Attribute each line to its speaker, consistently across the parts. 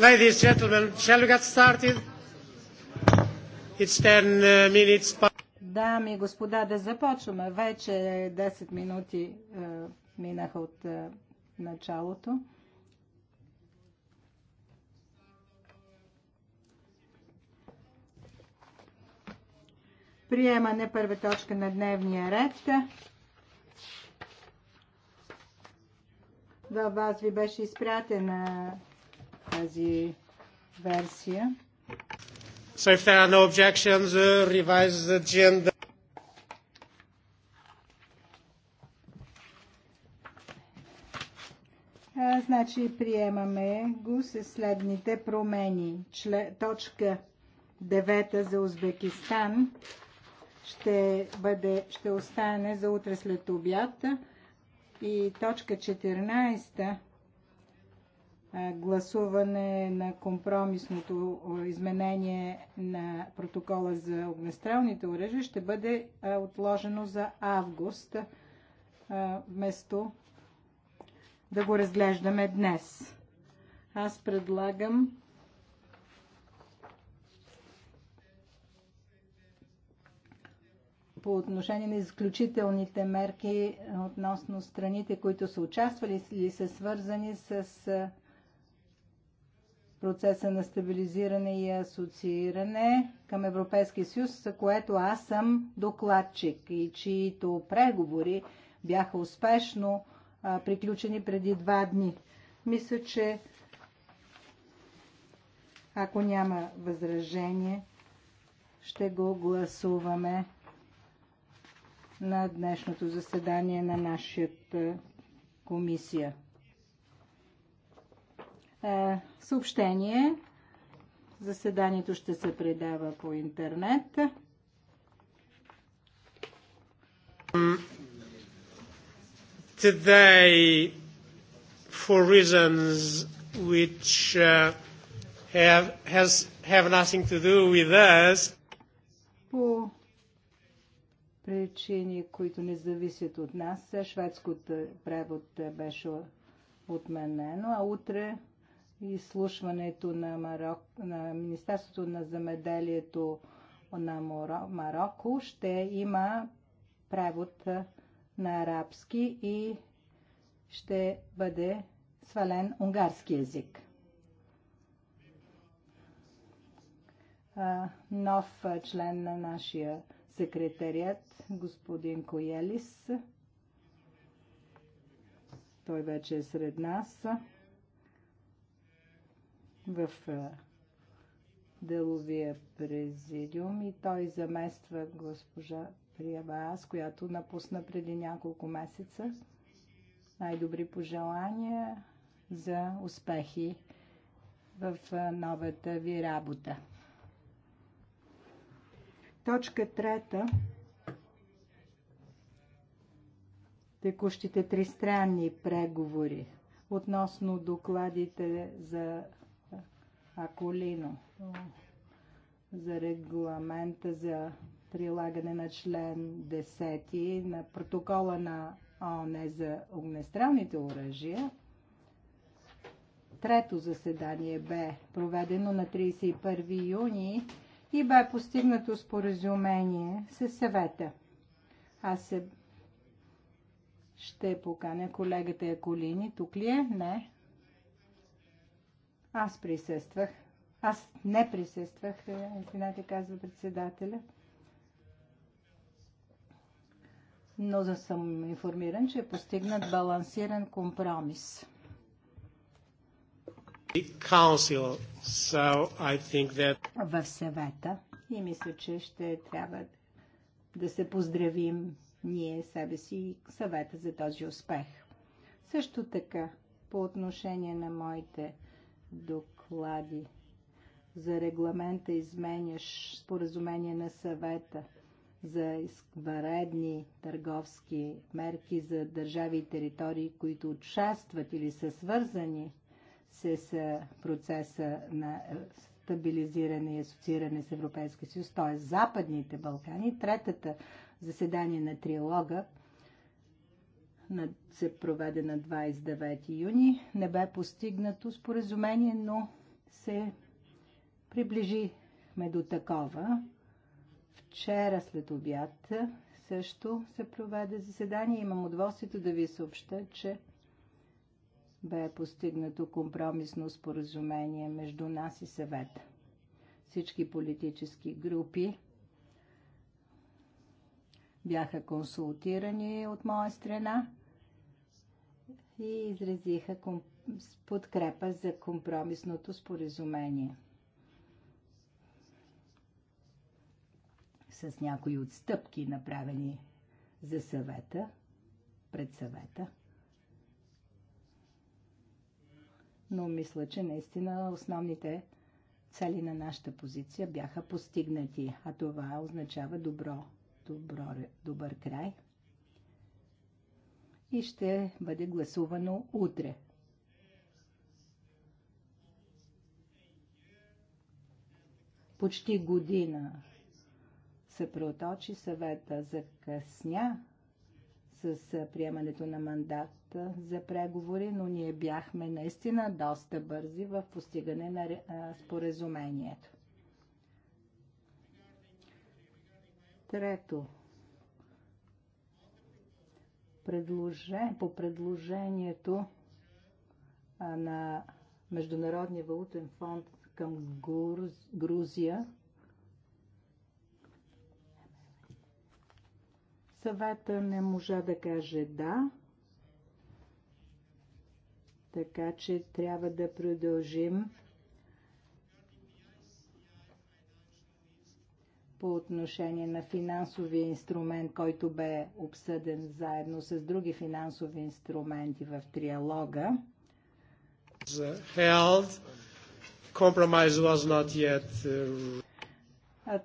Speaker 1: Ladies and gentlemen, shall we get started? It's 10
Speaker 2: uh, minutes. past. Дами и господа, да започваме. Вече 10 минути е, минаха от е, началото. Приемане първа точка на дневния ред. Да, вас ви беше изпратена тази версия.
Speaker 1: So if there are no objections, uh, revise the agenda.
Speaker 2: значи приемаме го с следните промени. Чле, точка 9 за Узбекистан ще, бъде, ще остане за утре след обяд. и точка 14 гласуване на компромисното изменение на протокола за огнестрелните оръжия ще бъде отложено за август, вместо да го разглеждаме днес. Аз предлагам по отношение на изключителните мерки относно страните, които са участвали или са свързани с процеса на стабилизиране и асоцииране към Европейския съюз, за което аз съм докладчик и чието преговори бяха успешно а, приключени преди два дни. Мисля, че ако няма възражение, ще го гласуваме на днешното заседание на нашата комисия. Е, съобщение. Заседанието ще се предава по интернет.
Speaker 1: Today, for reasons which uh, have, has, have nothing to do with us,
Speaker 2: по причини, които не зависят от нас, шведското превод беше отменено, а утре изслушването на, Марок, на Министерството на замеделието на Марокко ще има превод на арабски и ще бъде свален унгарски язик. Нов член на нашия секретарият, господин Коелис. Той вече е сред нас в е, деловия президиум и той замества госпожа Аз, която напусна преди няколко месеца. Най-добри пожелания за успехи в е, новата ви работа. Точка трета. Текущите тристранни преговори относно докладите за Аколино за регламента за прилагане на член 10 на протокола на ООН за огнестрелните оръжия. Трето заседание бе проведено на 31 юни и бе постигнато споразумение с съвета. Аз се ще поканя колегата Еколини. Тук ли е? Не. Аз присъствах. Аз не присъствах, е, извинете, казва председателя. Но за съм информиран, че е постигнат балансиран компромис.
Speaker 1: Council, so that...
Speaker 2: В съвета и мисля, че ще трябва да се поздравим ние себе си и съвета за този успех. Също така, по отношение на моите доклади за регламента изменяш споразумение на съвета за изкваредни търговски мерки за държави и територии, които участват или са свързани е, с процеса на стабилизиране и асоцииране с Европейския съюз, т.е. Западните Балкани. Третата заседание на триалога се проведе на 29 юни. Не бе постигнато споразумение, но се приближихме до такова. Вчера след обяд също се проведе заседание. Имам удоволствието да ви съобща, че бе постигнато компромисно споразумение между нас и съвет, Всички политически групи бяха консултирани от моя страна и изразиха подкрепа за компромисното споразумение. С някои отстъпки, направени за съвета, пред съвета. Но мисля, че наистина основните цели на нашата позиция бяха постигнати, а това означава добро, добро добър край – и ще бъде гласувано утре. Почти година се проточи съвета закъсня с приемането на мандат за преговори, но ние бяхме наистина доста бързи в постигане на споразумението. Трето, по предложението на Международния валутен фонд към Грузия. Съвета не можа да каже да, така че трябва да продължим по отношение на финансовия инструмент, който бе обсъден заедно с други финансови инструменти в триалога. Uh,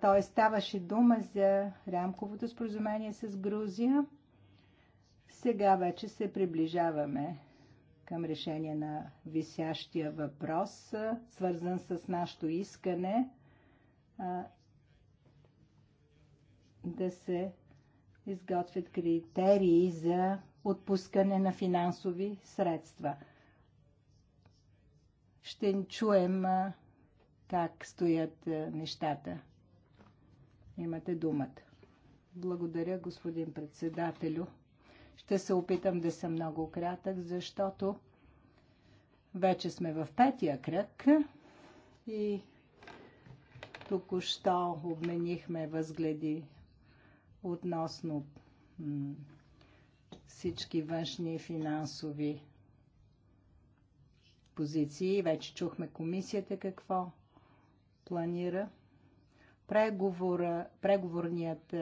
Speaker 2: той ставаше дума за рамковото споразумение с Грузия. Сега вече се приближаваме към решение на висящия въпрос, свързан с нашето искане да се изготвят критерии за отпускане на финансови средства. Ще чуем как стоят нещата. Имате думата. Благодаря, господин председателю. Ще се опитам да съм много кратък, защото вече сме в петия кръг и току-що обменихме възгледи относно всички външни финансови позиции. Вече чухме комисията какво планира. Преговора, преговорният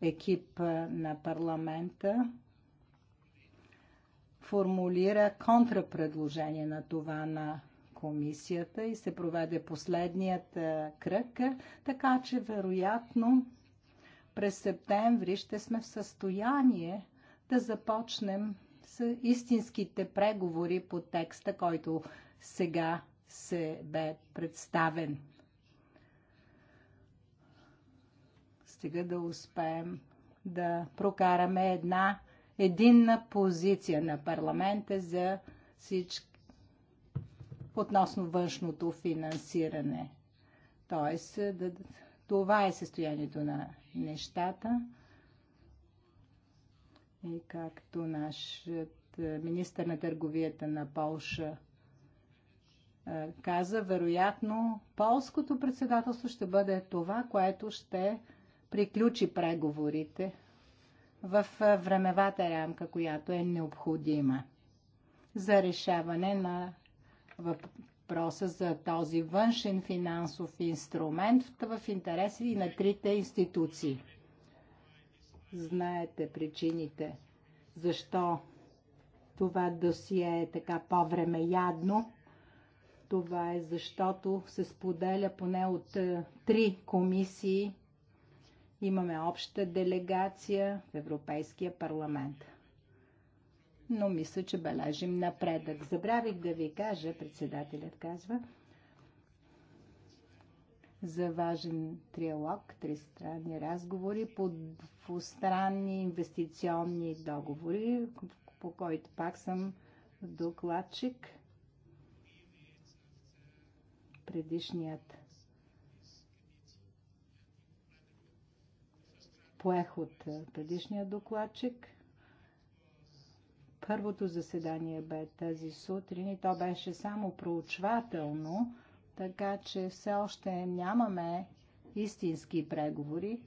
Speaker 2: екип на парламента формулира контрапредложение на това на комисията и се проведе последният кръг, така че вероятно през септември ще сме в състояние да започнем с истинските преговори по текста, който сега се бе представен. Стига да успеем да прокараме една единна позиция на парламента за всички относно външното финансиране. Тоест да това е състоянието на нещата. И както нашият е, министр на търговията на Полша е, каза, вероятно полското председателство ще бъде това, което ще приключи преговорите в е, времевата рамка, която е необходима за решаване на въпроса за този външен финансов инструмент в интереси и на трите институции. Знаете причините защо това досие е така по ядно. Това е защото се споделя поне от е, три комисии. Имаме обща делегация в Европейския парламент но мисля, че бележим напредък. Забравих да ви кажа, председателят казва, за важен триалог, тристранни разговори по двустранни инвестиционни договори, по който пак съм докладчик. Предишният поех от предишния докладчик – Първото заседание бе тази сутрин и то беше само проучвателно, така че все още нямаме истински преговори.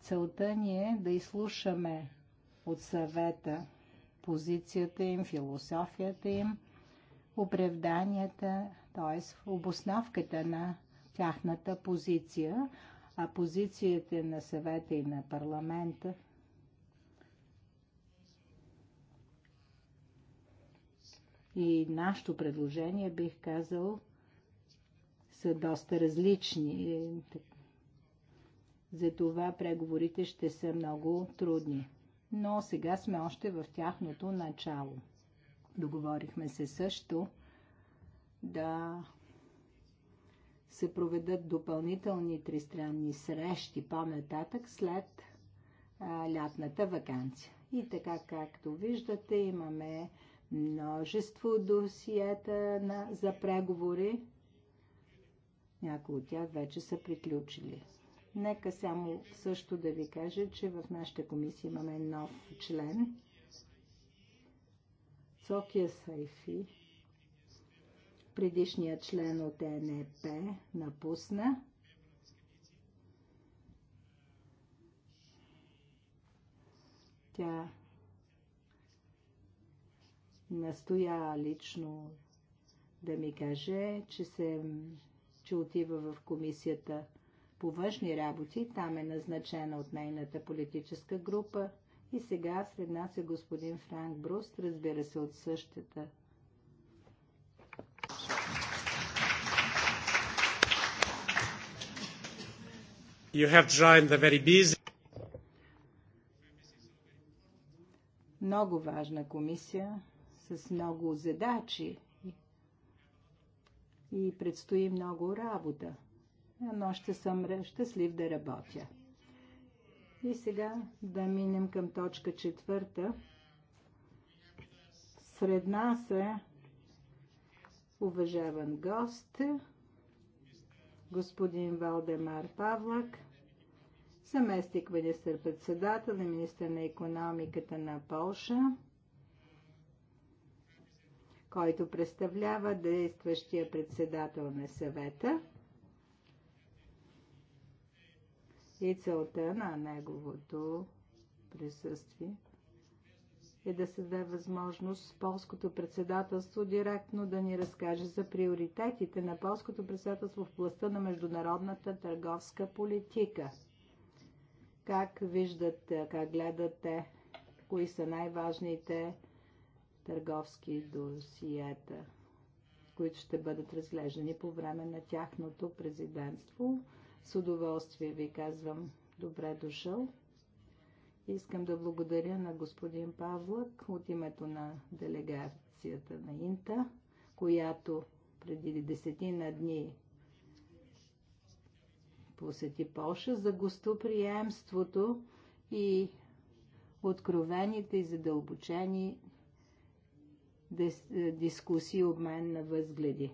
Speaker 2: Целта ни е да изслушаме от съвета позицията им, философията им, оправданията, т.е. обосновката на тяхната позиция, а позицията на съвета и на парламента – и нашето предложение, бих казал, са доста различни. Е, Затова преговорите ще са много трудни. Но сега сме още в тяхното начало. Договорихме се също да се проведат допълнителни тристранни срещи по-нататък след а, лятната вакансия. И така, както виждате, имаме множество досиета на, за преговори. Някои от тях вече са приключили. Нека само също да ви кажа, че в нашата комисия имаме нов член. Сокия Сайфи, предишният член от ЕНЕП, напусна. Тя настоя лично да ми каже, че, се, че отива в комисията по външни работи. Там е назначена от нейната политическа група. И сега сред нас е господин Франк Бруст, разбира се от същата.
Speaker 1: You have joined the very busy...
Speaker 2: Много важна комисия с много задачи и предстои много работа. Но ще съм щастлив да работя. И сега да минем към точка четвърта. Сред нас е уважаван гост, господин Валдемар Павлак, заместник министър-председател и министър на економиката на Полша който представлява действащия председател на съвета и целта на неговото присъствие е да се даде възможност полското председателство директно да ни разкаже за приоритетите на полското председателство в областта на международната търговска политика. Как виждат, как гледате, кои са най-важните търговски досиета, които ще бъдат разглеждани по време на тяхното президентство. С удоволствие ви казвам добре дошъл. Искам да благодаря на господин Павлък от името на делегацията на Инта, която преди десетина дни посети Польша за гостоприемството и откровените и задълбочени е, дискусии, обмен на възгледи.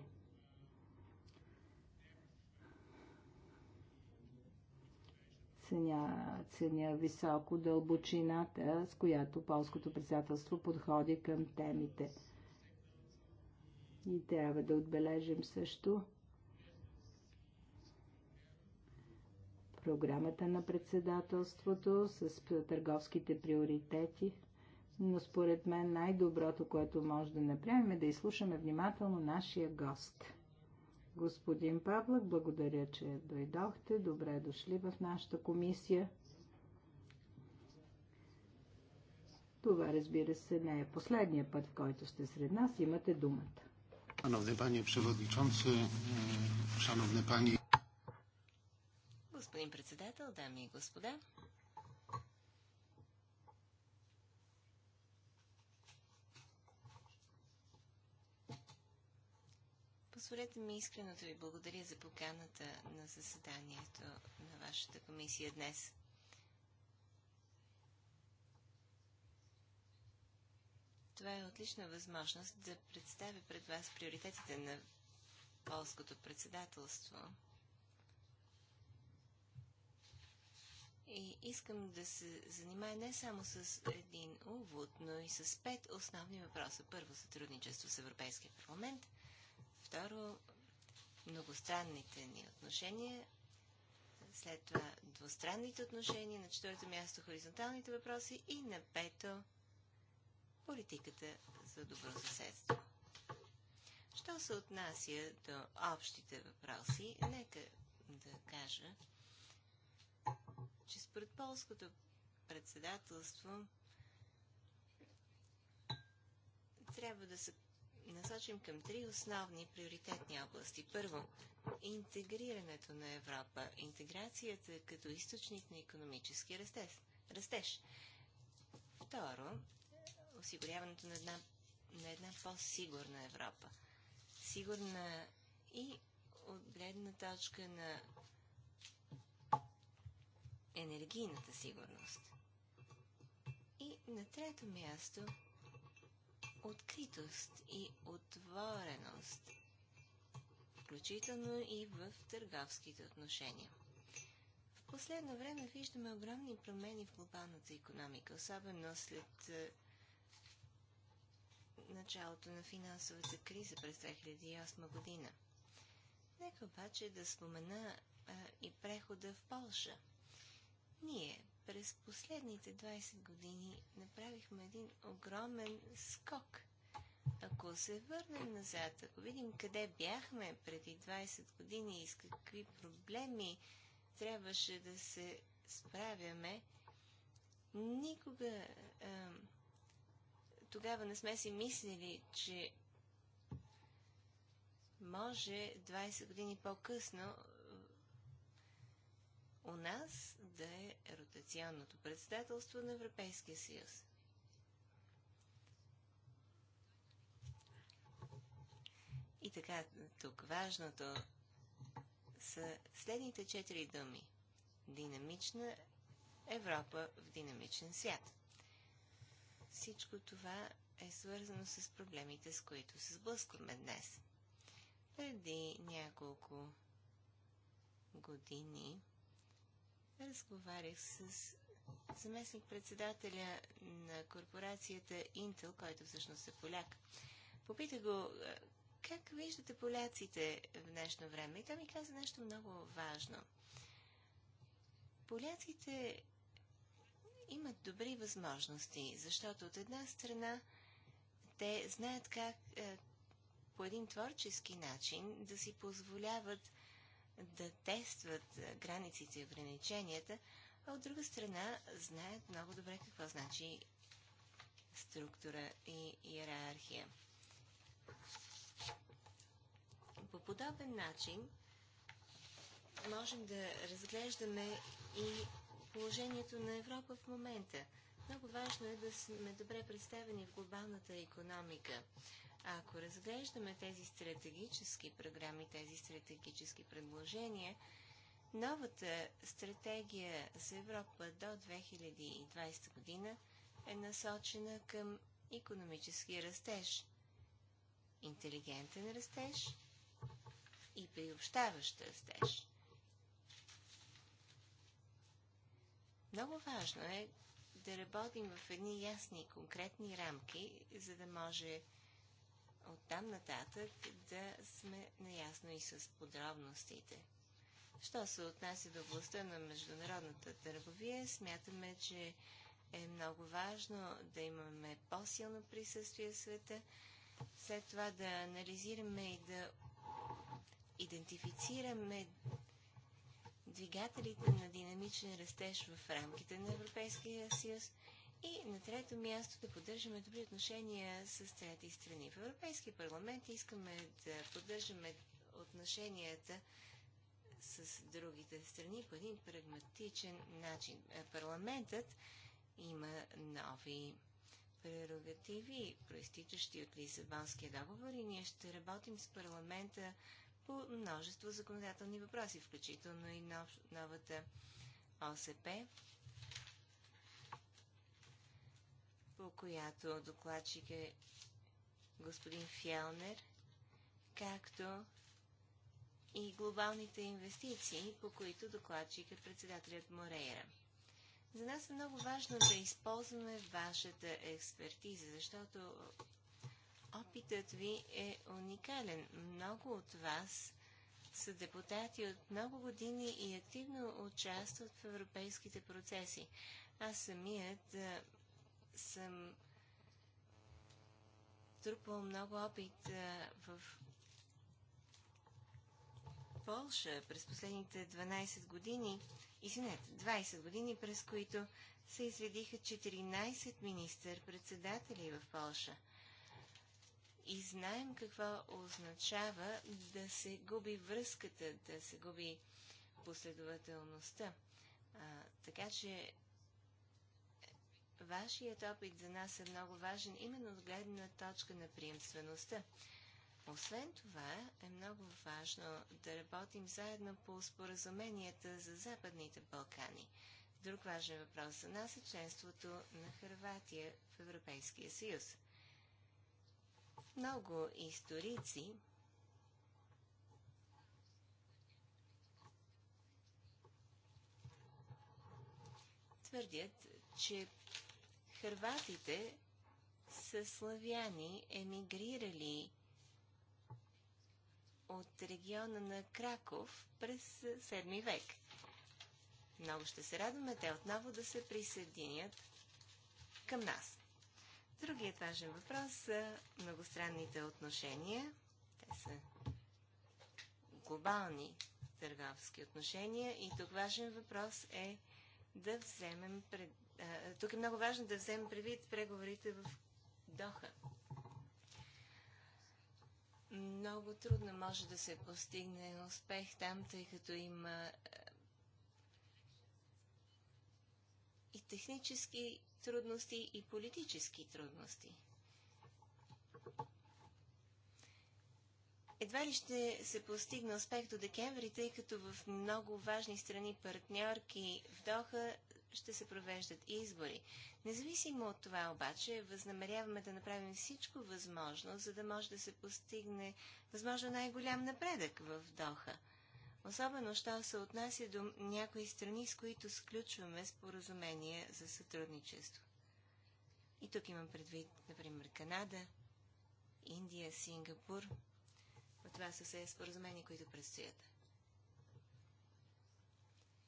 Speaker 2: Ценя, ценя високо дълбочината, с която полското председателство подходи към темите. И трябва да отбележим също програмата на председателството с търговските приоритети – но според мен най-доброто, което може да направим е да изслушаме внимателно нашия гост. Господин Павлък, благодаря, че дойдохте. Добре дошли в нашата комисия. Това, разбира се, не е последния път, в който сте сред нас. Имате думата.
Speaker 1: Шановни пани, Преводничонци, шановни пани...
Speaker 3: Господин председател, дами и господа, Позволете ми искрено да ви благодаря за поканата на заседанието на вашата комисия днес. Това е отлична възможност да представя пред вас приоритетите на полското председателство. И искам да се занимая не само с един увод, но и с пет основни въпроса. Първо, сътрудничество с Европейския парламент – Второ, многостранните ни отношения, след това двустранните отношения, на четвърто място хоризонталните въпроси и на пето политиката за добро съседство. Що се отнася до общите въпроси, нека да кажа, че според полското председателство трябва да се насочим към три основни приоритетни области. Първо, интегрирането на Европа, интеграцията като източник на економически растеж. растеж. Второ, осигуряването на една, на една по-сигурна Европа. Сигурна и от гледна точка на енергийната сигурност. И на трето място – откритост и отвореност, включително и в търговските отношения. В последно време виждаме огромни промени в глобалната економика, особено след е, началото на финансовата криза през 2008 година. Нека обаче да спомена е, и прехода в Полша. Ние, през последните 20 години направихме един огромен скок. Ако се върнем назад, ако видим къде бяхме преди 20 години и с какви проблеми трябваше да се справяме, никога а, тогава не сме си мислили, че може 20 години по-късно у нас да е ротационното председателство на Европейския съюз. И така, тук важното са следните четири думи. Динамична Европа в динамичен свят. Всичко това е свързано с проблемите, с които се сблъскваме днес. Преди няколко години разговарях с заместник-председателя на корпорацията Intel, който всъщност е поляк. Попитах го, как виждате поляците в днешно време? И той ми каза нещо много важно. Поляците имат добри възможности, защото от една страна те знаят как по един творчески начин да си позволяват да тестват границите и ограниченията, а от друга страна знаят много добре какво значи структура и иерархия. По подобен начин можем да разглеждаме и положението на Европа в момента. Много важно е да сме добре представени в глобалната економика. Ако разглеждаме тези стратегически програми, тези стратегически предложения, новата стратегия за Европа до 2020 година е насочена към економически растеж, интелигентен растеж и приобщаващ растеж. Много важно е да работим в едни ясни и конкретни рамки, за да може от там нататък да сме наясно и с подробностите. Що се отнася до областта на международната търговия, смятаме, че е много важно да имаме по-силно присъствие в света, след това да анализираме и да идентифицираме двигателите на динамичен растеж в рамките на Европейския съюз – и на трето място да поддържаме добри отношения с трети страни. В Европейския парламент искаме да поддържаме отношенията с другите страни по един прагматичен начин. Е, парламентът има нови прерогативи, проистичащи от Лисабонския договор и ние ще работим с парламента по множество законодателни въпроси, включително и нов, новата ОСП, по която докладчик е господин Фелнер, както и глобалните инвестиции, по които докладчик е председателят Морейра. За нас е много важно да използваме вашата експертиза, защото опитът ви е уникален. Много от вас са депутати от много години и активно участват в европейските процеси. Аз самият съм трупал много опит а, в Полша през последните 12 години, извинете, 20 години, през които се изведиха 14 министър-председатели в Полша. И знаем какво означава да се губи връзката, да се губи последователността. А, така че Вашият опит за нас е много важен именно от гледна точка на приемствеността. Освен това, е много важно да работим заедно по споразуменията за Западните Балкани. Друг важен въпрос за нас е членството на Харватия в Европейския съюз. Много историци твърдят, че Хърватите са славяни, емигрирали от региона на Краков през 7 век. Много ще се радваме те отново да се присъединят към нас. Другият важен въпрос са многостранните отношения. Те са глобални търговски отношения и тук важен въпрос е да вземем пред тук е много важно да вземем предвид преговорите в Доха. Много трудно може да се постигне успех там, тъй като има и технически трудности, и политически трудности. Едва ли ще се постигне успех до декември, тъй като в много важни страни партньорки в Доха ще се провеждат избори. Независимо от това обаче, възнамеряваме да направим всичко възможно, за да може да се постигне възможно най-голям напредък в Доха. Особено, що се отнася до някои страни, с които сключваме споразумения за сътрудничество. И тук имам предвид, например, Канада, Индия, Сингапур. От това са все споразумения, които предстоят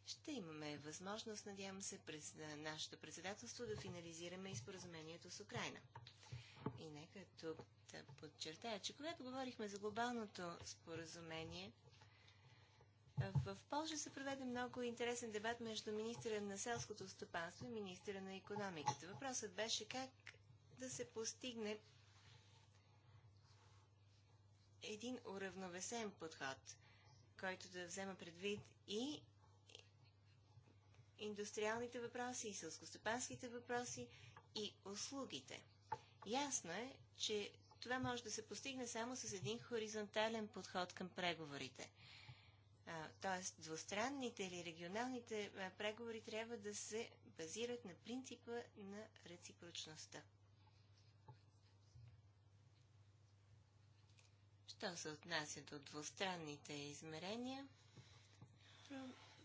Speaker 3: ще имаме възможност, надявам се, през нашето председателство да финализираме и споразумението с Украина. И нека тук да подчертая, че когато говорихме за глобалното споразумение, в Польша се проведе много интересен дебат между министра на селското стопанство и министра на економиката. Въпросът беше как да се постигне един уравновесен подход, който да взема предвид и индустриалните въпроси, и сълскостепанските въпроси и услугите. Ясно е, че това може да се постигне само с един хоризонтален подход към преговорите. Тоест, двустранните или регионалните преговори трябва да се базират на принципа на реципрочността. Що се отнася до двустранните измерения,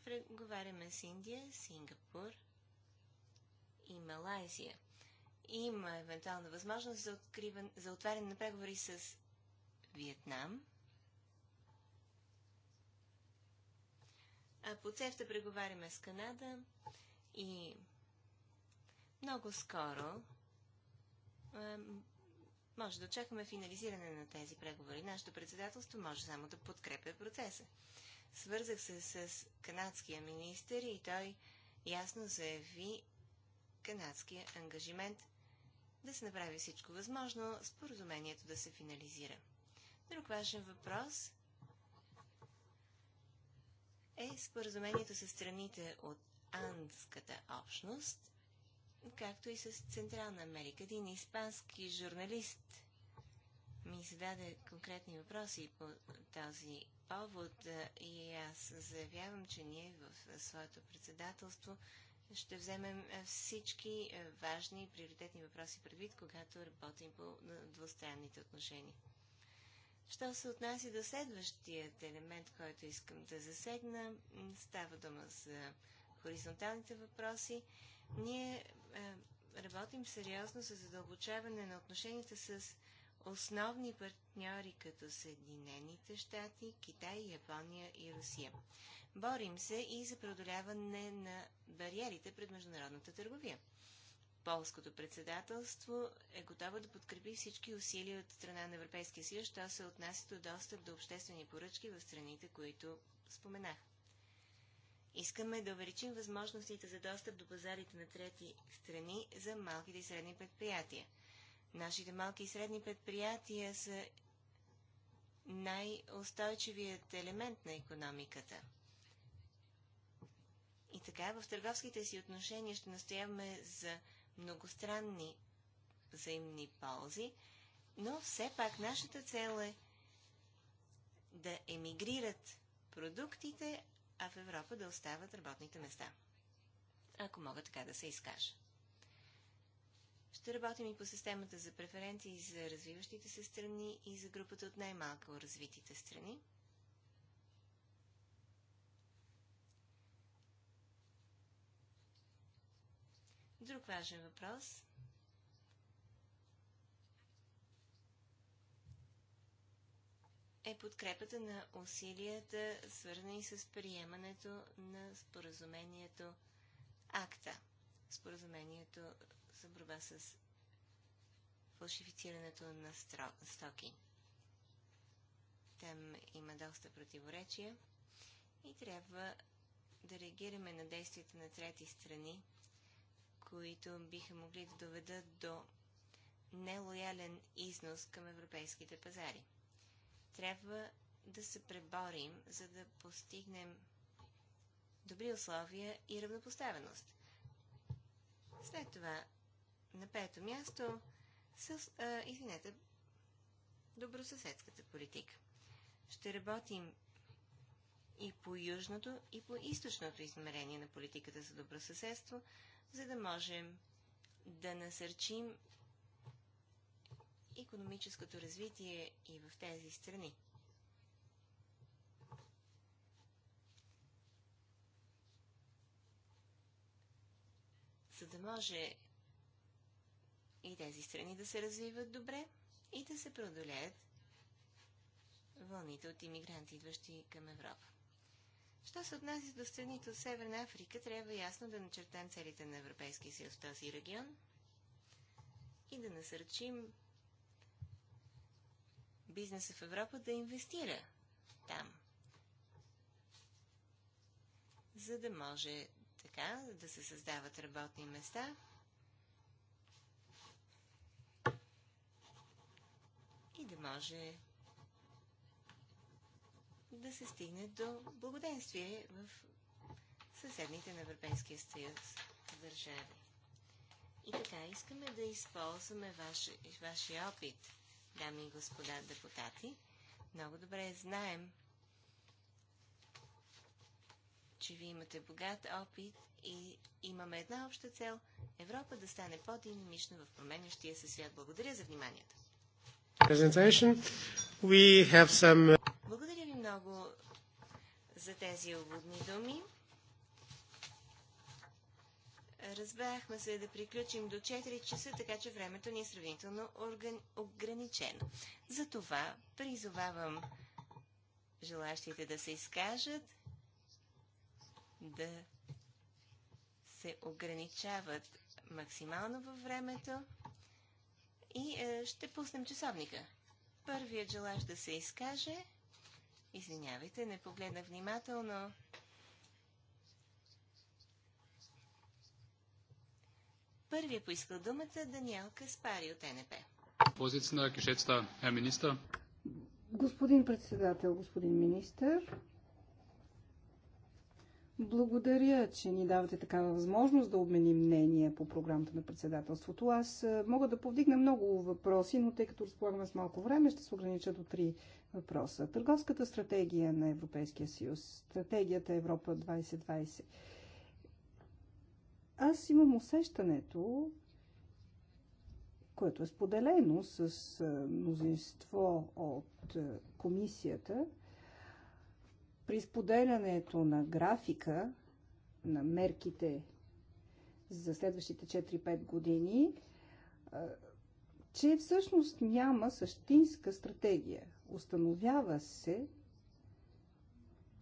Speaker 3: преговаряме с Индия, Сингапур и Малайзия. Има евентуална възможност за, откриван, за отваряне на преговори с Виетнам. А по цефта преговаряме с Канада и много скоро а, може да очакваме финализиране на тези преговори. Нашето председателство може само да подкрепя процеса. Свързах се с канадския министър и той ясно заяви канадския ангажимент да се направи всичко възможно споразумението да се финализира. Друг важен въпрос е споразумението с страните от Андската общност, както и с Централна Америка. Един испански журналист ми зададе конкретни въпроси по този повод и аз заявявам, че ние в своето председателство ще вземем всички важни и приоритетни въпроси предвид, когато работим по двустранните отношения. Що се отнася до следващият елемент, който искам да засегна, става дума за хоризонталните въпроси. Ние работим сериозно за задълбочаване на отношенията с основни партньори като Съединените щати, Китай, Япония и Русия. Борим се и за преодоляване на бариерите пред международната търговия. Полското председателство е готово да подкрепи всички усилия от страна на Европейския съюз, що се отнася до достъп до обществени поръчки в страните, които споменах. Искаме да увеличим възможностите за достъп до пазарите на трети страни за малките и средни предприятия – Нашите малки и средни предприятия са най-устойчивият елемент на економиката. И така, в търговските си отношения ще настояваме за многостранни взаимни ползи, но все пак нашата цел е да емигрират продуктите, а в Европа да остават работните места. Ако мога така да се изкажа. Ще работим и по системата за преференции за развиващите се страни и за групата от най-малко развитите страни. Друг важен въпрос. е подкрепата на усилията, свързани с приемането на споразумението АКТА, споразумението за борба с фалшифицирането на стоки. Там има доста противоречия и трябва да реагираме на действията на трети страни, които биха могли да доведат до нелоялен износ към европейските пазари. Трябва да се преборим, за да постигнем добри условия и равнопоставеност. След това на пето място, с, а, извинете, добросъседската политика. Ще работим и по южното, и по източното измерение на политиката за добросъседство, за да можем да насърчим економическото развитие и в тези страни. За да може и тези страни да се развиват добре и да се преодолеят вълните от иммигранти, идващи към Европа. Що се отнася до страните от Северна Африка, трябва ясно да начертаем целите на Европейския съюз в този регион и да насърчим бизнеса в Европа да инвестира там, за да може така да се създават работни места – може да се стигне до благоденствие в съседните на Европейския съюз държави. И така, искаме да използваме ваш, вашия опит, дами и господа депутати. Много добре знаем, че ви имате богат опит и имаме една обща цел – Европа да стане по-динамична в променящия се свят. Благодаря за вниманието
Speaker 1: presentation. We have some... Uh,
Speaker 3: Благодаря ви много за тези уводни думи. Разбрахме се да приключим до 4 часа, така че времето ни е сравнително ограничено. ограничено. Затова призовавам желащите да се изкажат, да се ограничават максимално във времето. И е, ще пуснем часовника. Първият желаш да се изкаже. Извинявайте, не погледна внимателно. Първият поискал думата Даниел Каспари от НП.
Speaker 4: Позиция на кишецата е министър.
Speaker 2: Господин председател, господин министър, благодаря, че ни давате такава възможност да обменим мнение по програмата на председателството. Аз е, мога да повдигна много въпроси, но тъй като разполагаме с малко време, ще се огранича до три въпроса. Търговската стратегия на Европейския съюз, стратегията Европа 2020. Аз имам усещането, което е споделено с е, мнозинство от е, комисията, при споделянето на графика на мерките за следващите 4-5 години, че всъщност няма същинска стратегия. Установява се,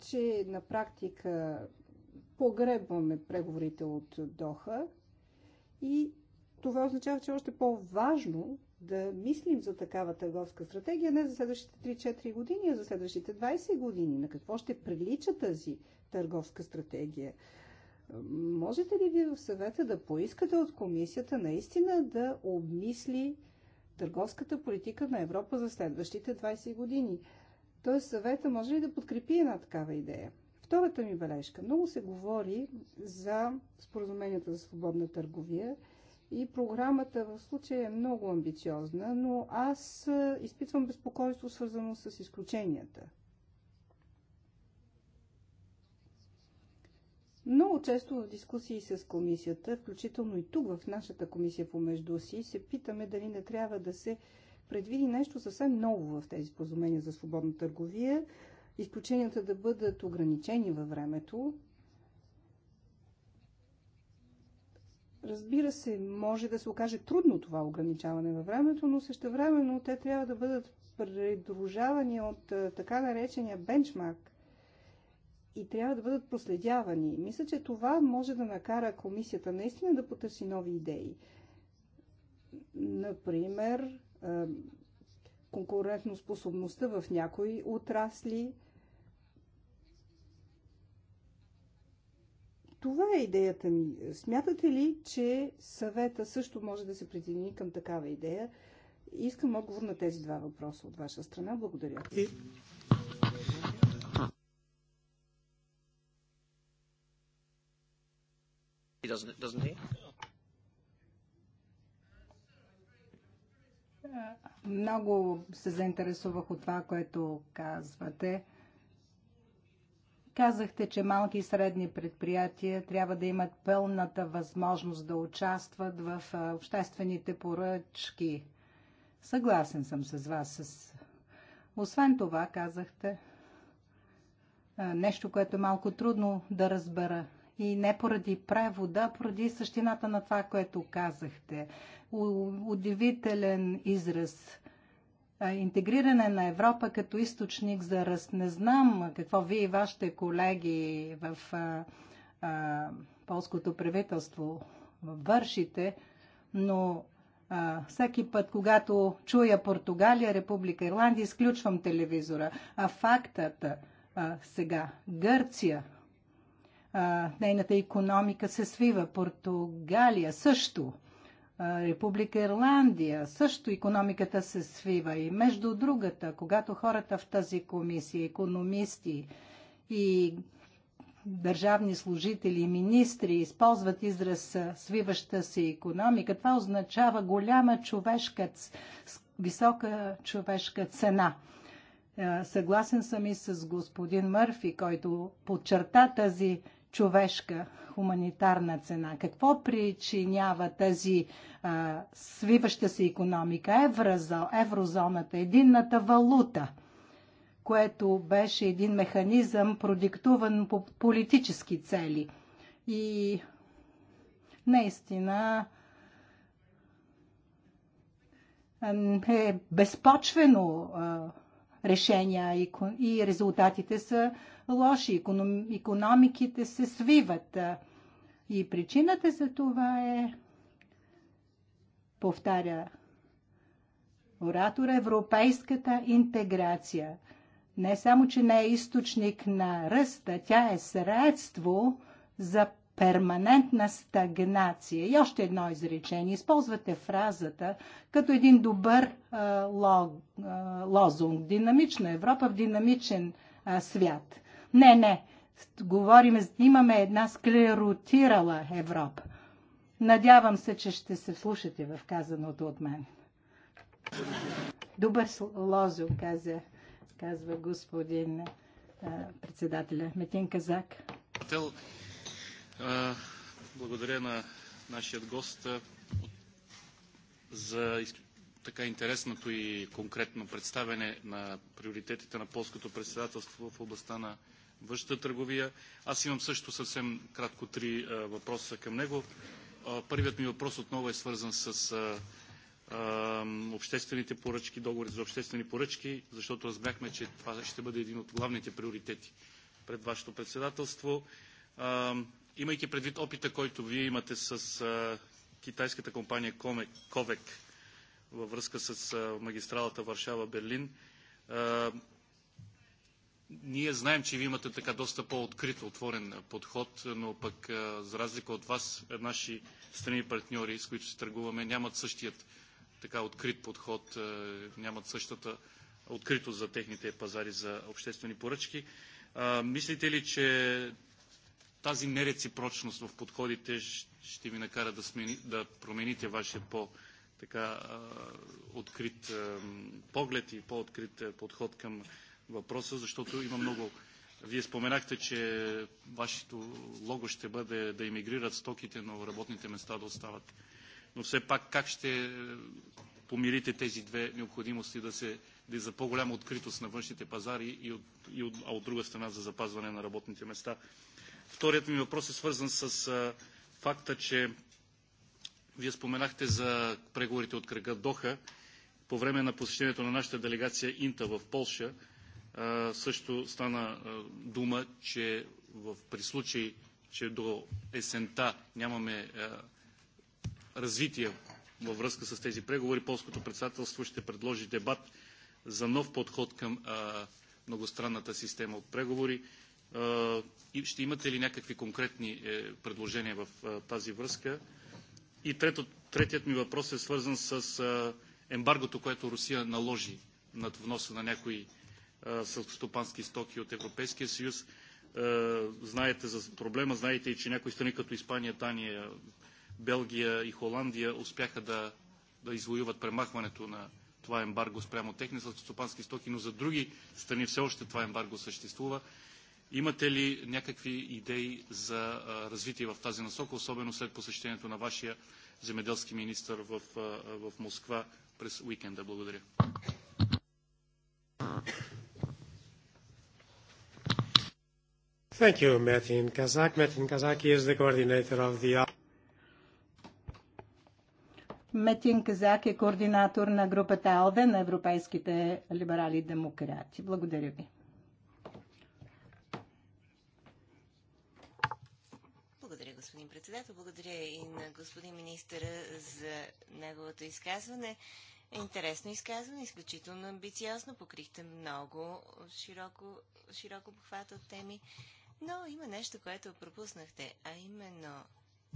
Speaker 2: че на практика погребваме преговорите от Доха и това означава, че е още по-важно да мислим за такава търговска стратегия не за следващите 3-4 години, а за следващите 20 години. На какво ще прилича тази търговска стратегия? Можете ли ви в съвета да поискате от комисията наистина да обмисли търговската политика на Европа за следващите 20 години? Тоест съвета може ли да подкрепи една такава идея? Втората ми бележка. Много се говори за споразуменията за свободна търговия – и програмата в случая е много амбициозна, но аз изпитвам безпокойство, свързано с изключенията. Много често в дискусии с комисията, включително и тук в нашата комисия помежду си, се питаме дали не трябва да се предвиди нещо съвсем ново в тези споразумения за свободна търговия, изключенията да бъдат ограничени във времето, Разбира се, може да се окаже трудно това ограничаване във времето, но същевременно те трябва да бъдат придружавани от така наречения бенчмарк и трябва да бъдат проследявани. Мисля, че това може да накара комисията наистина да потърси нови идеи. Например, конкурентоспособността в някои отрасли – Това е идеята ми. Смятате ли, че съвета също може да се присъедини към такава идея? Искам отговор на тези два въпроса от ваша страна. Благодаря.
Speaker 1: Doesn't,
Speaker 2: Много се заинтересувах от това, което казвате. Казахте, че малки и средни предприятия трябва да имат пълната възможност да участват в обществените поръчки. Съгласен съм с вас. Освен това, казахте нещо, което е малко трудно да разбера. И не поради превода, а поради същината на това, което казахте. Удивителен израз интегриране на Европа като източник за ръст. Не знам какво вие и вашите колеги в полското правителство вършите, но а, всеки път, когато чуя Португалия, Република Ирландия, изключвам телевизора. А фактът а, сега, Гърция, а, нейната економика се свива, Португалия също. Република Ирландия. Също економиката се свива. И между другата, когато хората в тази комисия, економисти и държавни служители, министри използват израз свиваща се економика, това означава голяма човешка, висока човешка цена. Съгласен съм и с господин Мърфи, който подчерта тази човешка хуманитарна цена. Какво причинява тази а, свиваща се економика? Евразо, еврозоната, единната валута, което беше един механизъм, продиктуван по политически цели. И наистина е безпочвено а, решения и резултатите са лоши. Економиките се свиват. И причината за това е, повтаря оратора, европейската интеграция. Не само, че не е източник на ръста, тя е средство за перманентна стагнация. И още едно изречение. Използвате фразата като един добър а, ло, а, лозунг. Динамична Европа в динамичен а, свят. Не, не. Говорим, имаме една склеротирала Европа. Надявам се, че ще се вслушате в казаното от мен. Добър лозунг, каза, казва господин а, председателя Метин Казак.
Speaker 4: Благодаря на нашия гост за така интересното и конкретно представяне на приоритетите на полското председателство в областта на външната търговия. Аз имам също съвсем кратко три въпроса към него. първият ми въпрос отново е свързан с обществените поръчки, договори за обществени поръчки, защото разбрахме, че това ще бъде един от главните приоритети пред вашето председателство имайки предвид опита, който вие имате с китайската компания Ковек във връзка с магистралата Варшава-Берлин, ние знаем, че вие имате така доста по-открит, отворен подход, но пък за разлика от вас, е, наши страни партньори, с които се търгуваме, нямат същият така открит подход, нямат същата открито за техните пазари за обществени поръчки. мислите ли, че тази нереципрочност в подходите ще ви накара да, смени, да промените вашия по- открит поглед и по-открит подход към въпроса, защото има много... Вие споменахте, че вашето лого ще бъде да иммигрират стоките, но работните места да остават. Но все пак как ще е, помирите тези две необходимости да се да е за по-голяма откритост на външните пазари и от, и от, а от друга страна за запазване на работните места? Вторият ми въпрос е свързан с факта, че вие споменахте за преговорите от кръга Доха. По време на посещението на нашата делегация Инта в Полша също стана дума, че в, при случай, че до есента нямаме развитие във връзка с тези преговори, полското председателство ще предложи дебат за нов подход към многостранната система от преговори. Ще имате ли някакви конкретни е, предложения в тази връзка? И трето, третият ми въпрос е свързан с ембаргото, което Русия наложи над вноса на някои селскостопански стоки от Европейския съюз. Знаете за проблема, знаете и, че някои страни като Испания, Дания, Белгия и Холандия успяха да, да извоюват премахването на това ембарго спрямо техни селскостопански стоки, но за други страни все още това ембарго съществува. Имате ли някакви идеи за развитие в тази насока, особено след посещението на вашия земеделски министр в, в Москва през уикенда? Благодаря.
Speaker 1: Thank you, Metin Kazak. Metin Kazak is the coordinator of the...
Speaker 2: Метин Казак е координатор на групата АЛДЕ на европейските либерали и демократи. Благодаря ви.
Speaker 3: председател. Благодаря и на господин министъра за неговото изказване. Интересно изказване, изключително амбициозно. Покрихте много широко, широко похват от теми. Но има нещо, което пропуснахте, а именно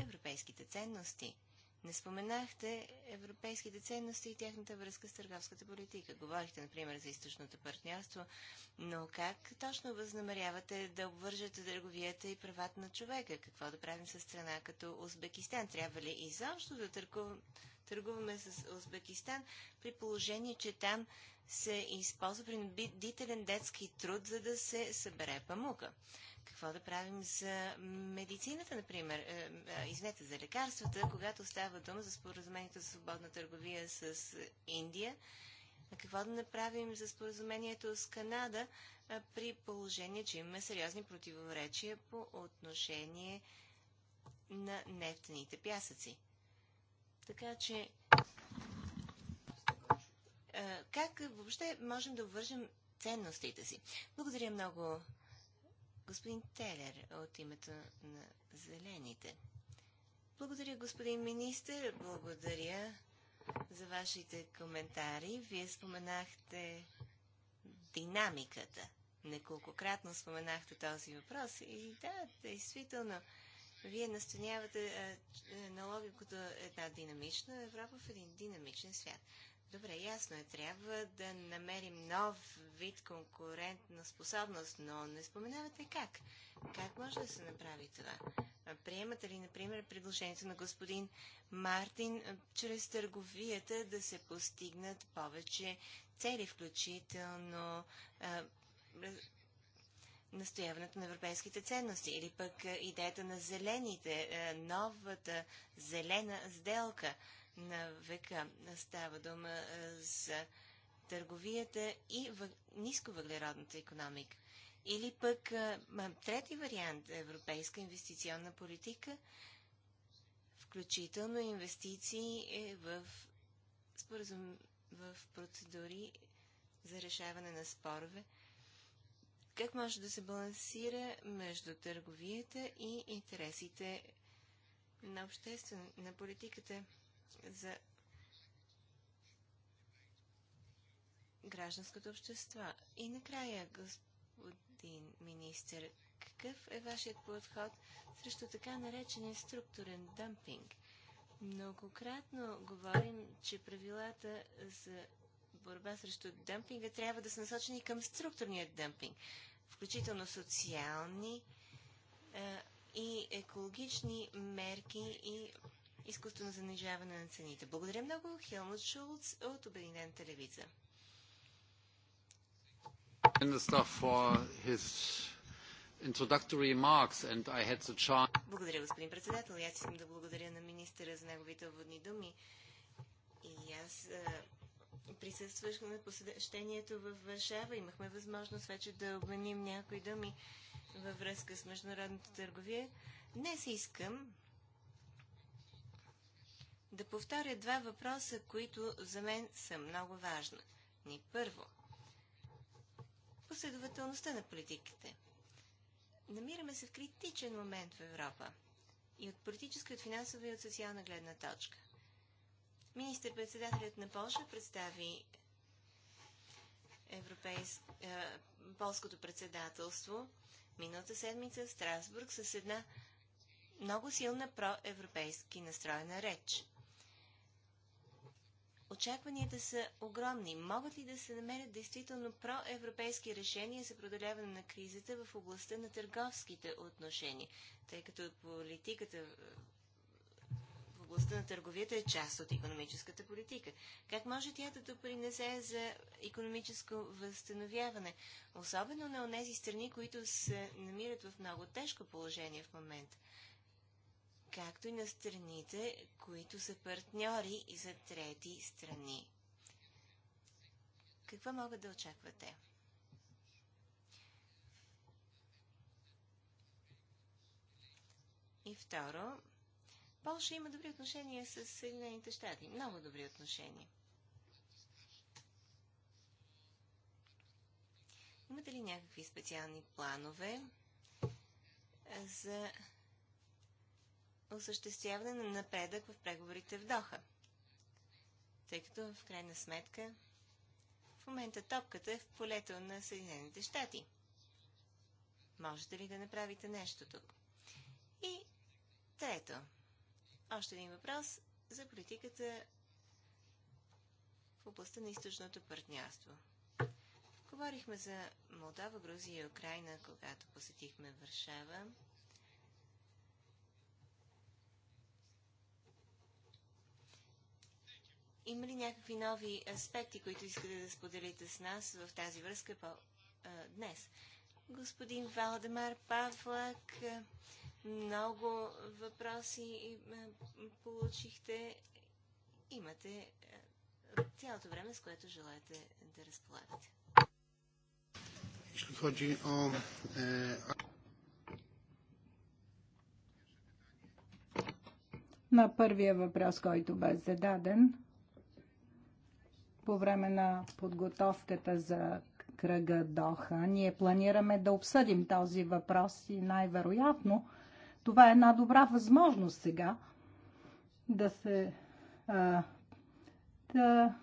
Speaker 3: европейските ценности – не споменахте европейските ценности и тяхната връзка с търговската политика. Говорихте, например, за източното партньорство, но как точно възнамерявате да обвържете търговията и правата на човека? Какво да правим с страна като Узбекистан? Трябва ли изобщо да търгуваме, търгуваме с Узбекистан при положение, че там се използва принудителен детски труд, за да се събере памука? Какво да правим за медицината, например? Е, е, извинете, за лекарствата, когато става дума за споразумението за свободна търговия с Индия. Какво да направим за споразумението с Канада е, при положение, че имаме сериозни противоречия по отношение на нефтените пясъци? Така че, как въобще можем да обвържем ценностите си? Благодаря много Господин Телер от името на Зелените. Благодаря, господин министр. Благодаря за вашите коментари. Вие споменахте динамиката. Неколкократно споменахте този въпрос. И да, действително, вие настанявате на като една динамична Европа в един динамичен свят. Добре, ясно е. Трябва да намерим нов вид конкурентна способност, но не споменавате как. Как може да се направи това? Приемате ли, например, предложението на господин Мартин чрез търговията да се постигнат повече цели, включително а, настояването на европейските ценности или пък идеята на зелените, новата зелена сделка – на века. Става дума за търговията и нисковъглеродната економика. Или пък трети вариант европейска инвестиционна политика, включително инвестиции е в, споразум... в процедури за решаване на спорове. Как може да се балансира между търговията и интересите на обществен, на политиката за гражданското общество. И накрая, господин министр, какъв е вашият подход срещу така наречения структурен дъмпинг? Многократно говорим, че правилата за борба срещу дъмпинга трябва да са насочени към структурния дъмпинг, включително социални и екологични мерки и изкуствено занижаване на цените. Благодаря много, Хелмут Шулц от Обединената левица. Благодаря, господин председател. Аз искам да благодаря на министъра за неговите вводни думи. И аз присъствах на посещението в Варшава. Имахме възможност вече да обменим някои думи във връзка с международната търговия. Днес искам да повторя два въпроса, които за мен са много важни. Ни първо, последователността на политиките. Намираме се в критичен момент в Европа. И от политическа, от финансова и от социална гледна точка. Министър-председателят на Польша представи европейс... Е, полското председателство миналата седмица в Страсбург с една много силна проевропейски настроена реч. Очакванията са огромни. Могат ли да се намерят действително проевропейски решения за продоляване на кризата в областта на търговските отношения, тъй като политиката е, в областта на търговията е част от економическата политика? Как може тя да допринесе за економическо възстановяване, особено на тези страни, които се намират в много тежко положение в момента? както и на страните, които са партньори и за трети страни. Какво могат да очаквате? И второ, Польша има добри отношения с Съединените щати. Много добри отношения. Имате ли някакви специални планове за осъществяване на напредък в преговорите в Доха. Тъй като в крайна сметка в момента топката е в полето на Съединените щати. Можете ли да направите нещо тук? И трето, още един въпрос за политиката в областта на източното партньорство. Говорихме за Молдова, Грузия и Украина, когато посетихме Варшава. Има ли някакви нови аспекти, които искате да споделите с нас в тази връзка по, а, днес? Господин Валдемар Павлак, много въпроси получихте. Имате цялото време, с което желаете да разполагате.
Speaker 1: E,
Speaker 2: на първия въпрос, който бе зададен, по време на подготовката за кръга Доха. Ние планираме да обсъдим този въпрос и най-вероятно това е една добра възможност сега да се а, да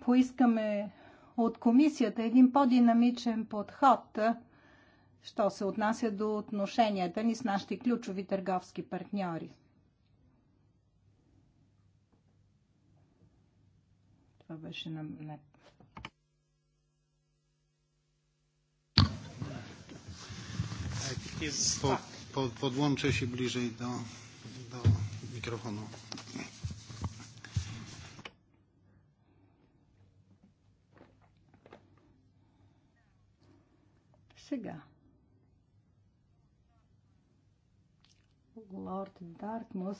Speaker 2: поискаме от комисията един по-динамичен подход, що се отнася до отношенията ни с нашите ключови търговски партньори. това беше на мен.
Speaker 1: Pod, pod, podłączę się до, do, do
Speaker 2: Сега. Лорд Дартмус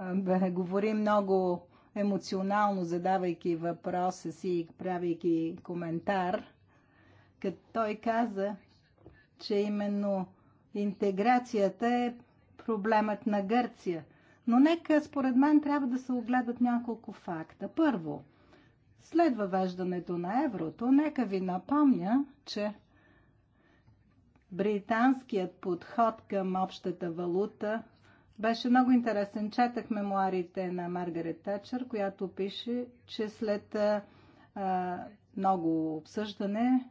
Speaker 2: бе, говори много емоционално задавайки въпроса си и правейки коментар, като той каза, че именно интеграцията е проблемът на Гърция. Но нека, според мен, трябва да се огледат няколко факта. Първо, след въвеждането на еврото, нека ви напомня, че британският подход към общата валута беше много интересен. Четах мемуарите на Маргарет Тачър, която пише, че след а, много обсъждане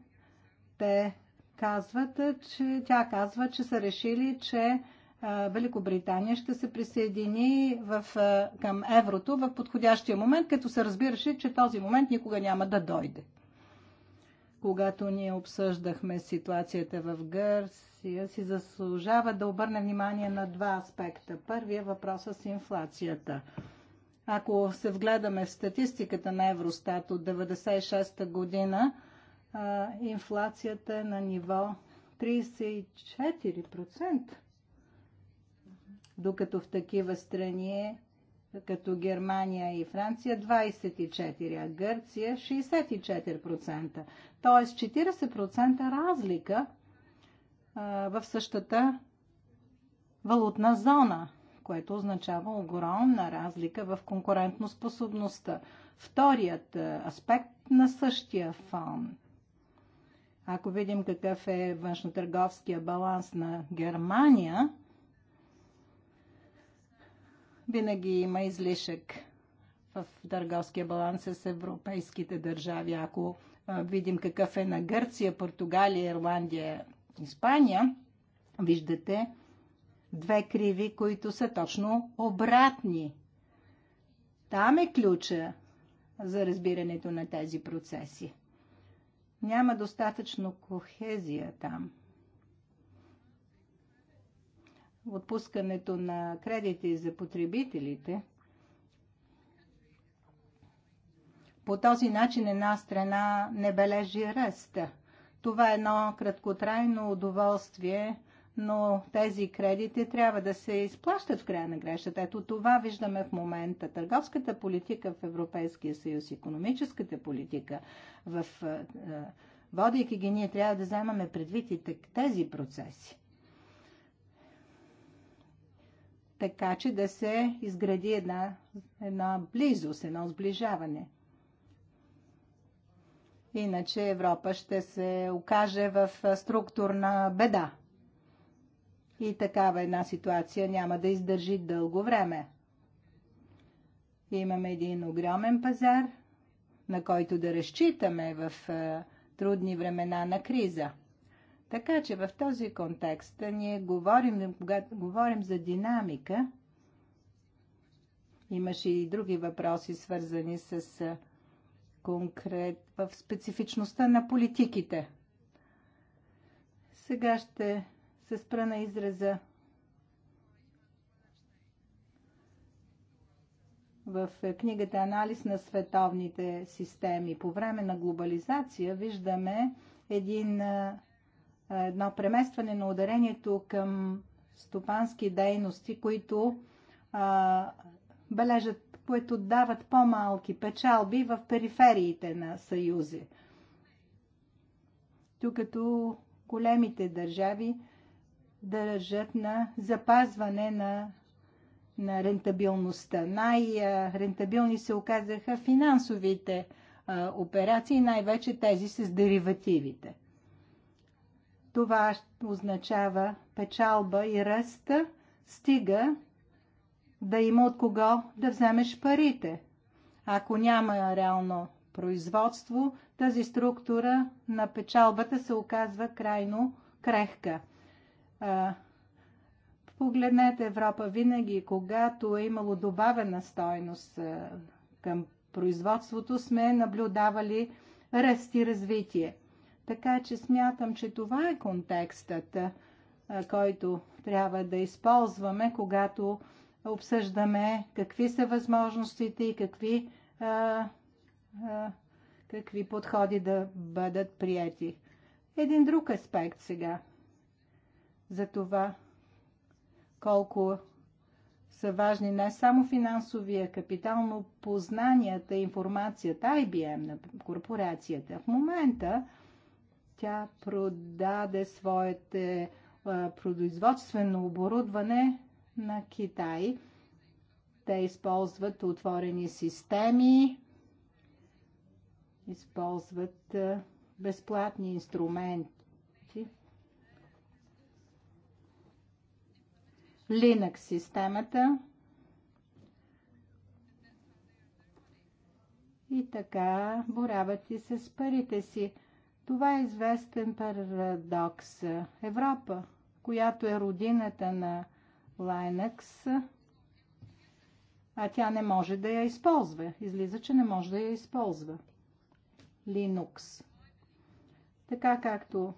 Speaker 2: те казват, че тя казва, че са решили, че а, Великобритания ще се присъедини в, а, към еврото в подходящия момент, като се разбираше, че този момент никога няма да дойде. Когато ние обсъждахме ситуацията в Гърс, инфлация си заслужава да обърне внимание на два аспекта. Първият е с инфлацията. Ако се вгледаме в статистиката на Евростат от 1996 година, инфлацията е на ниво 34%. Докато в такива страни, е, като Германия и Франция, 24%, а Гърция 64%. Тоест 40% разлика в същата валутна зона, което означава огромна разлика в конкурентноспособността. Вторият аспект на същия фон. Ако видим какъв е външнотърговския баланс на Германия, винаги има излишък в търговския баланс с европейските държави. Ако видим какъв е на Гърция, Португалия, Ирландия Испания, виждате две криви, които са точно обратни. Там е ключа за разбирането на тези процеси. Няма достатъчно кохезия там. Отпускането на кредити за потребителите – По този начин една страна не бележи ръста. Това е едно краткотрайно удоволствие, но тези кредити трябва да се изплащат в края на грешата. Ето това виждаме в момента. Търговската политика в Европейския съюз, економическата политика, в, е, е, водейки ги, ние трябва да вземаме предвид и тези процеси. Така че да се изгради една, една близост, едно сближаване. Иначе Европа ще се окаже в структурна беда. И такава една ситуация няма да издържи дълго време. Имаме един огромен пазар, на който да разчитаме в е, трудни времена на криза. Така че в този контекст ние говорим, когато говорим за динамика, имаше и други въпроси, свързани с е, конкрет, в специфичността на политиките. Сега ще се спра на израза в книгата Анализ на световните системи. По време на глобализация виждаме един, едно преместване на ударението към стопански дейности, които а, бележат които дават по-малки печалби в перифериите на Съюзи. Тук като големите държави държат на запазване на, на рентабилността. Най-рентабилни се оказаха финансовите а, операции, най-вече тези с деривативите. Това означава печалба и ръста стига да има от кого да вземеш парите. Ако няма реално производство, тази структура на печалбата се оказва крайно крехка. Погледнете Европа винаги, когато е имало добавена стойност към производството, сме наблюдавали ръст и развитие. Така че смятам, че това е контекстът, който трябва да използваме, когато обсъждаме какви са възможностите и какви, а, а, какви подходи да бъдат прияти. Един друг аспект сега за това колко са важни не само финансовия капитал, но познанията, информацията, IBM на корпорацията. В момента тя продаде своите производствено оборудване на Китай. Те използват отворени системи, използват е, безплатни инструменти. Linux системата и така борават и с парите си. Това е известен парадокс. Европа, която е родината на Linux, а тя не може да я използва. Излиза, че не може да я използва. Linux. Така както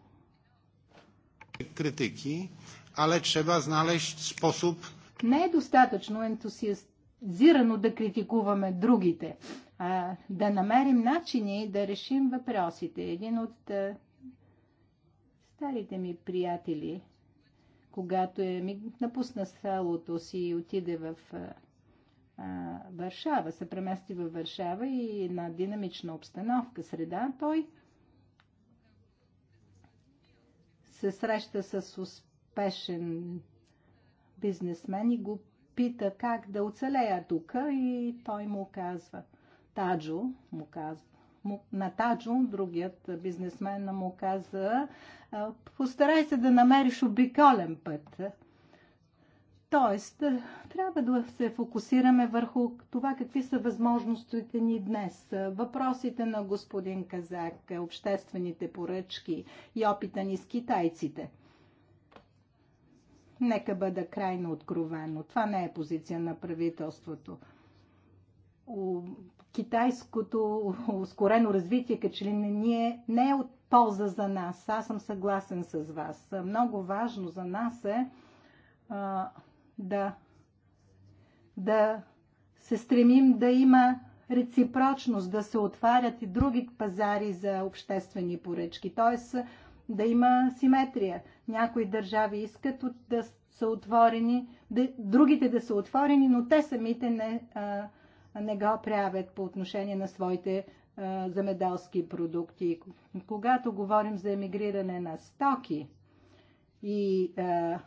Speaker 4: Критики, але trzeba znaleźć способ...
Speaker 2: Не е достатъчно ентусиазирано да критикуваме другите, а да намерим начини да решим въпросите. Един от старите ми приятели когато е напусна селото си и отиде в а, Варшава, се премести във Варшава и една динамична обстановка, среда, той се среща с успешен бизнесмен и го пита как да оцелея тук и той му казва, Таджо му казва, Натаджо, другият бизнесмен му каза, постарай се да намериш обиколен път. Тоест, трябва да се фокусираме върху това какви са възможностите ни днес. Въпросите на господин Казак, обществените поръчки и опита ни с китайците. Нека бъда крайно откровено. Това не е позиция на правителството китайското ускорено развитие, като че ли не, не е от полза за нас. Аз съм съгласен с вас. Много важно за нас е а, да, да се стремим да има реципрочност, да се отварят и други пазари за обществени поръчки. Тоест да има симетрия. Някои държави искат да са отворени, да, другите да са отворени, но те самите не. А, не го правят по отношение на своите а, е, замедалски продукти. Когато говорим за емигриране на стоки и а, е,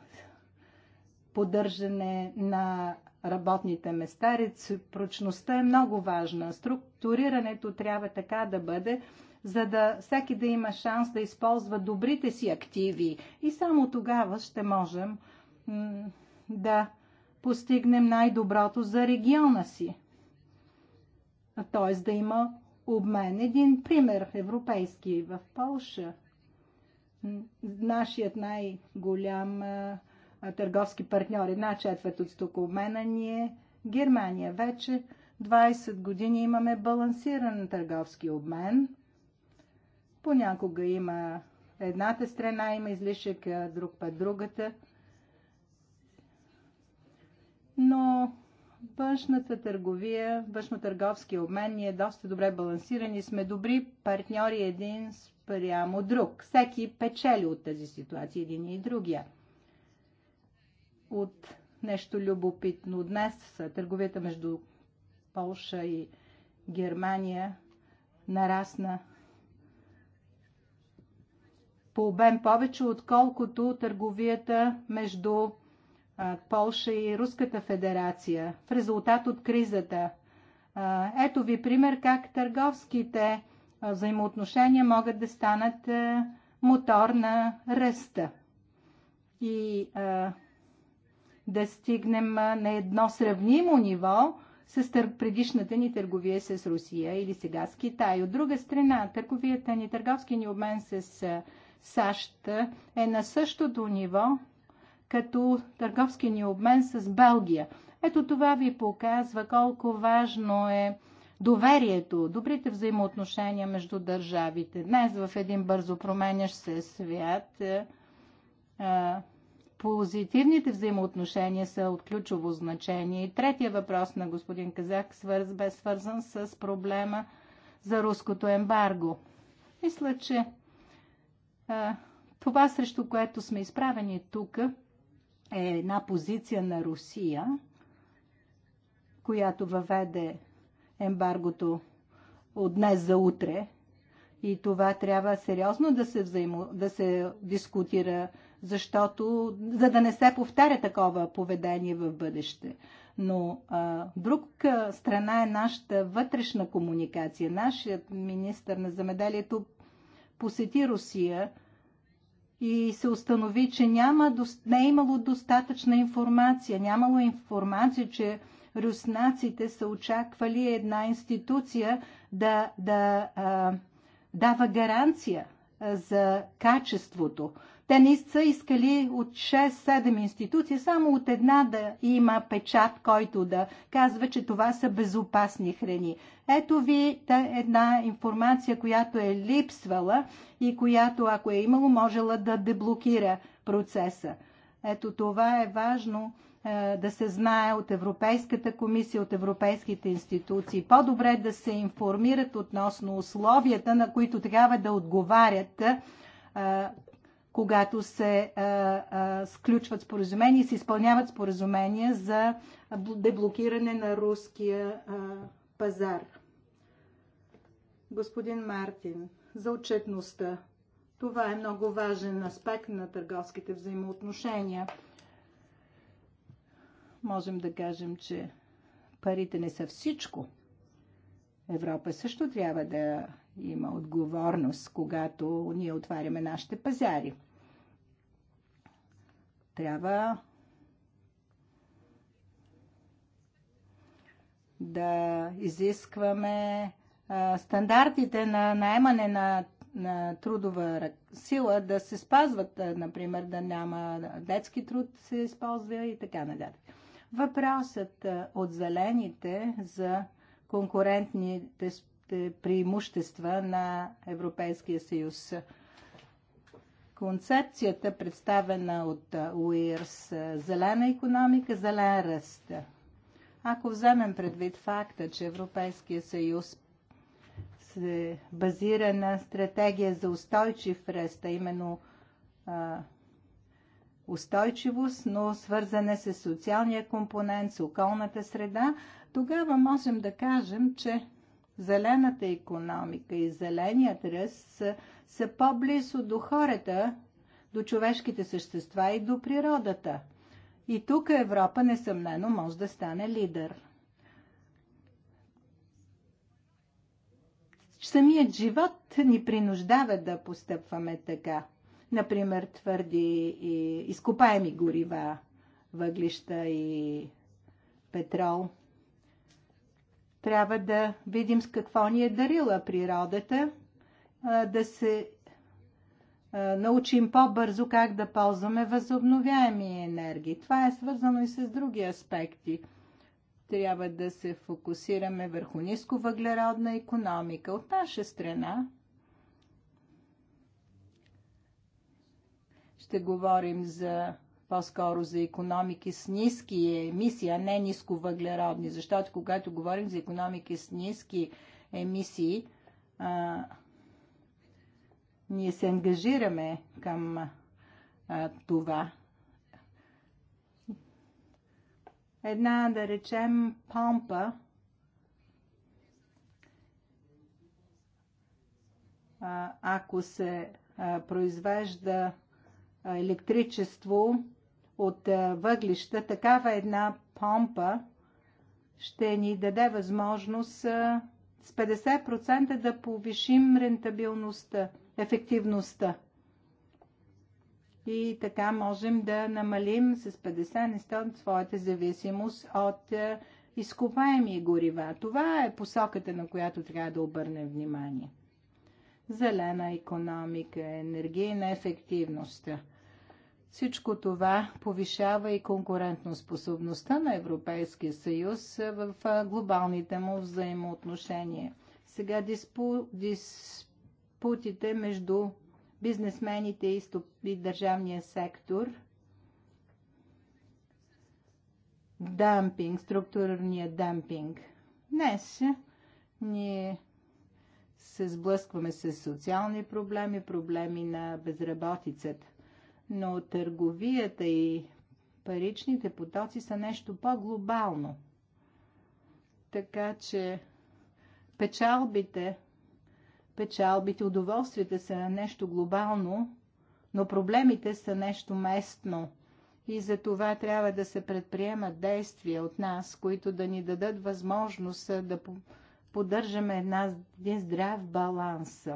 Speaker 2: поддържане на работните места, прочността е много важна. Структурирането трябва така да бъде, за да всеки да има шанс да използва добрите си активи. И само тогава ще можем да постигнем най-доброто за региона си т.е. да има обмен. Един пример европейски в Полша. Нашият най-голям търговски партньор, една четвърт от обмена ни е Германия. Вече 20 години имаме балансиран търговски обмен. Понякога има едната страна, има излишък, друг път другата. Но Външната търговия, външно-търговски обмен ни е доста добре балансиран и сме добри партньори един спрямо друг. Всеки печели от тази ситуация, един и другия. От нещо любопитно днес търговията между Полша и Германия нарасна по обем повече, отколкото търговията между Полша и Руската федерация в резултат от кризата. Ето ви пример как търговските взаимоотношения могат да станат мотор на ръста и да стигнем на едно сравнимо ниво с предишната ни търговия с Русия или сега с Китай. От друга страна, търговията ни, търговски ни обмен с САЩ е на същото ниво, като търговски ни обмен с Белгия. Ето това ви показва колко важно е доверието, добрите взаимоотношения между държавите. Днес в един бързо променящ се свят е, е, позитивните взаимоотношения са от ключово значение. И третия въпрос на господин Казак свърз, бе свързан с проблема за руското ембарго. Мисля, че а, е, това срещу което сме изправени тук е една позиция на Русия, която въведе ембаргото от днес за утре. И това трябва сериозно да се, взаимо, да се дискутира, защото, за да не се повтаря такова поведение в бъдеще. Но а, друг страна е нашата вътрешна комуникация. Нашият министр на замеделието посети Русия и се установи, че няма, не е имало достатъчна информация. Нямало информация, че руснаците са очаквали една институция да, да а, дава гаранция за качеството. Те не са искали от 6-7 институции, само от една да има печат, който да казва, че това са безопасни храни. Ето ви една информация, която е липсвала и която, ако е имало, можела да деблокира процеса. Ето това е важно е, да се знае от Европейската комисия, от европейските институции. По-добре да се информират относно условията, на които трябва да отговарят, е, когато се е, е сключват споразумения и се изпълняват споразумения за деблокиране на руския е, пазар господин Мартин за отчетността. Това е много важен аспект на търговските взаимоотношения. Можем да кажем, че парите не са всичко. Европа също трябва да има отговорност, когато ние отваряме нашите пазари. Трябва да изискваме стандартите на наемане на, на трудова сила да се спазват, например, да няма детски труд се използва и така нататък. Въпросът от зелените за конкурентните преимущества на Европейския съюз. Концепцията, представена от УИРС, зелена економика, зелен ръст. Ако вземем предвид факта, че Европейския съюз се базира на стратегия за устойчив ръст, а именно а, устойчивост, но свързане с социалния компонент, с околната среда, тогава можем да кажем, че зелената економика и зеленият ръст са, са по-близо до хората, до човешките същества и до природата. И тук Европа несъмнено може да стане лидер. Самият живот ни принуждава да постъпваме така. Например, твърди и изкопаеми горива, въглища и петрол. Трябва да видим с какво ни е дарила природата, да се научим по-бързо как да ползваме възобновяеми енергии. Това е свързано и с други аспекти – трябва да се фокусираме върху ниско въглеродна економика. От наша страна ще говорим за по-скоро за економики с ниски емисии, а не ниско въглеродни, защото когато говорим за економики с ниски емисии, а, ние се ангажираме към а, това една, да речем, помпа, ако се произвежда електричество от въглища, такава една помпа ще ни даде възможност с 50% да повишим рентабилността, ефективността и така можем да намалим с 50 на 100 своята зависимост от е, изкупаеми горива. Това е посоката, на която трябва да обърнем внимание. Зелена економика, енергийна ефективност. Всичко това повишава и конкурентноспособността на Европейския съюз е, в е, глобалните му взаимоотношения. Сега диспу, диспутите между бизнесмените и, и държавния сектор, дампинг, структурния дампинг. Днес ние се сблъскваме с социални проблеми, проблеми на безработицата. Но търговията и паричните потоци са нещо по-глобално. Така че печалбите печалбите, удоволствията са нещо глобално, но проблемите са нещо местно. И за това трябва да се предприемат действия от нас, които да ни дадат възможност да поддържаме една, един здрав баланс.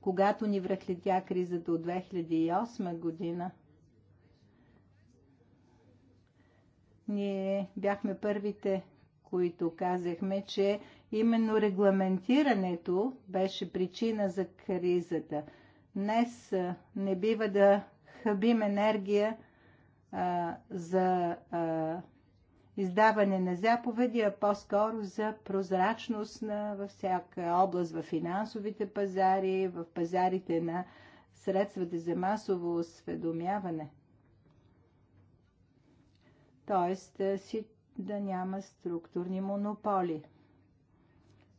Speaker 2: Когато ни връхлетя кризата от 2008 година, ние бяхме първите, които казахме, че Именно регламентирането беше причина за кризата. Днес не бива да хъбим енергия а, за а, издаване на заповеди, а по-скоро за прозрачност на, във всяка област, в финансовите пазари, в пазарите на средствата за масово осведомяване. Тоест си, да няма структурни монополи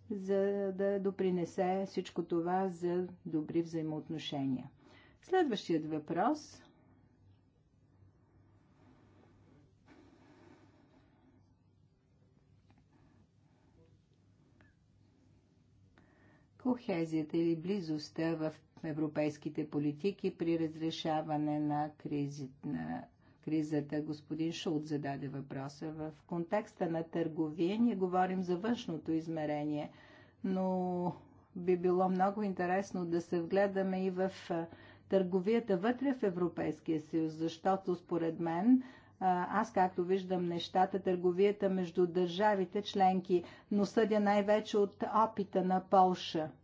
Speaker 2: за да допринесе всичко това за добри взаимоотношения. Следващият въпрос Кохезията или близостта в европейските политики при разрешаване на, кризи, на кризата. Господин Шулт зададе въпроса. В контекста на търговия ние говорим за външното измерение, но би било много интересно да се вгледаме и в търговията вътре в Европейския съюз, защото според мен аз както виждам нещата, търговията между държавите членки, но съдя най-вече от опита на Полша –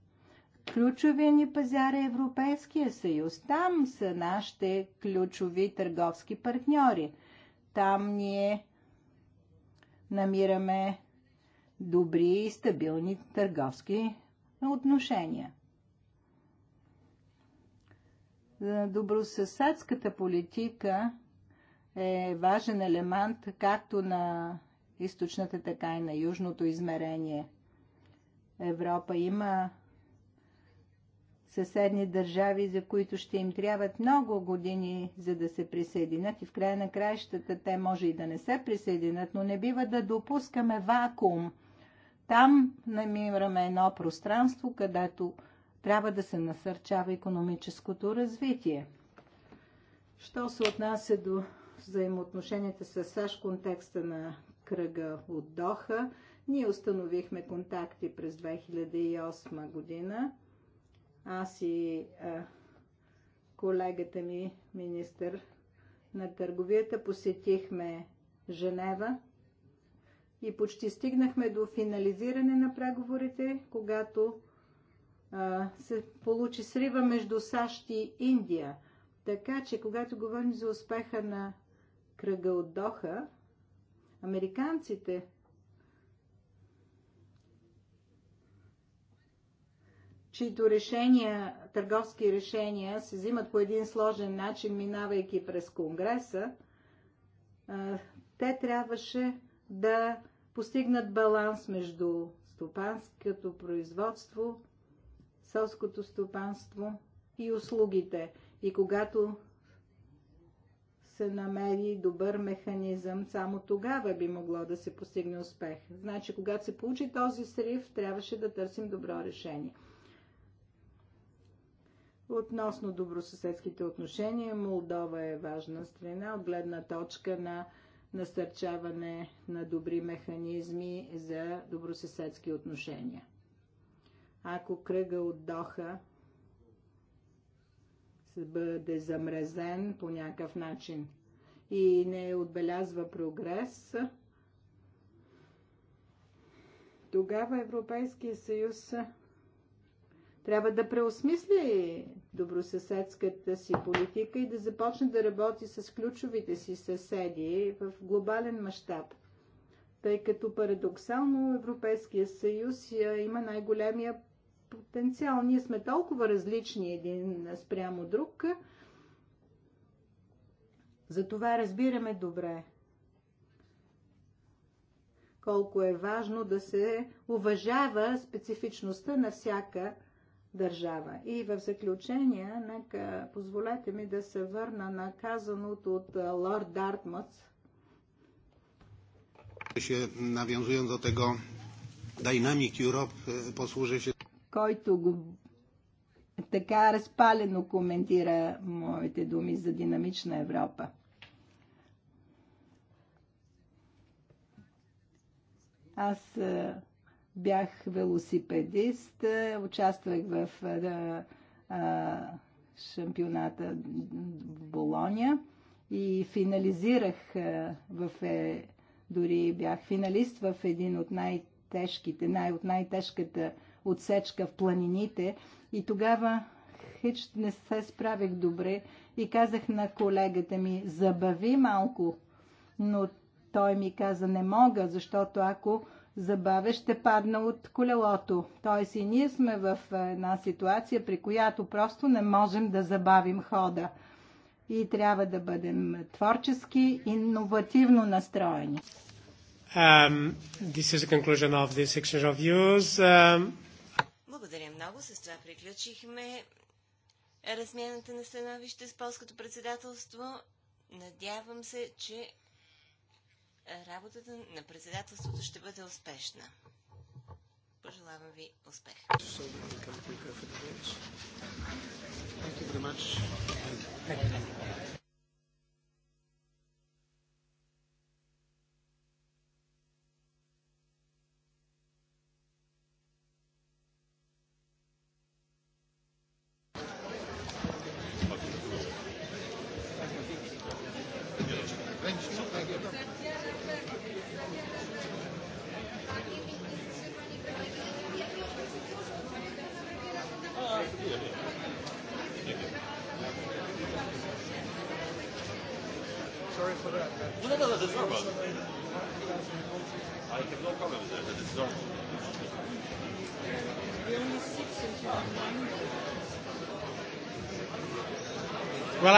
Speaker 2: Ключовия ни пазар е Европейския съюз. Там са нашите ключови търговски партньори. Там ние намираме добри и стабилни търговски отношения. Добросъседската политика е важен елемент както на източната, така и на южното измерение. Европа има съседни държави, за които ще им трябват много години, за да се присъединят и в края на краищата те може и да не се присъединят, но не бива да допускаме вакуум. Там намираме едно пространство, където трябва да се насърчава економическото развитие. Що се отнася до взаимоотношенията с САЩ контекста на кръга от Доха, ние установихме контакти през 2008 година аз и а, колегата ми, министър на търговията, посетихме Женева и почти стигнахме до финализиране на преговорите, когато а, се получи срива между САЩ и Индия. Така че, когато говорим за успеха на кръга от Доха, американците чието решения, търговски решения се взимат по един сложен начин, минавайки през Конгреса, те трябваше да постигнат баланс между стопанското производство, селското стопанство и услугите. И когато се намери добър механизъм, само тогава би могло да се постигне успех. Значи, когато се получи този срив, трябваше да търсим добро решение. Относно добросъседските отношения, Молдова е важна страна от гледна точка на насърчаване на добри механизми за добросъседски отношения. Ако кръга от Доха бъде замрезен по някакъв начин и не отбелязва прогрес, тогава Европейския съюз трябва да преосмисли добросъседската си политика и да започне да работи с ключовите си съседи в глобален мащаб. Тъй като парадоксално Европейския съюз има най-големия потенциал. Ние сме толкова различни един спрямо друг, затова разбираме добре колко е важно да се уважава специфичността на всяка държава. И в заключение, нека позволете ми да се върна на казаното от лорд Дартмут.
Speaker 1: Nawiązując do tego Dynamic Europe, posłużę е, się...
Speaker 2: Който го така разпалено коментира моите думи за динамична Европа. Аз е, Бях велосипедист, участвах в шампионата в Болония и финализирах в е, дори бях финалист в един от най-тежките, най- от най-тежката отсечка в планините и тогава хич не се справих добре и казах на колегата ми, забави малко, но той ми каза, не мога, защото ако забавя, ще падна от колелото. Тоест и ние сме в е, една ситуация, при която просто не можем да забавим хода. И трябва да бъдем творчески, иновативно настроени.
Speaker 1: Um, this is the conclusion of this of Um...
Speaker 3: Благодаря много. С това приключихме размяната на становище с полското председателство. Надявам се, че работата на председателството ще бъде успешна. Пожелавам ви
Speaker 1: успех.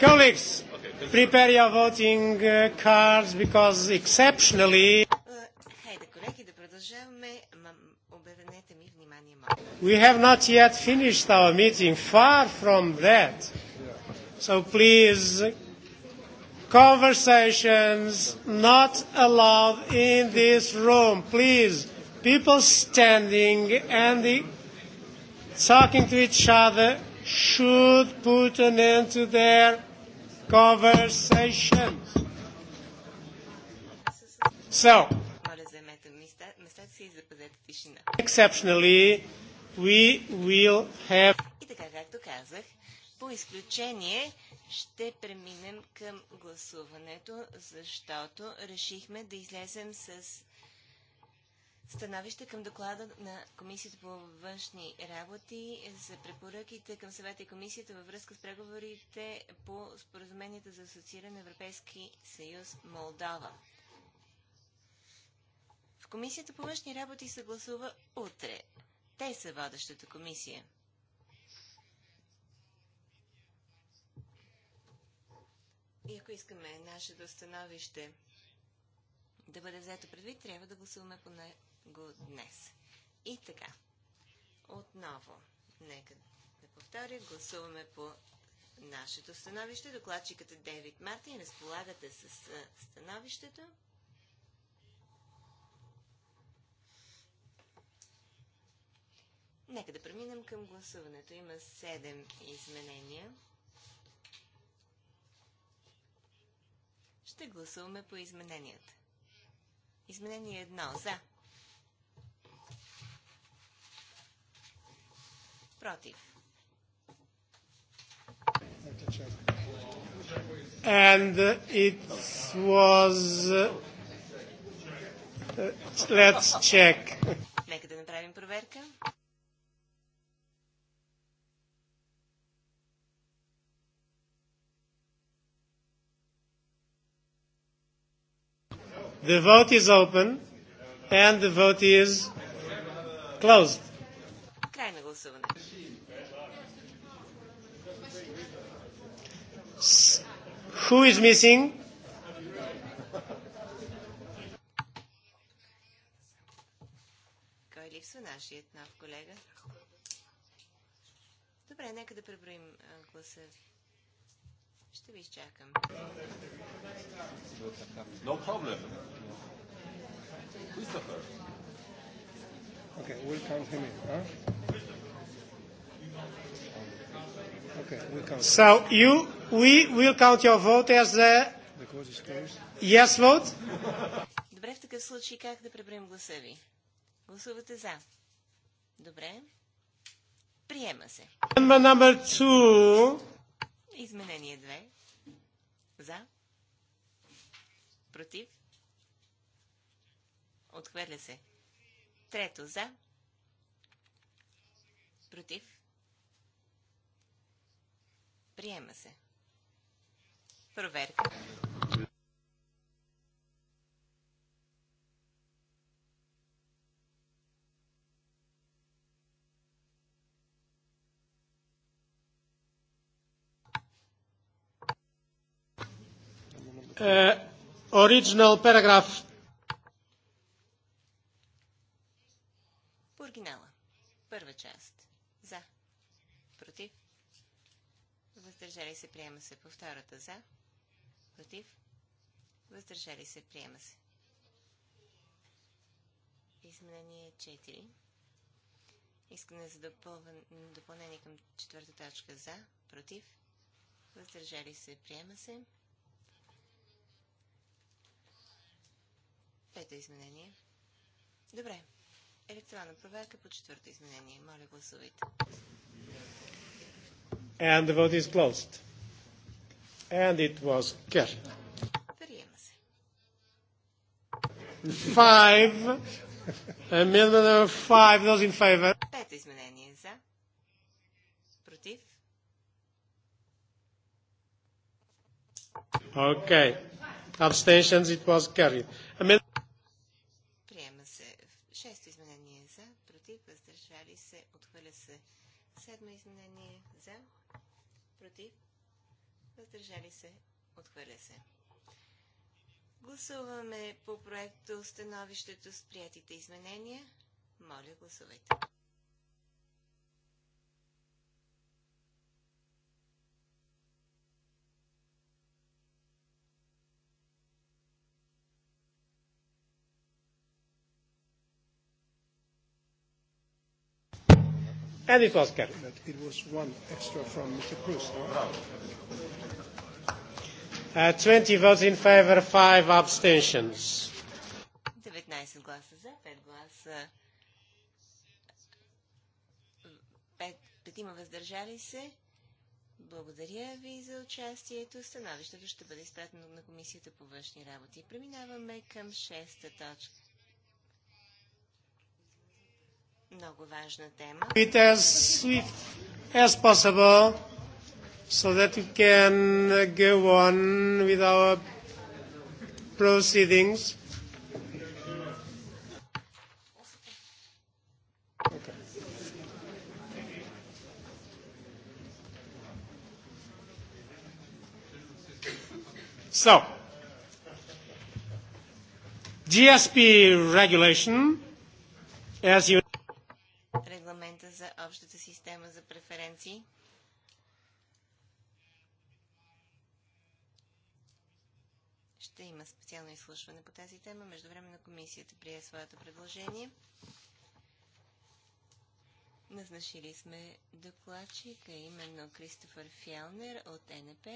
Speaker 1: Colleagues, prepare your voting cards because exceptionally We have not yet finished our meeting, far from that. So please, conversations not allowed in this room. Please, people standing and talking to each other should put an end to their conversation. So, exceptionally, we will have...
Speaker 3: по изключение ще преминем към гласуването, защото решихме да излезем с становище към доклада на Комисията по външни работи за препоръките към съвета и комисията във връзка с преговорите по споразуменията за асоцииране Европейски съюз Молдова. В Комисията по външни работи се гласува утре. Те са водещата комисия. И ако искаме нашето становище да бъде взето предвид, трябва да гласуваме по, го днес. И така, отново, нека да повторя, гласуваме по нашето становище. Докладчикът е Дейвид Мартин. Разполагате с становището. Нека да преминем към гласуването. Има 7 изменения. Ще гласуваме по измененията. Изменение 1. За. против.
Speaker 1: And it was... Let's check.
Speaker 3: Нека да направим проверка.
Speaker 1: The vote is open and the vote is closed. Край на гласуването. Who is missing?
Speaker 3: Кой липсва нашият нов колега? Добре, нека да преброим гласа. Ще ви изчакам.
Speaker 1: No problem. Christopher. Okay, we'll count him in, huh?
Speaker 4: Okay,
Speaker 3: we'll count.
Speaker 1: So you We will count your vote as the yes vote.
Speaker 3: Добре, в такъв случай как да преброим гласа ви? Гласувате за. Добре. Приема се. Изменение 2. За. Против. Отхвърля се. Трето. За. Против. Приема се. Проверка.
Speaker 1: Uh, original paragraph.
Speaker 3: Оригинала. Първа част. За. Против. Въздържали се приема се по втората за. Против? Въздържали се. Приема се. Изменение 4. Искане за допълнение към четвърта точка за. Против? Въздържали се. Приема се. Пето изменение. Добре. Електронна проверка по четвърто изменение. Моля, гласувайте.
Speaker 1: And the vote is closed and it was carried. Five. Amendment number five. Those in favor.
Speaker 3: Пето изменение е за. Против.
Speaker 1: Okay. Abstentions. It was carried. Amendment
Speaker 3: Шесто изменение е за, против, въздържали се, отхвърля се. Седмо изменение е за, против, въздържали се, отхвърля се. Гласуваме по проекто становището с приятите изменения. Моля, гласувайте.
Speaker 1: and it was carried. But it was one extra from Mr. Cruz. Uh, 20 votes in favor, 5 abstentions.
Speaker 3: 19 гласа за, 5 гласа 5 петима въздържали се. Благодаря ви за участието. Становището ще бъде изпратено на Комисията по външни работи. Преминаваме към шеста точка. много важна тема. It as
Speaker 1: as possible so that we can go on with our proceedings. So, GSP regulation, as you
Speaker 3: за общата система за преференции. Ще има специално изслушване по тази тема. Между време на комисията прие своето предложение. Назначили сме докладчика, именно Кристофър Фялнер от НП.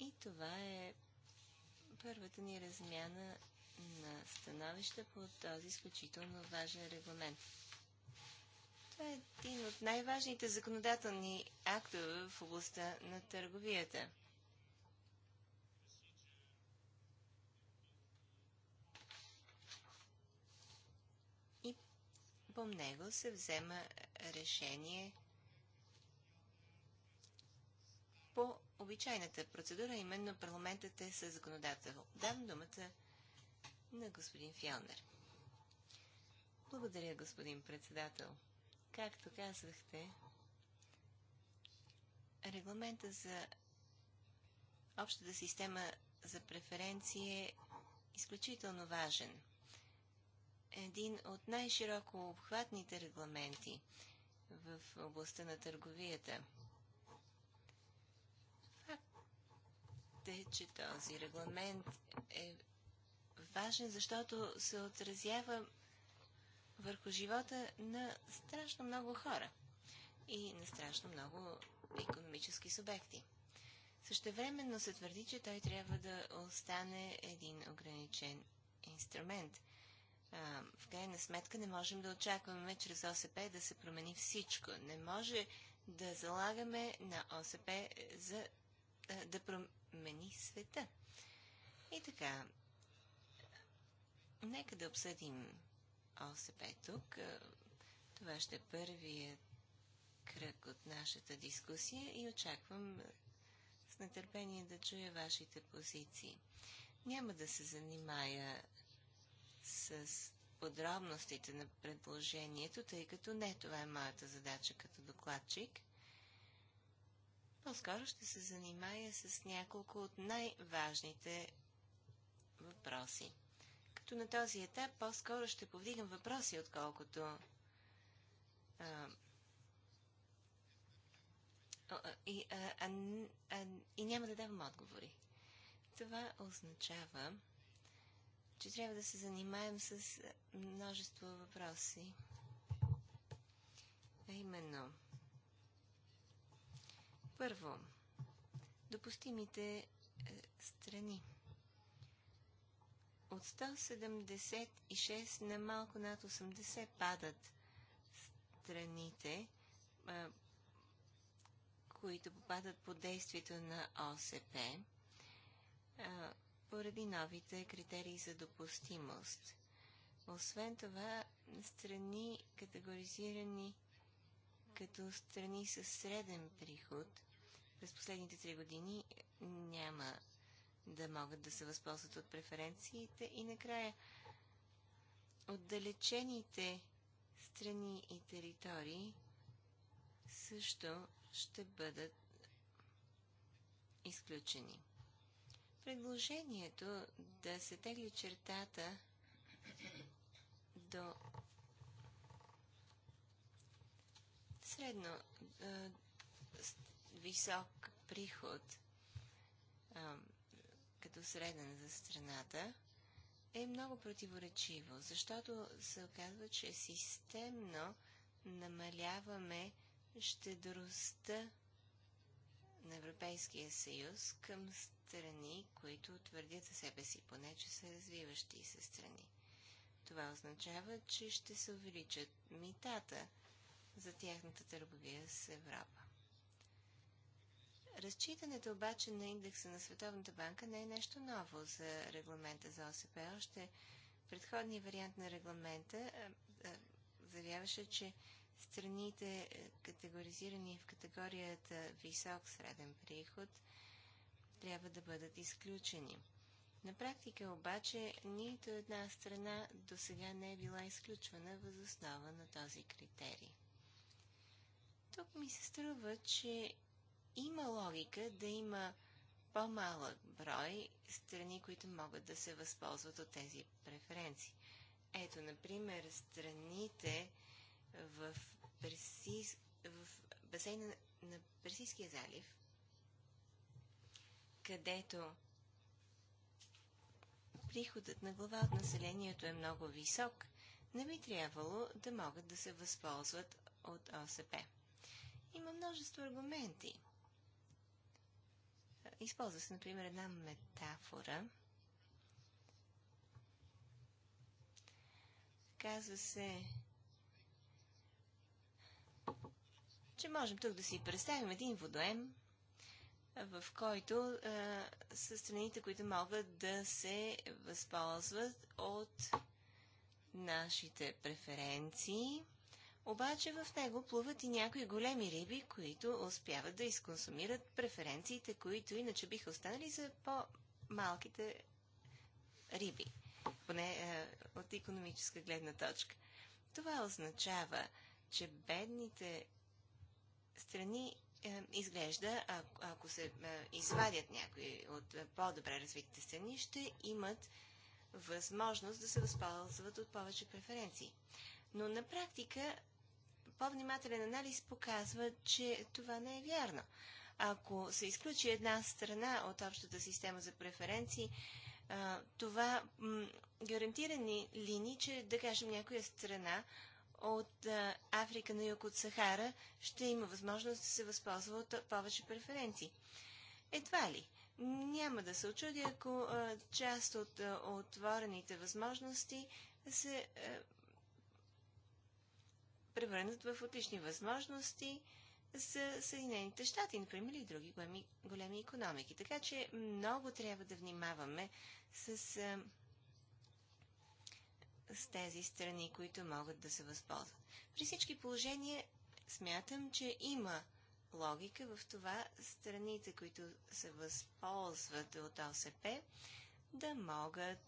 Speaker 3: И това е първата ни размяна на становища по този изключително важен регламент. Това е един от най-важните законодателни актове в областта на търговията. И по него се взема решение по обичайната процедура, именно парламентът е със законодател. Дам думата на господин Фялнер. Благодаря, господин председател. Както казвахте, регламента за общата система за преференции е изключително важен. Един от най-широко обхватните регламенти в областта на търговията. Факт е, че този регламент е важен, защото се отразява върху живота на страшно много хора и на страшно много економически субекти. Същевременно се твърди, че той трябва да остане един ограничен инструмент. А, в крайна сметка не можем да очакваме чрез ОСП да се промени всичко. Не може да залагаме на ОСП за да, да промени света. И така, нека да обсъдим ОСП е тук. Е, това ще е първият кръг от нашата дискусия и очаквам е, с нетърпение да чуя вашите позиции. Няма да се занимая с подробностите на предложението, тъй като не това е моята задача като докладчик. По-скоро ще се занимая с няколко от най-важните въпроси като на този етап по-скоро ще повдигам въпроси, отколкото а, и, а, а, а, и няма да давам отговори. Това означава, че трябва да се занимаем с множество въпроси. А именно, първо, допустимите страни от 176 на малко над 80 падат страните, а, които попадат под действието на ОСП а, поради новите критерии за допустимост. Освен това, страни категоризирани като страни с среден приход през последните три години няма да могат да се възползват от преференциите. И накрая, отдалечените страни и територии също ще бъдат изключени. Предложението да се тегли чертата до средно висок приход – като среден за страната, е много противоречиво, защото се оказва, че системно намаляваме щедростта на Европейския съюз към страни, които твърдят за себе си, поне че са развиващи се страни. Това означава, че ще се увеличат митата за тяхната търговия с Европа. Разчитането обаче на индекса на Световната банка не е нещо ново за регламента за ОСП. Още предходният вариант на регламента заявяваше, че страните, е, категоризирани в категорията висок среден приход, трябва да бъдат изключени. На практика обаче нито една страна до сега не е била изключвана въз основа на този критерий. Тук ми се струва, че има логика да има по-малък брой страни, които могат да се възползват от тези преференции. Ето, например, страните в, Персис... в басейна на Персийския залив, където приходът на глава от населението е много висок, не би трябвало да могат да се възползват от ОСП. Има множество аргументи използва се, например, една метафора. Казва се, че можем тук да си представим един водоем, в който а, са страните, които могат да се възползват от нашите преференции обаче в него плуват и някои големи риби, които успяват да изконсумират преференциите, които иначе биха останали за по-малките риби, поне е, от економическа гледна точка. Това означава, че бедните страни е, изглежда, а, ако се е, извадят някои от е, по-добре развитите страни, ще имат възможност да се възползват от повече преференции. Но на практика по-внимателен анализ показва, че това не е вярно. Ако се изключи една страна от общата система за преференции, това гарантирани линии, че да кажем някоя страна от Африка на юг от Сахара ще има възможност да се възползва от повече преференции. Едва ли. Няма да се очуди, ако част от отворените възможности се превърнат в отлични възможности за Съединените щати, например, и други големи, големи економики. Така че много трябва да внимаваме с, с тези страни, които могат да се възползват. При всички положения смятам, че има логика в това страните, които се възползват от ОСП, да могат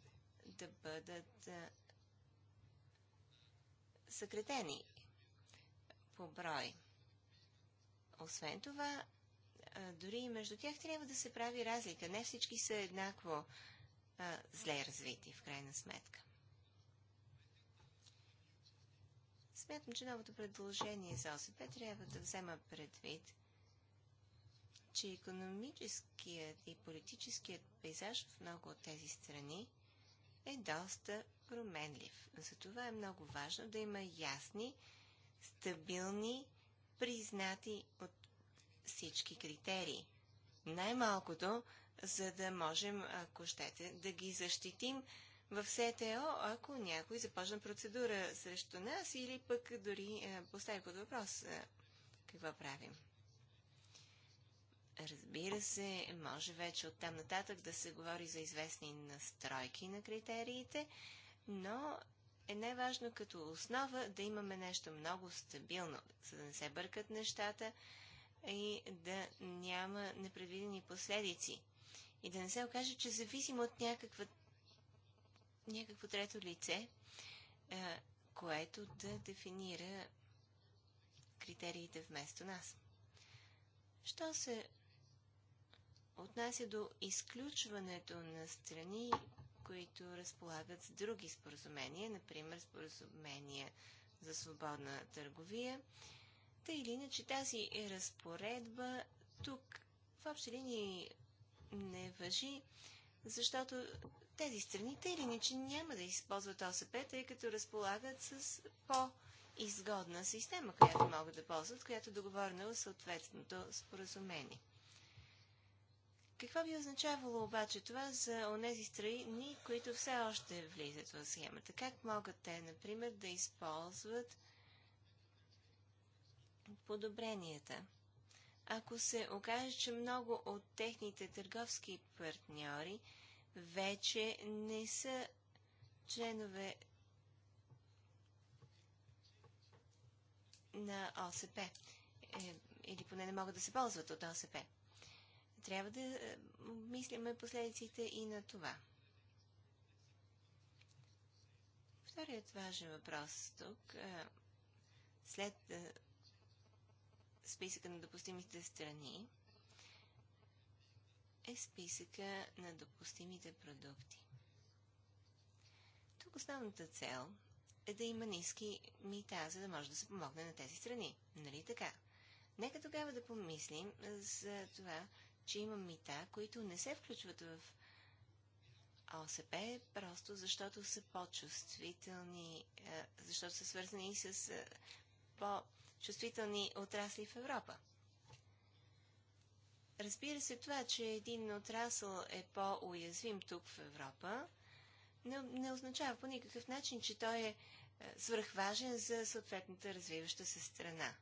Speaker 3: да бъдат съкретени по брой. Освен това, дори и между тях трябва да се прави разлика. Не всички са еднакво а, зле развити, в крайна сметка. Смятам, че новото предложение за ОСП трябва да взема предвид, че економическият и политическият пейзаж в много от тези страни е доста променлив. Затова е много важно да има ясни стабилни, признати от всички критерии. Най-малкото, за да можем, ако щете, да ги защитим в СТО, ако някой започна процедура срещу нас или пък дори е, постави под въпрос е, какво правим. Разбира се, може вече оттам нататък да се говори за известни настройки на критериите, но е най-важно като основа да имаме нещо много стабилно, за да не се бъркат нещата и да няма непредвидени последици. И да не се окаже, че зависим от някаква, някакво трето лице, е, което да дефинира критериите вместо нас. Що се отнася до изключването на страни, които разполагат с други споразумения, например споразумения за свободна търговия. Та или иначе тази разпоредба тук в общи линии не въжи, защото тези страни та или иначе няма да използват ОСП, тъй като разполагат с по-изгодна система, която могат да ползват, която е договорена в съответното споразумение. Какво би означавало обаче това за онези страни, които все още влизат в схемата? Как могат те, например, да използват подобренията? Ако се окаже, че много от техните търговски партньори вече не са членове на ОСП, е, или поне не могат да се ползват от ОСП трябва да е, мислиме последиците и на това. Вторият важен въпрос тук, е, след е, списъка на допустимите страни, е списъка на допустимите продукти. Тук основната цел е да има ниски мита, за да може да се помогне на тези страни. Нали така? Нека тогава да помислим за това че има мита, които не се включват в ОСП, просто защото са по-чувствителни, е, защото са свързани с е, по-чувствителни отрасли в Европа. Разбира се, това, че един отрасъл е по-уязвим тук в Европа, не, не означава по никакъв начин, че той е, е свръхважен за съответната развиваща се страна.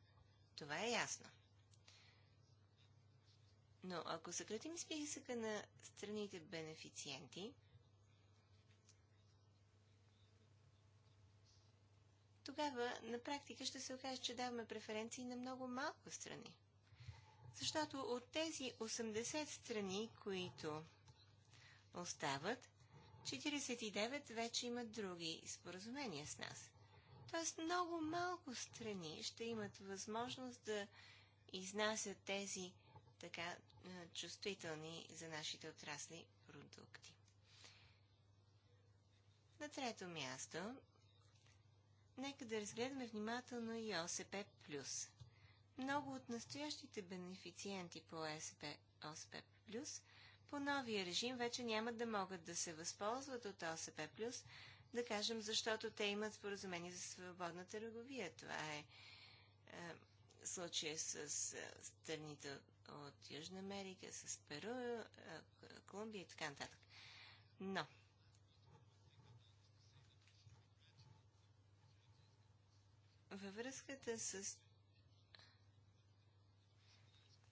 Speaker 3: Това е ясно. Но ако съкратим списъка на страните бенефициенти, тогава на практика ще се окаже, че даваме преференции на много малко страни. Защото от тези 80 страни, които остават, 49 вече имат други споразумения с нас. Тоест много малко страни ще имат възможност да изнасят тези така е, чувствителни за нашите отрасли продукти. На трето място, нека да разгледаме внимателно и ОСП+. Много от настоящите бенефициенти по ОСП, ОСП+, по новия режим вече няма да могат да се възползват от ОСП+, да кажем, защото те имат споразумение за свободна търговия. Това е, е случая с с страните от от Южна Америка, с Перу, е, Колумбия и така нататък. Но, във връзката с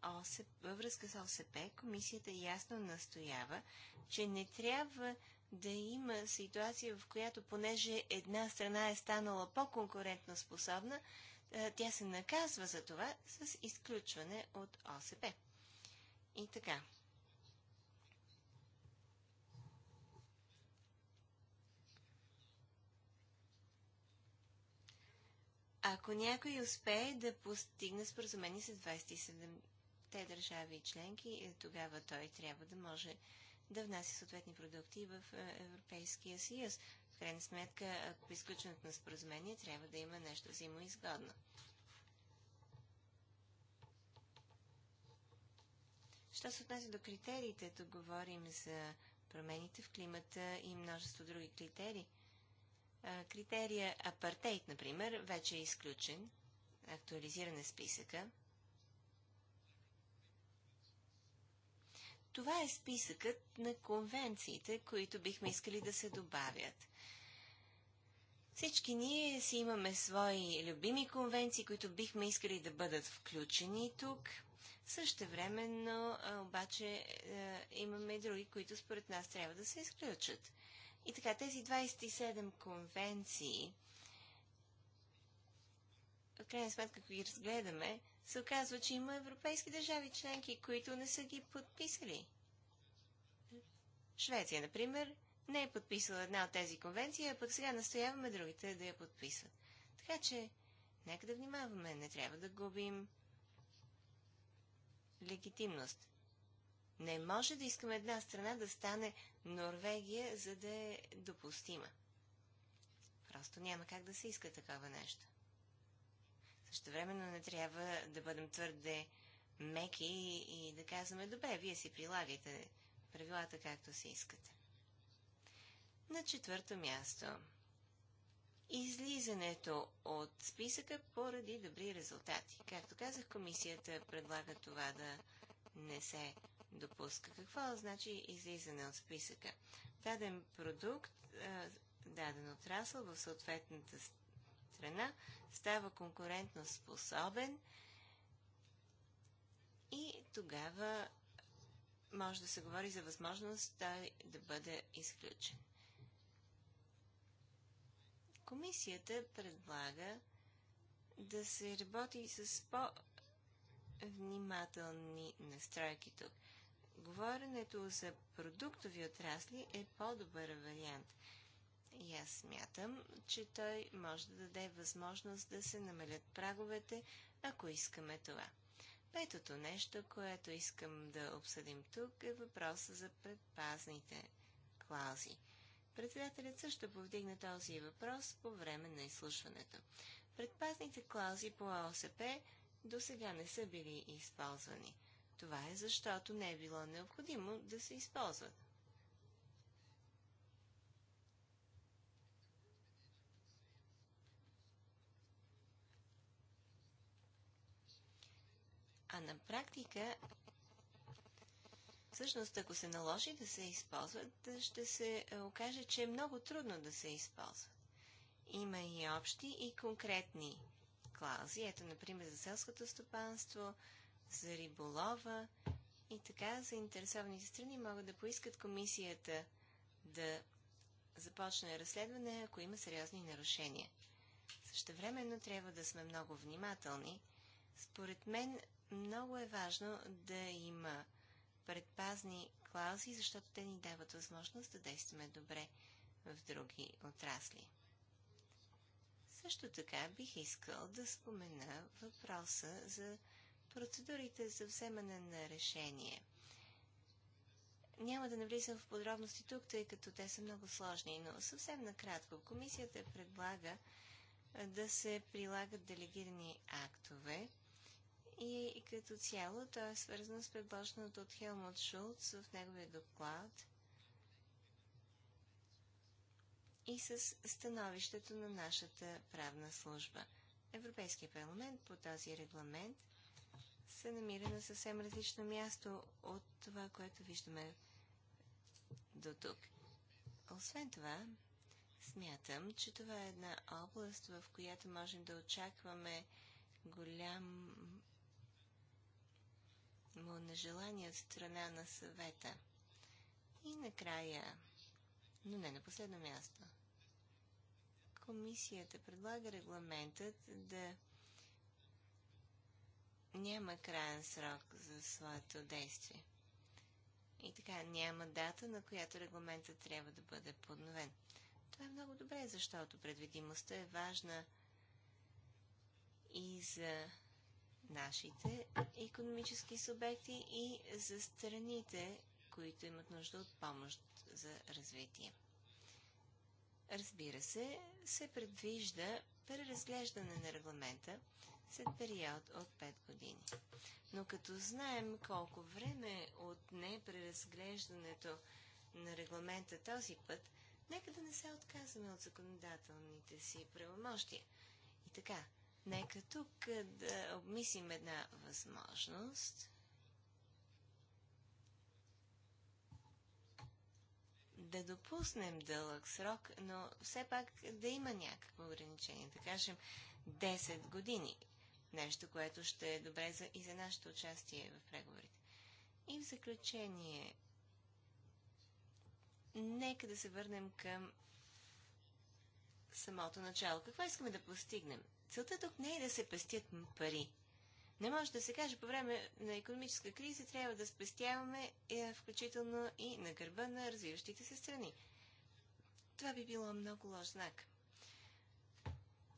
Speaker 3: ОСП, във връзка с ОСП, комисията ясно настоява, че не трябва да има ситуация, в която понеже една страна е станала по-конкурентно способна, е, тя се наказва за това с изключване от ОСП. И така. Ако някой успее да постигне споразумение с 27-те държави и членки, е, тогава той трябва да може да внася съответни продукти в е, Европейския съюз. В крайна сметка, ако при изключването на споразумение трябва да има нещо взаимоизгодно. Що се отнася до критериите, тук говорим за промените в климата и множество други критерии. Критерия апартейт, например, вече е изключен. Актуализиран е списъка. Това е списъкът на конвенциите, които бихме искали да се добавят. Всички ние си имаме свои любими конвенции, които бихме искали да бъдат включени тук. Също времено обаче е, имаме и други, които според нас трябва да се изключат. И така, тези 27 конвенции, в крайна сметка, ако ги разгледаме, се оказва, че има европейски държави членки, които не са ги подписали. Швеция, например, не е подписала една от тези конвенции, а пък сега настояваме другите да я подписват. Така че, нека да внимаваме, не трябва да губим легитимност. Не може да искаме една страна да стане Норвегия, за да е допустима. Просто няма как да се иска такова нещо. Също времено не трябва да бъдем твърде меки и да казваме, добре, вие си прилагайте правилата както си искате. На четвърто място. Излизането от списъка поради добри резултати. Както казах, комисията предлага това да не се допуска. Какво значи излизане от списъка? Даден продукт, даден отрасъл в съответната страна става конкурентно способен и тогава може да се говори за възможност той да бъде изключен. Комисията предлага да се работи с по-внимателни настройки тук. Говоренето за продуктови отрасли е по-добър вариант. И аз смятам, че той може да даде възможност да се намалят праговете, ако искаме това. Петото нещо, което искам да обсъдим тук е въпроса за предпазните клаузи – Председателят също повдигна този въпрос по време на изслушването. Предпазните клаузи по ОСП до сега не са били използвани. Това е защото не е било необходимо да се използват. А на практика всъщност ако се наложи да се използват, ще се е, окаже, че е много трудно да се използват. Има и общи и конкретни клаузи. Ето, например, за селското стопанство, за риболова и така заинтересованите страни могат да поискат комисията да започне разследване, ако има сериозни нарушения. Същевременно трябва да сме много внимателни. Според мен много е важно да има предпазни клаузи, защото те ни дават възможност да действаме добре в други отрасли. Също така бих искал да спомена въпроса за процедурите за вземане на решение. Няма да навлизам в подробности тук, тъй като те са много сложни, но съвсем накратко. Комисията предлага да се прилагат делегирани актове, и, и като цяло то е свързано с предложеното от Хелмут Шулц в неговия доклад и с становището на нашата правна служба. Европейския парламент по този регламент се намира на съвсем различно място от това, което виждаме до тук. Освен това, смятам, че това е една област, в която можем да очакваме голям на нежелание от страна на съвета. И накрая, но не на последно място, комисията предлага регламентът да няма крайен срок за своето действие. И така, няма дата, на която регламентът трябва да бъде подновен. Това е много добре, защото предвидимостта е важна и за нашите економически субекти и за страните, които имат нужда от помощ за развитие. Разбира се, се предвижда преразглеждане на регламента след период от 5 години. Но като знаем колко време е отне преразглеждането на регламента този път, нека да не се отказваме от законодателните си правомощия. И така, Нека тук да обмислим една възможност да допуснем дълъг срок, но все пак да има някакво ограничение. Да кажем 10 години. Нещо, което ще е добре за, и за нашето участие в преговорите. И в заключение, нека да се върнем към самото начало. Какво искаме да постигнем? Целта тук не е да се пестят пари. Не може да се каже, по време на економическа криза трябва да спестяваме, е, включително и на гърба на развиващите се страни. Това би било много лош знак.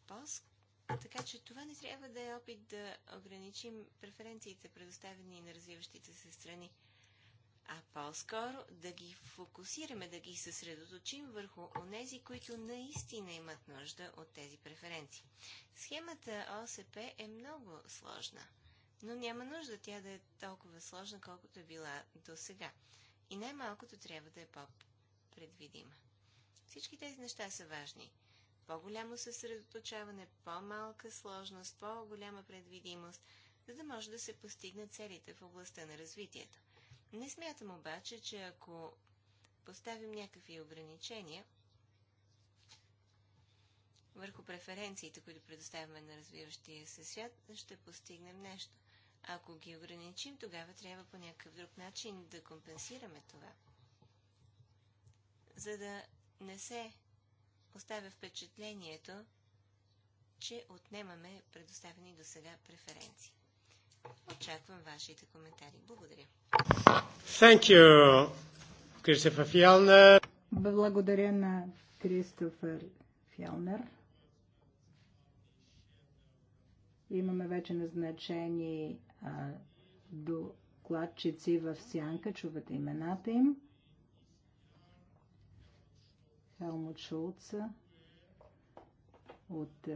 Speaker 3: Пос, Така че това не трябва да е опит да ограничим преференциите, предоставени на развиващите се страни а по-скоро да ги фокусираме, да ги съсредоточим върху онези, които наистина имат нужда от тези преференции. Схемата ОСП е много сложна, но няма нужда тя да е толкова сложна, колкото е била до сега. И най-малкото трябва да е по-предвидима. Всички тези неща са важни. По-голямо съсредоточаване, по-малка сложност, по-голяма предвидимост, за да може да се постигнат целите в областта на развитието. Не смятам обаче, че ако поставим някакви ограничения върху преференциите, които предоставяме на развиващия се свят, ще постигнем нещо. Ако ги ограничим, тогава трябва по някакъв друг начин да компенсираме това. За да не се оставя впечатлението, че отнемаме предоставени до сега преференции. Очаквам вашите коментари. Благодаря.
Speaker 1: Thank you, Кристофър Фялнер.
Speaker 2: Благодаря на Кристофър Фялнер. Имаме вече назначени а, докладчици в сянка. Чувате имената им. Хелмут Шулца от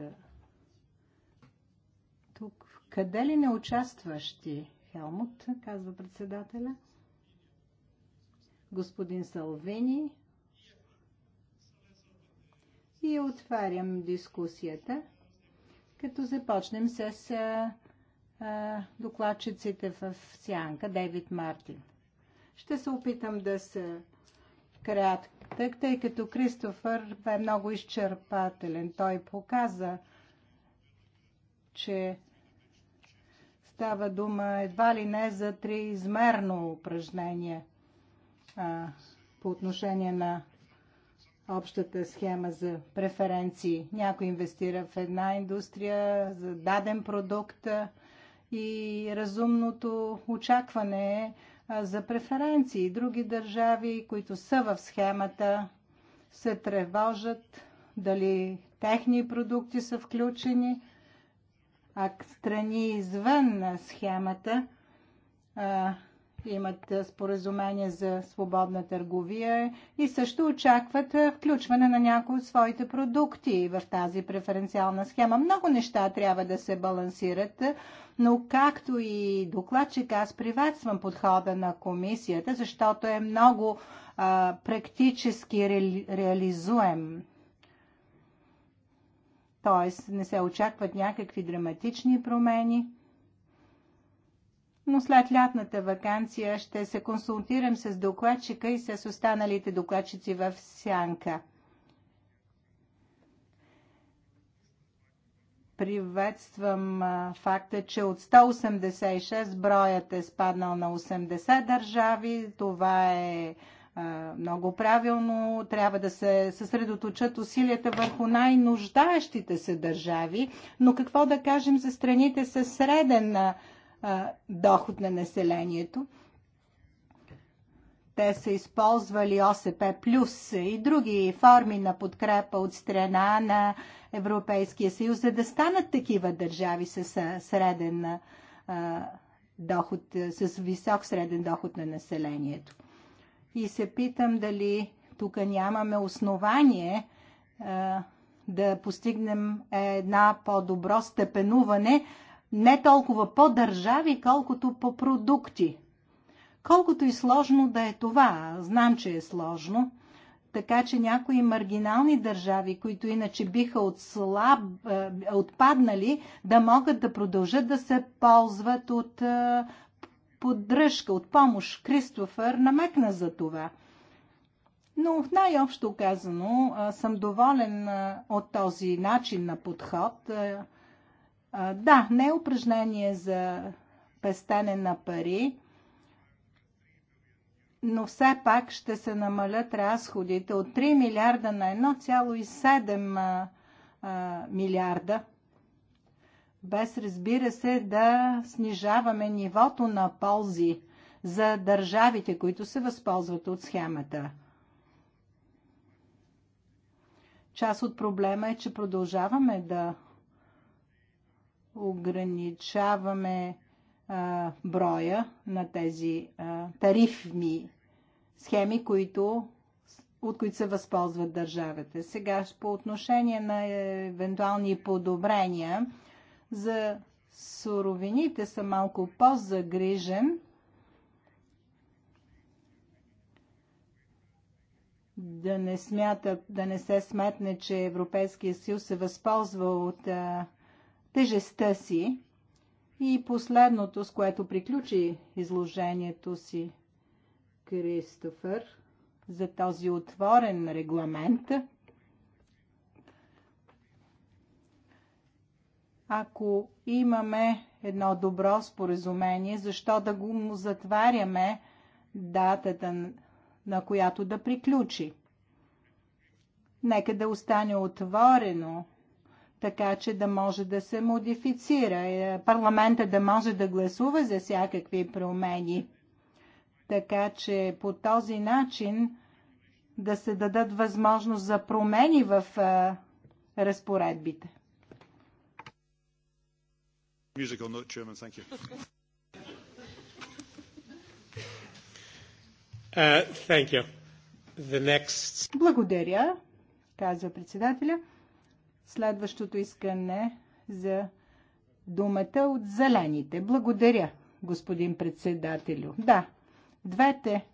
Speaker 2: тук къде ли не участващи? Хелмут, казва председателя. Господин Салвени. И отварям дискусията, като започнем с а, а, докладчиците в Сянка, Дейвид Мартин. Ще се опитам да се кратък, тъй като Кристофър бе много изчерпателен. Той показа, че Става дума едва ли не за триизмерно упражнение а, по отношение на общата схема за преференции. Някой инвестира в една индустрия за даден продукт и разумното очакване е за преференции. Други държави, които са в схемата, се тревожат дали техни продукти са включени страни извън схемата имат споразумение за свободна търговия и също очакват включване на някои от своите продукти в тази преференциална схема. Много неща трябва да се балансират, но както и докладчик, аз приветствам подхода на комисията, защото е много а, практически ре, реализуем т.е. не се очакват някакви драматични промени. Но след лятната вакансия ще се консултирам с докладчика и с останалите докладчици в Сянка. Приветствам факта, че от 186 броят е спаднал на 80 държави. Това е много правилно. Трябва да се съсредоточат усилията върху най-нуждаещите се държави. Но какво да кажем за страните с среден доход на населението? Те са използвали ОСП плюс и други форми на подкрепа от страна на Европейския съюз, за да станат такива държави с среден доход, с висок среден доход на населението и се питам дали тук нямаме основание а, да постигнем една по-добро степенуване, не толкова по държави, колкото по продукти. Колкото и сложно да е това, знам, че е сложно, така че някои маргинални държави, които иначе биха отслаб, е, отпаднали, да могат да продължат да се ползват от е, поддръжка, от помощ. Кристофър намекна за това. Но най-общо казано съм доволен от този начин на подход. Да, не е упражнение за пестене на пари, но все пак ще се намалят разходите от 3 милиарда на 1,7 милиарда без разбира се да снижаваме нивото на ползи за държавите, които се възползват от схемата. Част от проблема е, че продължаваме да ограничаваме а, броя на тези а, тарифни схеми, които, от които се възползват държавите. Сега по отношение на евентуални подобрения, за суровините съм малко по-загрижен. Да не, смятат, да не се сметне, че Европейския съюз се възползва от а, тежестта си. И последното, с което приключи изложението си Кристофър за този отворен регламент – ако имаме едно добро споразумение, защо да го му затваряме датата, на която да приключи? Нека да остане отворено, така че да може да се модифицира. Е, парламента да може да гласува за всякакви промени. Така че по този начин да се дадат възможност за промени в е, разпоредбите.
Speaker 1: Musical note, Chairman. Thank you. Uh, thank you. The next...
Speaker 2: Благодаря, казва председателя. Следващото искане за думата от зелените. Благодаря, господин председателю. Да, двете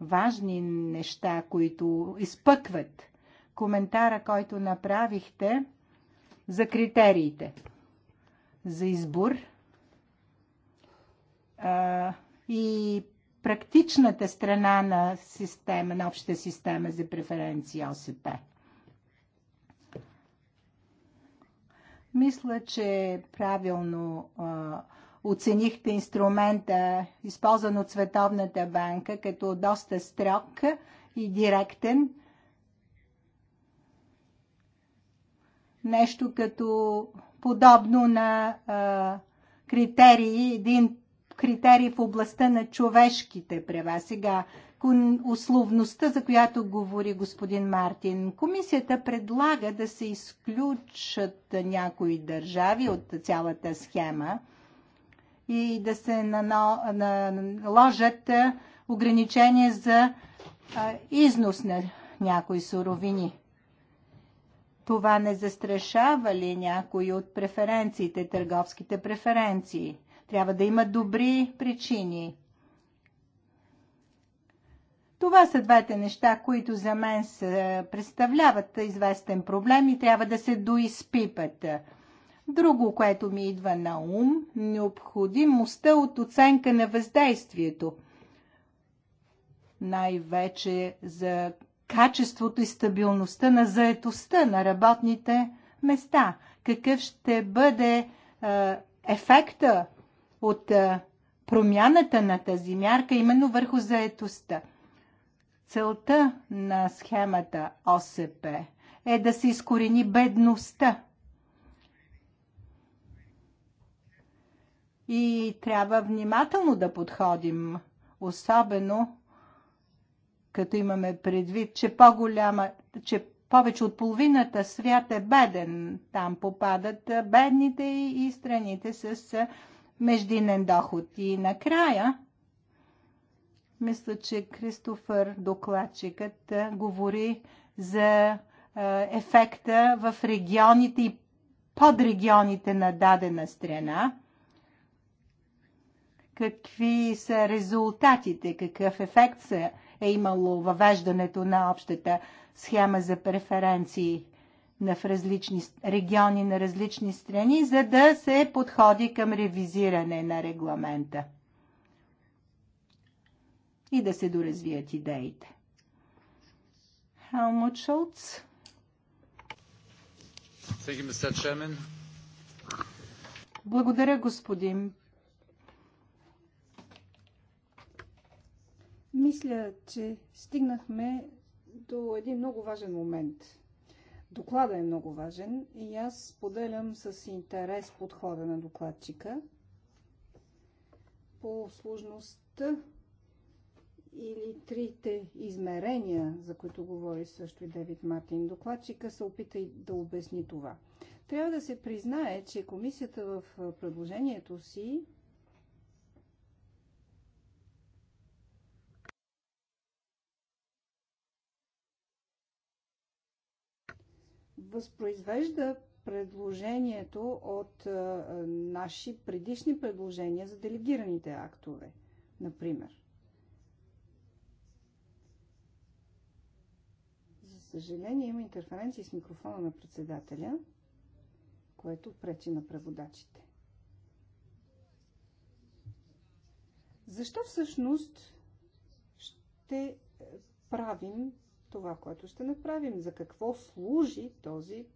Speaker 2: важни неща, които изпъкват коментара, който направихте за критериите за избор а, и практичната страна на, система, на общата система за преференции ОСП. Мисля, че правилно а, оценихте инструмента, използван от Световната банка, като доста строг и директен. Нещо като подобно на а, критерии, един критерий в областта на човешките права. Сега, условността, за която говори господин Мартин. Комисията предлага да се изключат някои държави от цялата схема и да се наложат ограничения за износ на някои суровини. Това не застрашава ли някои от преференциите, търговските преференции? Трябва да има добри причини. Това са двете неща, които за мен са, представляват известен проблем и трябва да се доизпипат. Друго, което ми идва на ум, необходимостта от оценка на въздействието. Най-вече за качеството и стабилността на заетостта на работните места? Какъв ще бъде е, ефекта от е, промяната на тази мярка именно върху заетостта? Целта на схемата ОСП е да се изкорени бедността. И трябва внимателно да подходим, особено като имаме предвид, че по-голяма, че повече от половината свят е беден. Там попадат бедните и страните с междинен доход. И накрая, мисля, че Кристофър докладчикът говори за ефекта в регионите и подрегионите на дадена страна. Какви са резултатите, какъв ефект са е имало въвеждането на общата схема за преференции на в различни региони на различни страни, за да се подходи към ревизиране на регламента и да се доразвият идеите. Хелмут Шолц. Благодаря, господин Мисля, че стигнахме до един много важен момент. Доклада е много важен и аз поделям с интерес подхода на докладчика по сложността или трите измерения, за които говори също и Девид Мартин. Докладчика се опита и да обясни това. Трябва да се признае, че комисията в предложението си възпроизвежда предложението от а, наши предишни предложения за делегираните актове, например. За съжаление има интерференции с микрофона на председателя, което пречи на преводачите. Защо всъщност ще правим това, което ще направим. За какво служи този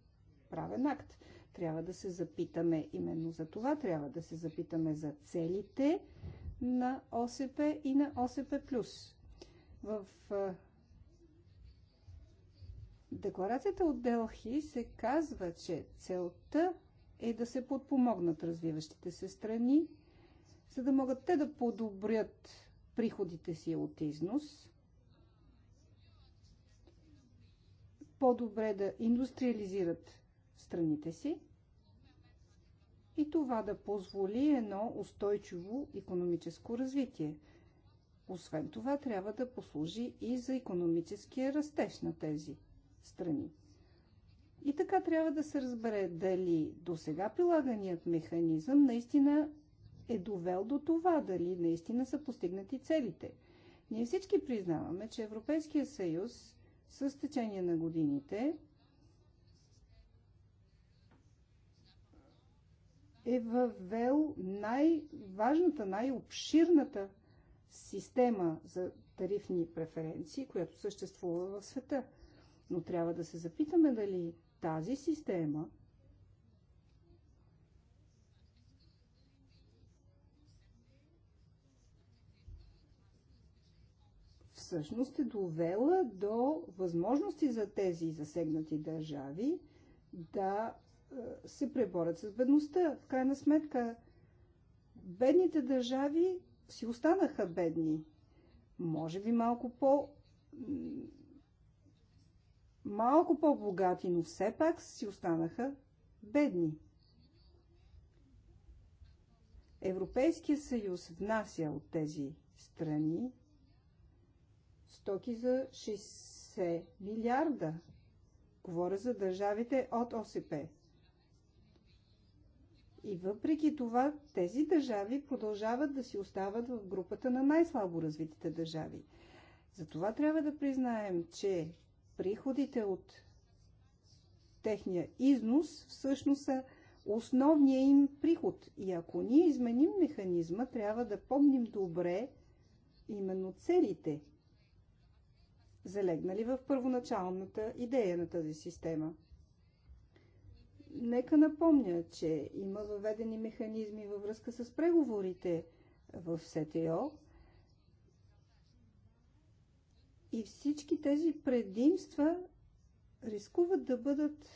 Speaker 2: правен акт? Трябва да се запитаме именно за това. Трябва да се запитаме за целите на ОСП и на ОСП+. В декларацията от Делхи се казва, че целта е да се подпомогнат развиващите се страни, за да могат те да подобрят приходите си от износ – по-добре да индустриализират страните си и това да позволи едно устойчиво економическо развитие. Освен това, трябва да послужи и за економическия растеж на тези страни. И така трябва да се разбере дали до сега прилаганият механизъм наистина е довел до това, дали наистина са постигнати целите. Ние всички признаваме, че Европейския съюз с течение на годините е въвел най-важната, най-обширната система за тарифни преференции, която съществува в света. Но трябва да се запитаме дали тази система – всъщност е довела до възможности за тези засегнати държави да е, се преборят с бедността. В крайна сметка, бедните държави си останаха бедни. Може би малко по... малко по-богати, но все пак си останаха бедни. Европейския съюз внася от тези страни стоки за 60 милиарда. Говоря за държавите от ОСП. И въпреки това, тези държави продължават да си остават в групата на най-слабо развитите държави. Затова трябва да признаем, че приходите от техния износ всъщност са основния им приход. И ако ние изменим механизма, трябва да помним добре именно целите залегнали в първоначалната идея на тази система. Нека напомня, че има въведени механизми във връзка с преговорите в СТО и всички тези предимства рискуват да бъдат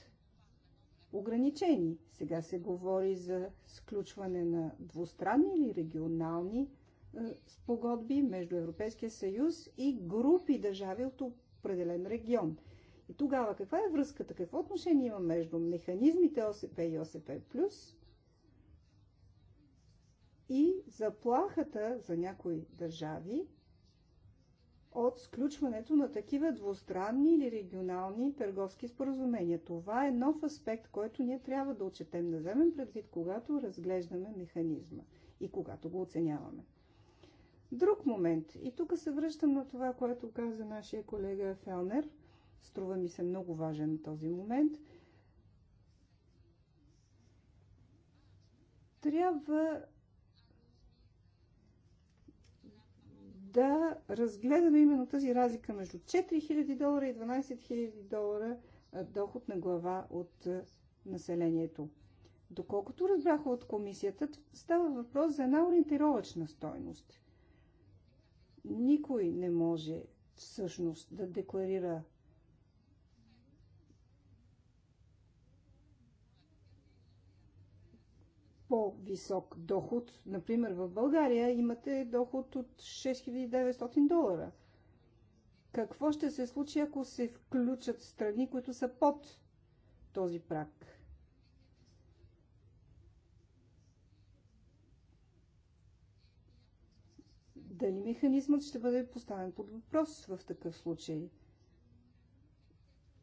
Speaker 2: ограничени. Сега се говори за сключване на двустранни или регионални спогодби между Европейския съюз и групи държави от определен регион. И тогава каква е връзката, какво отношение има между механизмите ОСП и ОСП+, Плюс, и заплахата за някои държави от сключването на такива двустранни или регионални търговски споразумения. Това е нов аспект, който ние трябва да отчетем, да вземем предвид, когато разглеждаме механизма и когато го оценяваме друг момент. И тук се връщам на това, което каза нашия колега Фелнер. Струва ми се много важен този момент. Трябва да разгледаме именно тази разлика между 4000 долара и 12 000 долара доход на глава от населението. Доколкото разбраха от комисията, става въпрос за една ориентировъчна стойност – никой не може всъщност да декларира по-висок доход. Например, в България имате доход от 6900 долара. Какво ще се случи, ако се включат страни, които са под този прак? Дали механизмът ще бъде поставен под въпрос в такъв случай?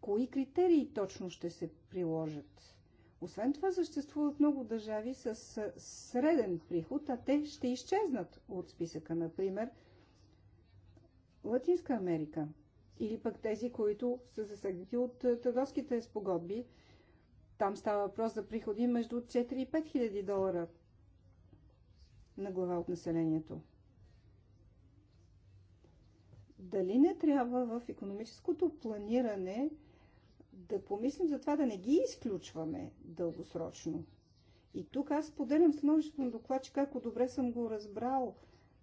Speaker 2: Кои критерии точно ще се приложат? Освен това съществуват много държави с среден приход, а те ще изчезнат от списъка, например Латинска Америка или пък тези, които са засегнати от търговските спогодби. Там става въпрос за приходи между 4 и 5 хиляди долара на глава от населението. Дали не трябва в економическото планиране да помислим за това да не ги изключваме дългосрочно? И тук аз поделям становището на докладчика, ако добре съм го разбрал.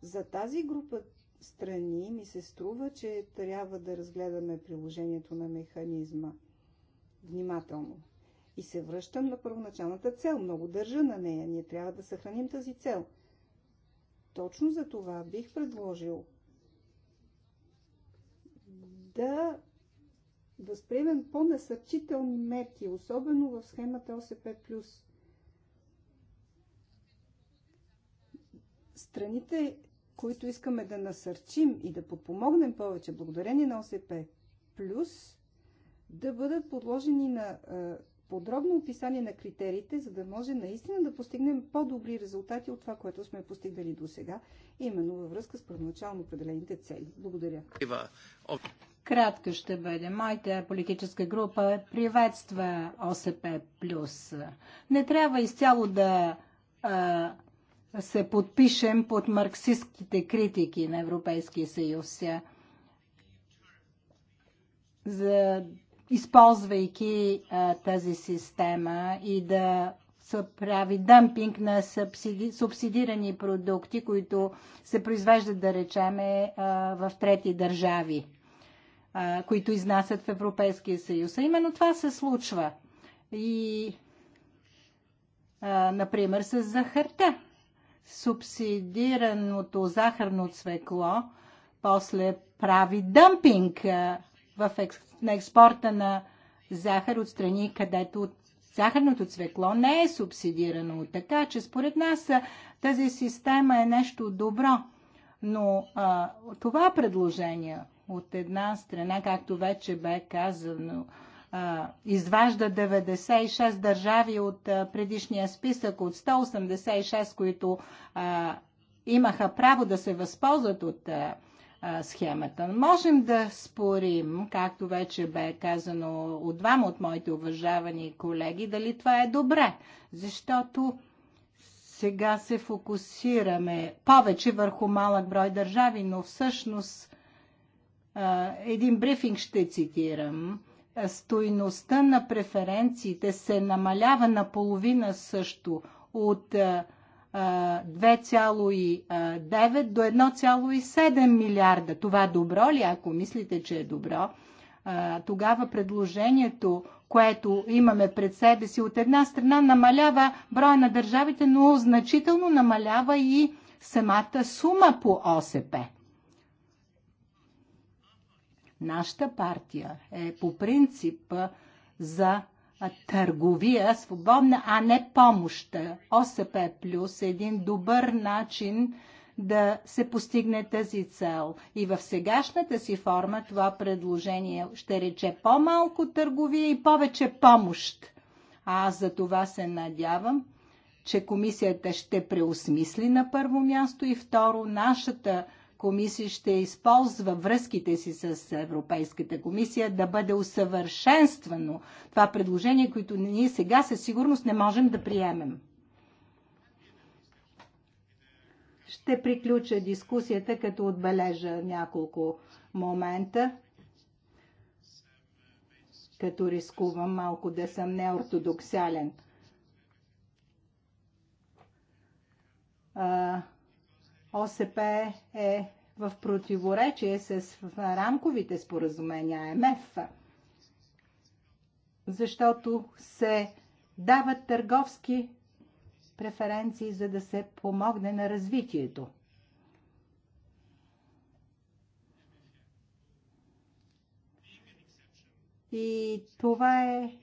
Speaker 2: За тази група страни ми се струва, че трябва да разгледаме приложението на механизма внимателно. И се връщам на първоначалната цел. Много държа на нея. Ние трябва да съхраним тази цел. Точно за това бих предложил да възприемем по-насърчителни мерки, особено в схемата ОСП+. Страните, които искаме да насърчим и да подпомогнем повече благодарение на ОСП+, да бъдат подложени на подробно описание на критериите, за да може наистина да постигнем по-добри резултати от това, което сме постигнали до сега, именно във връзка с първоначално определените цели. Благодаря. Кратка ще бъде. Моята политическа група приветства ОСП+. Не трябва изцяло да а, се подпишем под марксистските критики на Европейския съюз, за, използвайки а, тази система и да се прави дъмпинг на субсиди, субсидирани продукти, които се произвеждат, да речеме, а, в трети държави които изнасят в Европейския съюз. А именно това се случва. И, а, например, с захарта. Субсидираното захарно цвекло после прави дъмпинг в екс, на експорта на захар от страни, където захарното цвекло не е субсидирано. Така че според нас тази система е нещо добро. Но а, това предложение от една страна, както вече бе казано, изважда 96 държави от предишния списък от 186, които имаха право да се възползват от схемата. Можем да спорим, както вече бе казано от двама от моите уважавани колеги, дали това е добре, защото сега се фокусираме повече върху малък брой държави, но всъщност един брифинг ще цитирам. Стойността на преференциите се намалява на половина също от 2,9 до 1,7 милиарда. Това добро ли, е? ако мислите, че е добро? Тогава предложението, което имаме пред себе си, от една страна намалява броя на държавите, но значително намалява и самата сума по ОСП. Нашата партия е по принцип за търговия, свободна, а не помощ. ОСП плюс е един добър начин да се постигне тази цел. И в сегашната си форма това предложение ще рече по-малко търговия и повече помощ. А аз за това се надявам, че комисията ще преосмисли на първо място и второ нашата комисия ще използва връзките си с Европейската комисия да бъде усъвършенствано това предложение, което ние сега със сигурност не можем да приемем. Ще приключа дискусията, като отбележа няколко момента, като рискувам малко да съм неортодоксален. ОСП е в противоречие с рамковите споразумения МФ, защото се дават търговски преференции, за да се помогне на развитието. И това е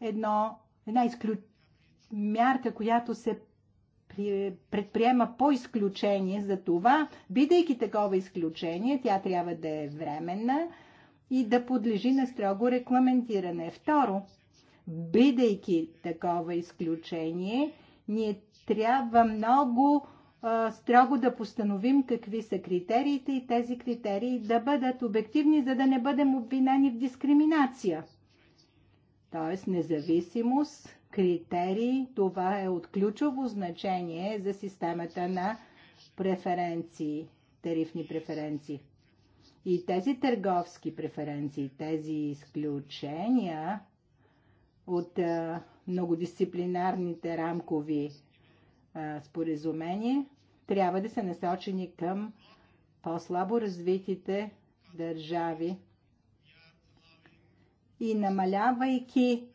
Speaker 2: едно, една изключ... мярка, която се е, предприема по изключение за това, бидейки такова изключение, тя трябва да е временна и да подлежи на строго рекламентиране. Второ, бидейки такова изключение, ние трябва много а, строго да постановим какви са критериите и тези критерии да бъдат обективни, за да не бъдем обвинени в дискриминация. Тоест независимост, критерии. Това е от ключово значение за системата на преференции, тарифни преференции. И тези търговски преференции, тези изключения от а, многодисциплинарните рамкови а, споразумения трябва да са насочени към по-слабо развитите държави и намалявайки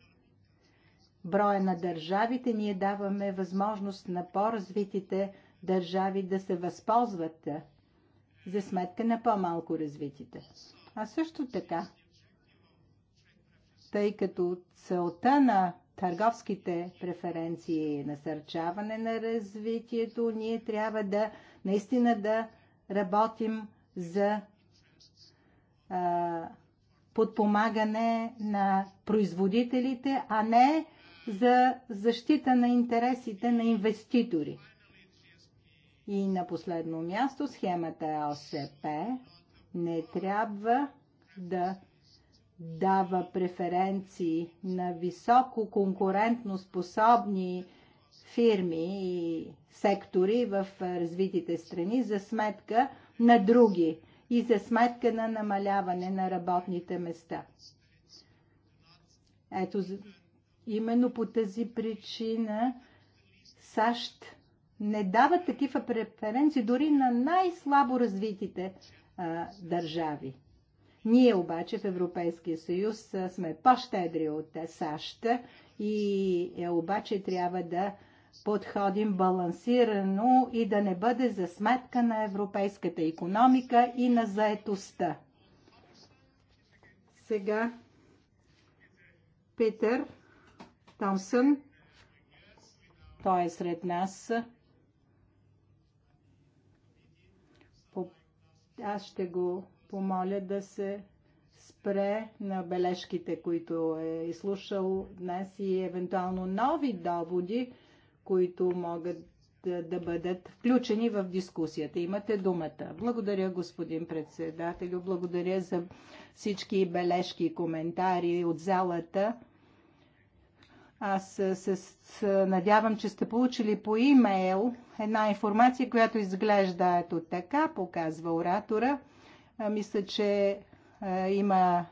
Speaker 2: броя на държавите, ние даваме възможност на по-развитите държави да се възползват за сметка на по-малко развитите. А също така, тъй като целта на търговските преференции и е насърчаване на развитието, ние трябва да наистина да работим за а, подпомагане на производителите, а не за защита на интересите на инвеститори. И на последно място схемата ОСП не трябва да дава преференции на високо конкурентно способни фирми и сектори в развитите страни за сметка на други и за сметка на намаляване на работните места. Ето Именно по тази причина САЩ не дават такива преференции дори на най-слабо развитите а, държави. Ние обаче в Европейския съюз сме по-щедри от САЩ и е, обаче трябва да подходим балансирано и да не бъде за сметка на европейската економика и на заетостта. Сега Петър Томсън. Той е сред нас. Аз ще го помоля да се спре на бележките, които е изслушал днес и евентуално нови доводи, които могат да, бъдат включени в дискусията. Имате думата. Благодаря, господин председателю. Благодаря за всички бележки и коментари от залата. Аз се надявам, че сте получили по имейл една информация, която изглежда ето така, показва оратора. Мисля, че има,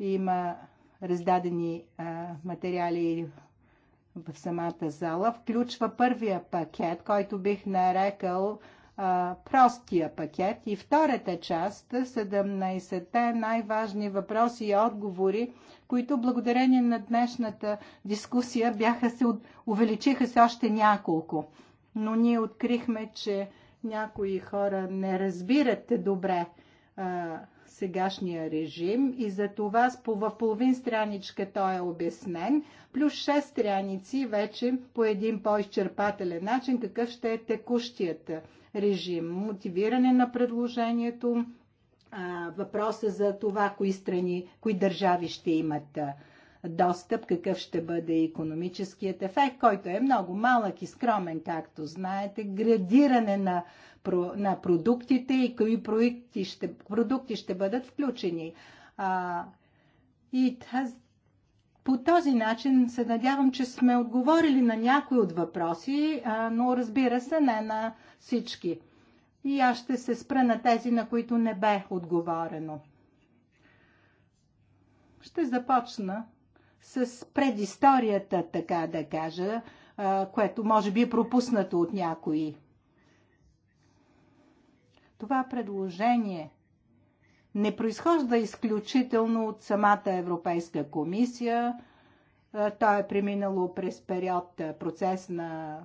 Speaker 2: има раздадени материали в самата зала. Включва първия пакет, който бих нарекал а, простия пакет и втората част 17-те най-важни въпроси и отговори, които благодарение на днешната дискусия бяха се увеличиха се още няколко. Но ние открихме, че някои хора не разбират добре а, сегашния режим и за това в половин страничка той е обяснен, плюс 6 страници вече по един по-изчерпателен начин какъв ще е текущият режим. Мотивиране на предложението, въпроса за това, кои страни, кои държави ще имат достъп, какъв ще бъде економическият ефект, който е много малък и скромен, както знаете, градиране на, на продуктите и кои продукти ще, продукти ще бъдат включени. А, и тази по този начин се надявам, че сме отговорили на някои от въпроси, но разбира се, не на всички. И аз ще се спра на тези, на които не бе отговорено. Ще започна с предисторията, така да кажа, което може би е пропуснато от някои. Това предложение не произхожда изключително от самата Европейска комисия. Е, То е преминало през период е, процес на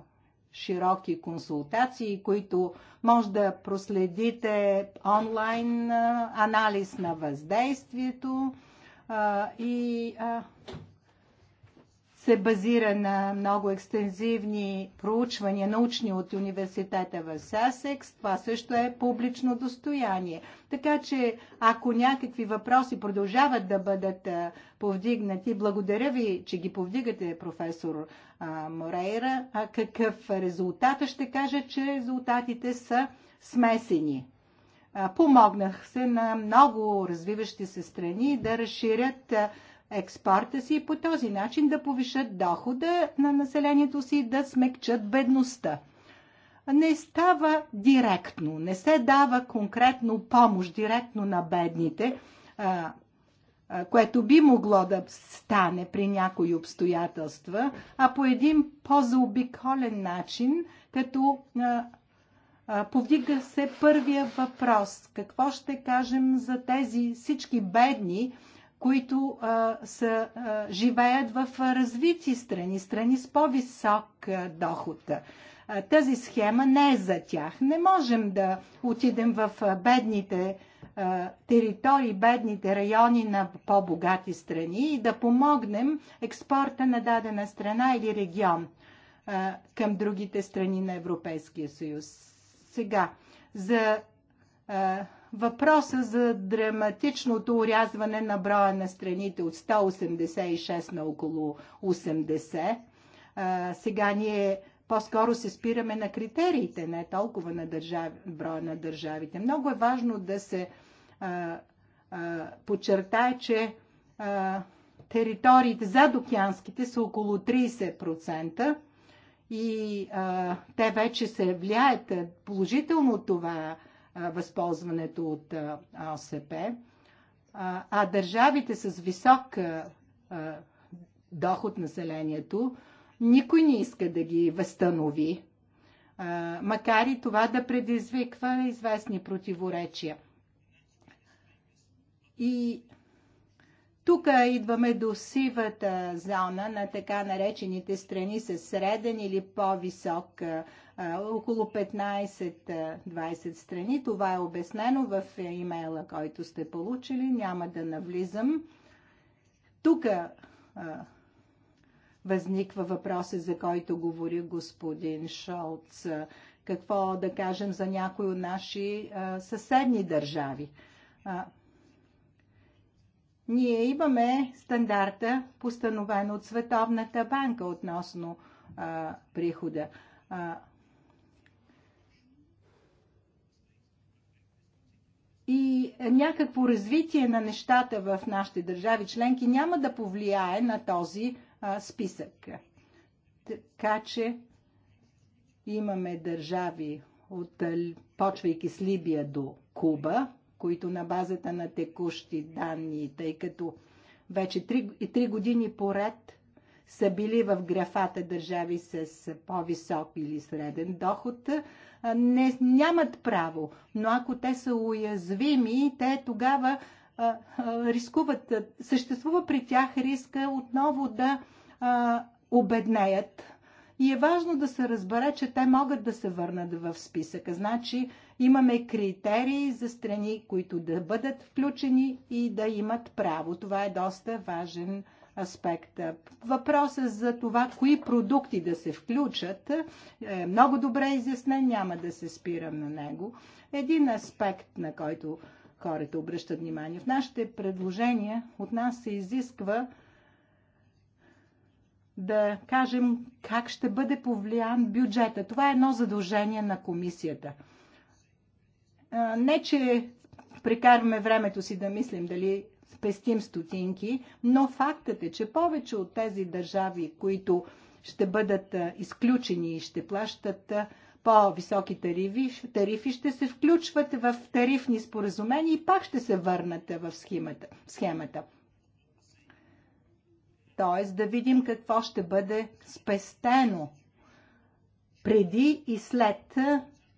Speaker 2: широки консултации, които може да проследите онлайн е, анализ на въздействието и се базира на много екстензивни проучвания, научни от университета в Сасекс. Това също е публично достояние. Така че, ако някакви въпроси продължават да бъдат повдигнати, благодаря ви, че ги повдигате, професор Морейра. А какъв резултат? Ще кажа, че резултатите са смесени. Помогнах се на много развиващи се страни да разширят експорта си и по този начин да повишат дохода на населението си, да смекчат бедността. Не става директно, не се дава конкретно помощ директно на бедните, което би могло да стане при някои обстоятелства, а по един по-заобиколен начин, като повдига се първия въпрос. Какво ще кажем за тези всички бедни, които а, са, а, живеят в развити страни, страни с по-висок доход. А, тази схема не е за тях. Не можем да отидем в бедните а, територии, бедните райони на по-богати страни и да помогнем експорта на дадена страна или регион а, към другите страни на Европейския съюз. Сега, за а, въпроса за драматичното урязване на броя на страните от 186 на около 80. сега ние по-скоро се спираме на критериите, не толкова на държав... броя на държавите. Много е важно да се а, а, подчертае, че а, териториите за океанските са около 30% и а, те вече се влияят е, положително от това възползването от ОСП. А държавите с висок доход населението, никой не иска да ги възстанови, макар и това да предизвиква известни противоречия. И тук идваме до сивата зона на така наречените страни с среден или по-висок около 15-20 страни. Това е обяснено в имейла, който сте получили. Няма да навлизам. Тук възниква въпроса, за който говори господин Шолц. Какво да кажем за някои от наши съседни държави? ние имаме стандарта, постановен от Световната банка относно а, прихода. А, и някакво развитие на нещата в нашите държави членки няма да повлияе на този а, списък. Така че имаме държави от почвайки с Либия до Куба, които на базата на текущи данни, тъй като вече 3, 3 години поред са били в графата държави с по-висок или среден доход, не, нямат право. Но ако те са уязвими, те тогава рискуват. Съществува при тях риска отново да а, обеднеят. И е важно да се разбере, че те могат да се върнат в списъка. Значи имаме критерии за страни, които да бъдат включени и да имат право. Това е доста важен аспекта. Въпросът е за това, кои продукти да се включат, е много добре изяснен, няма да се спирам на него. Един аспект, на който хората обръщат внимание. В нашите предложения от нас се изисква да кажем как ще бъде повлиян бюджета. Това е едно задължение на комисията. Е, не, че прекарваме времето си да мислим дали спестим стотинки, но фактът е, че повече от тези държави, които ще бъдат изключени и ще плащат по-високи тарифи, тарифи, ще се включват в тарифни споразумения и пак ще се върнат в схемата. В схемата. Тоест да видим какво ще бъде спестено преди и след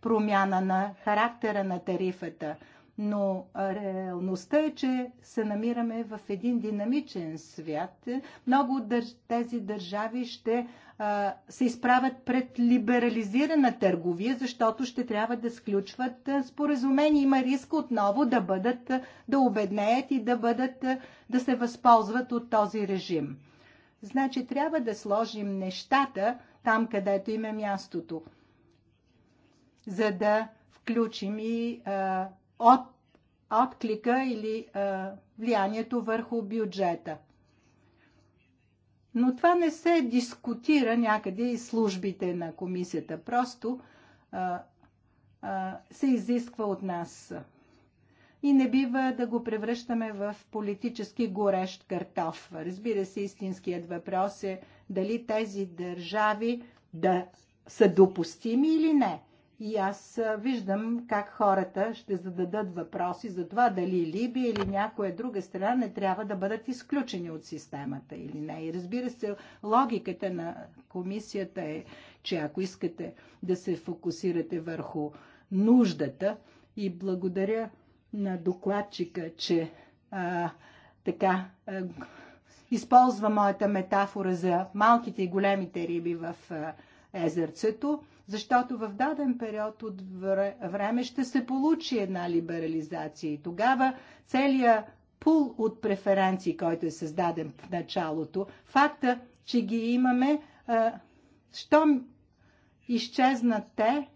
Speaker 2: промяна на характера на тарифата – но реалността е, че се намираме в един динамичен свят. Много от тези държави ще се изправят пред либерализирана търговия, защото ще трябва да сключват споразумения. Има риск отново да бъдат, да обеднеят и да бъдат, да се възползват от този режим. Значи трябва да сложим нещата там, където има е мястото, за да включим и а, от, отклика или а, влиянието върху бюджета. Но това не се дискутира някъде и службите на комисията. Просто а, а, се изисква от нас. И не бива да го превръщаме в политически горещ картоф. Разбира се, истинският въпрос е дали тези държави да са допустими или не. И аз виждам как хората ще зададат въпроси за това дали Либия или някоя друга страна не трябва да бъдат изключени от системата или не. И разбира се, логиката на комисията е, че ако искате да се фокусирате върху нуждата, и благодаря на докладчика, че а, така а, използва моята метафора за малките и големите риби в а, езерцето защото в даден период от време ще се получи една либерализация и тогава целият пул от преференции, който е създаден в началото, факта, че ги имаме, щом изчезнат те,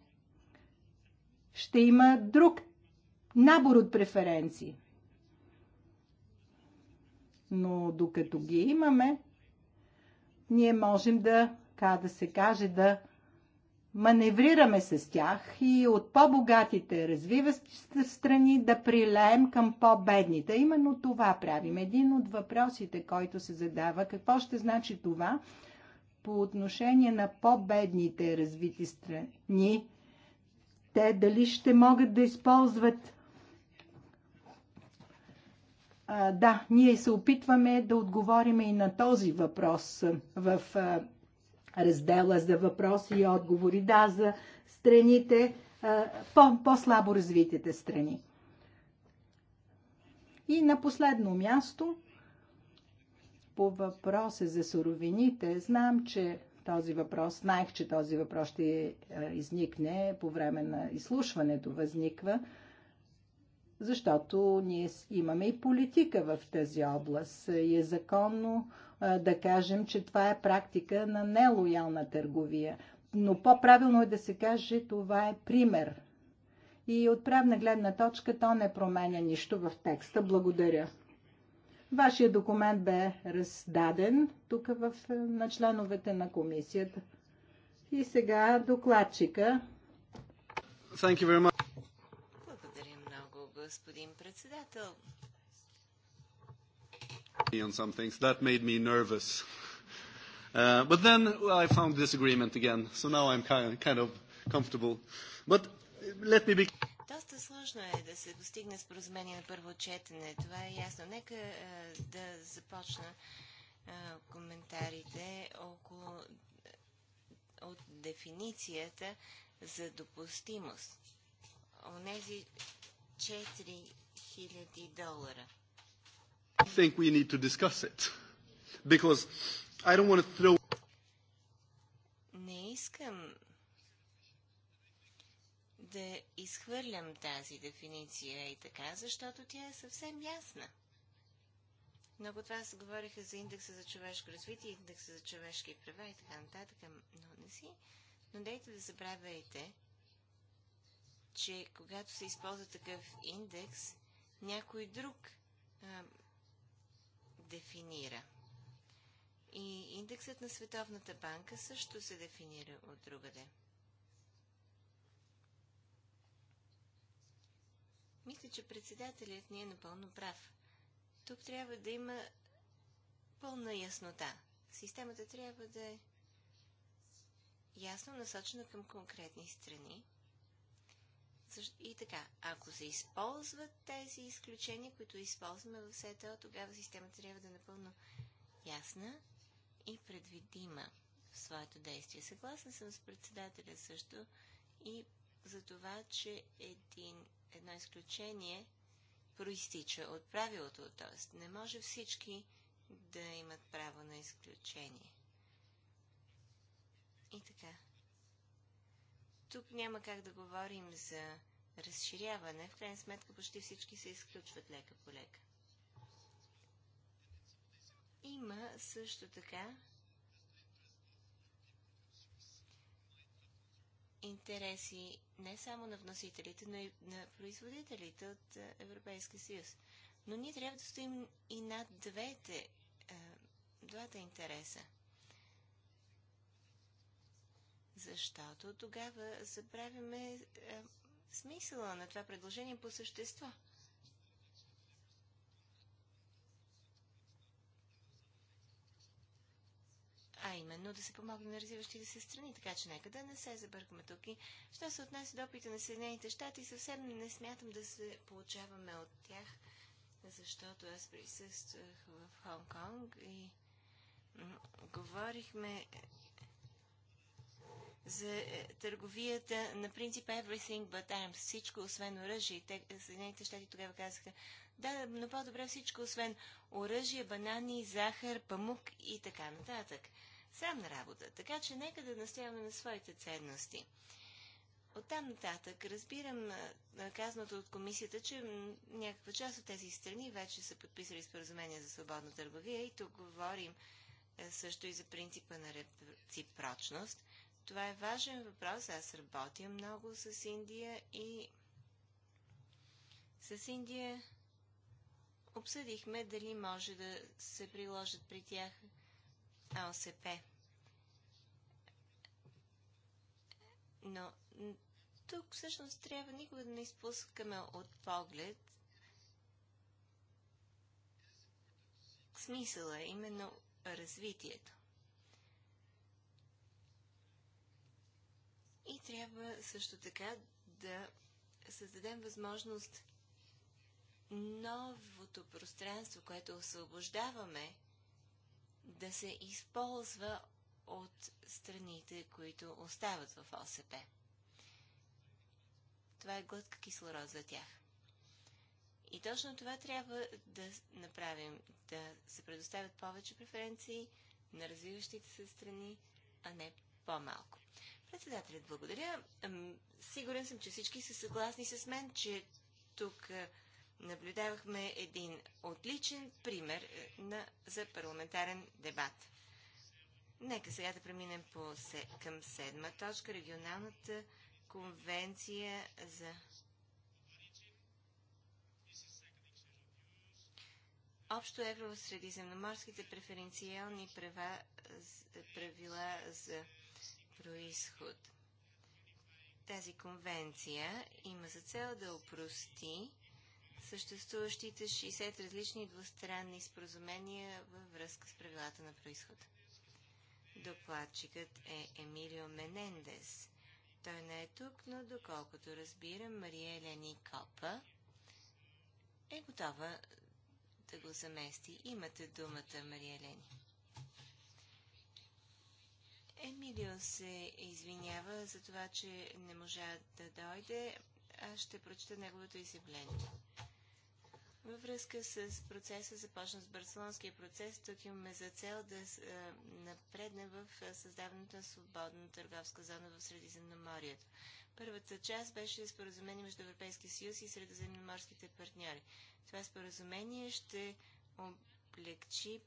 Speaker 2: ще има друг набор от преференции. Но докато ги имаме, ние можем да, така да се каже, да маневрираме с тях и от по-богатите развиващи страни да прилеем към по-бедните. Именно това правим. Един от въпросите, който се задава, какво ще значи това по отношение на по-бедните развити страни, те дали ще могат да използват а, да, ние се опитваме да отговориме и на този въпрос в раздела за въпроси и отговори. Да, за страните, по-слабо по развитите страни. И на последно място, по въпроса за суровините, знам, че този въпрос, знаех, че този въпрос ще изникне по време на изслушването, възниква защото ние имаме и политика в тази област. И е законно да кажем, че това е практика на нелоялна търговия. Но по-правилно е да се каже, това е пример. И от правна гледна точка то не променя нищо в текста. Благодаря. Вашия документ бе раздаден тук в, е, на членовете на комисията. И сега докладчика
Speaker 3: господин председател.
Speaker 4: On some things that made me nervous. Uh, but then I found disagreement again, so now I'm kind of, kind of comfortable. But let me be...
Speaker 3: Доста сложно е да се достигне споразумение на първо четене. Това е ясно. Нека uh, да започна uh, коментарите около е, от дефиницията за допустимост. Онези 4000 долара.
Speaker 4: I think we need to discuss it. Because I don't want to throw...
Speaker 3: Не искам да изхвърлям тази дефиниция и така, защото тя е съвсем ясна. Много от вас говориха за индекса за човешко развитие, индекса за човешки права и така нататък, но не си. Но дайте да забравяйте, че когато се използва такъв индекс, някой друг а, дефинира. И индексът на Световната банка също се дефинира от другаде. Мисля, че председателят ни е напълно прав. Тук трябва да има пълна яснота. Системата трябва да е ясно насочена към конкретни страни – и така, ако се използват тези изключения, които използваме в сета, тогава системата трябва да е напълно ясна и предвидима в своето действие. Съгласна съм с председателя също и за това, че един, едно изключение проистича от правилото, т.е. не може всички да имат право на изключение. И така, тук няма как да говорим за разширяване. В крайна сметка почти всички се изключват лека по лека. Има също така интереси не само на вносителите, но и на производителите от е, Европейския съюз. Но ние трябва да стоим и над двете, е, двата интереса – защото тогава забравяме е, смисъла на това предложение по същество. а именно да се помогне на развиващите се страни, така че нека да не се забъркаме тук. И що се отнася до опита на Съединените щати, съвсем не смятам да се получаваме от тях, защото аз присъствах в Хонг-Конг и говорихме за е, търговията на принцип Everything but Arms, всичко освен оръжие. Те, Съединените щати тогава казаха, да, но по-добре всичко освен оръжие, банани, захар, памук и така нататък. Сам на работа, така че нека да настояваме на своите ценности. Оттам нататък разбирам казаното от комисията, че някаква част от тези страни вече са подписали споразумения за свободна търговия и тук говорим също и за принципа на реципрочност – това е важен въпрос. Аз работя много с Индия и с Индия обсъдихме дали може да се приложат при тях АОСП. Но тук всъщност трябва никога да не изпускаме от поглед смисъла, именно развитието. И трябва също така да създадем възможност новото пространство, което освобождаваме, да се използва от страните, които остават в ОСП. Това е глътка кислород за тях. И точно това трябва да направим, да се предоставят повече преференции на развиващите се страни, а не по-малко. Председателят, благодаря. Сигурен съм, че всички са съгласни с мен, че тук наблюдавахме един отличен пример на, за парламентарен дебат. Нека сега да преминем по, към седма точка. Регионалната конвенция за общо евро в средиземноморските преференциални права, правила за происход. Тази конвенция има за цел да опрости съществуващите 60 различни двустранни споразумения във връзка с правилата на происход. Докладчикът е Емилио Менендес. Той не е тук, но доколкото разбирам, Мария Елени Копа е готова да го замести. Имате думата, Мария Елени. Емилио се извинява за това, че не можа да дойде. Аз ще прочета неговото изявление. Във връзка с процеса, започнат с Барселонския процес, тук имаме за цел да напредне в създаването на свободна търговска зона в Средиземноморието. Първата част беше споразумение между Европейския съюз и средиземноморските партньори. Това споразумение ще облегчи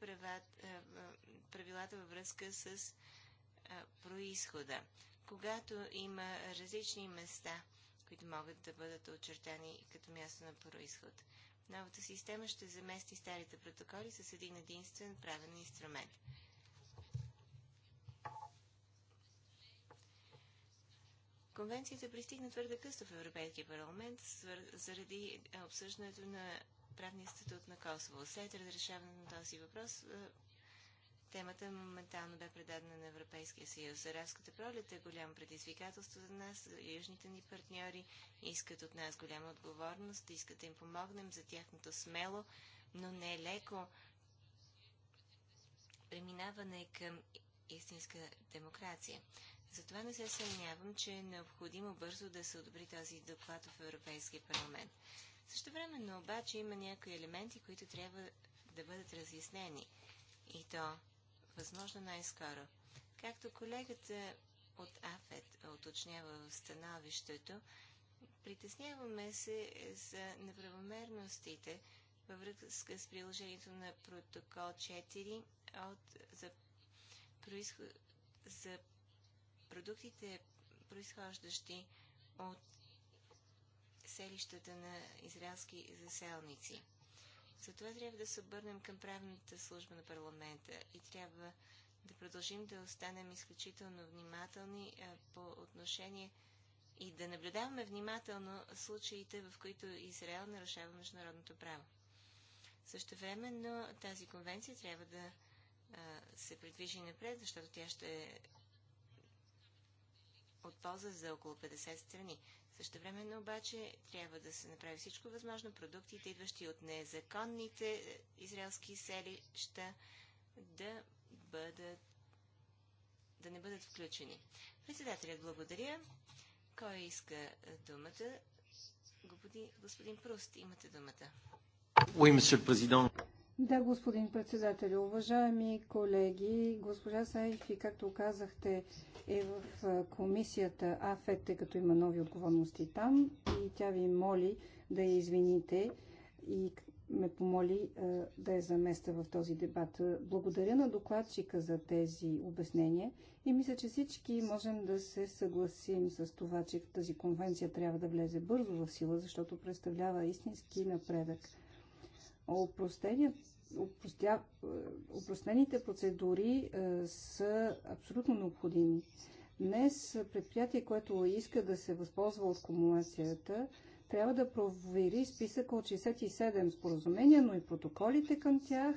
Speaker 3: правилата във връзка с происхода. Когато има различни места, които могат да бъдат очертани като място на происход. Новата система ще замести старите протоколи с един единствен правен инструмент. Конвенцията пристигна твърде късно в Европейския парламент заради обсъждането на правния статут на Косово. След разрешаване на този въпрос Темата моментално бе предадена на Европейския съюз. Арабската пролет е голямо предизвикателство за нас. Южните ни партньори искат от нас голяма отговорност, искат да им помогнем за тяхното смело, но не леко преминаване към истинска демокрация. Затова не се съмнявам, че е необходимо бързо да се одобри този доклад в Европейския парламент. Също но обаче има някои елементи, които трябва да бъдат разяснени. И то възможно най-скоро. Както колегата от АФЕТ уточнява в становището, притесняваме се за неправомерностите във връзка с приложението на протокол 4 от, за, за продуктите, произхождащи от селищата на израелски заселници. Затова трябва да се обърнем към правната служба на парламента и трябва да продължим да останем изключително внимателни а, по отношение и да наблюдаваме внимателно случаите, в които Израел нарушава международното право. Също но тази конвенция трябва да а, се придвижи напред, защото тя ще е от полза за около 50 страни. Също времено обаче трябва да се направи всичко възможно продуктите, идващи от незаконните е, израелски селища, да бъдат да не бъдат включени. Председателят благодаря. Кой иска е, думата? Господин, господин Пруст, имате думата.
Speaker 1: Oui,
Speaker 2: да, господин председател, уважаеми колеги, госпожа Сайфи, както казахте, е в комисията АФЕТ, тъй като има нови отговорности там и тя ви моли да я извините и ме помоли да я заместа в този дебат. Благодаря на докладчика за тези обяснения и мисля, че всички можем да се съгласим с това, че тази конвенция трябва да влезе бързо в сила, защото представлява истински напредък Опростените процедури е, са абсолютно необходими. Днес предприятие, което иска да се възползва от кумулацията, трябва да провери списъка от 67 споразумения, но и протоколите към тях,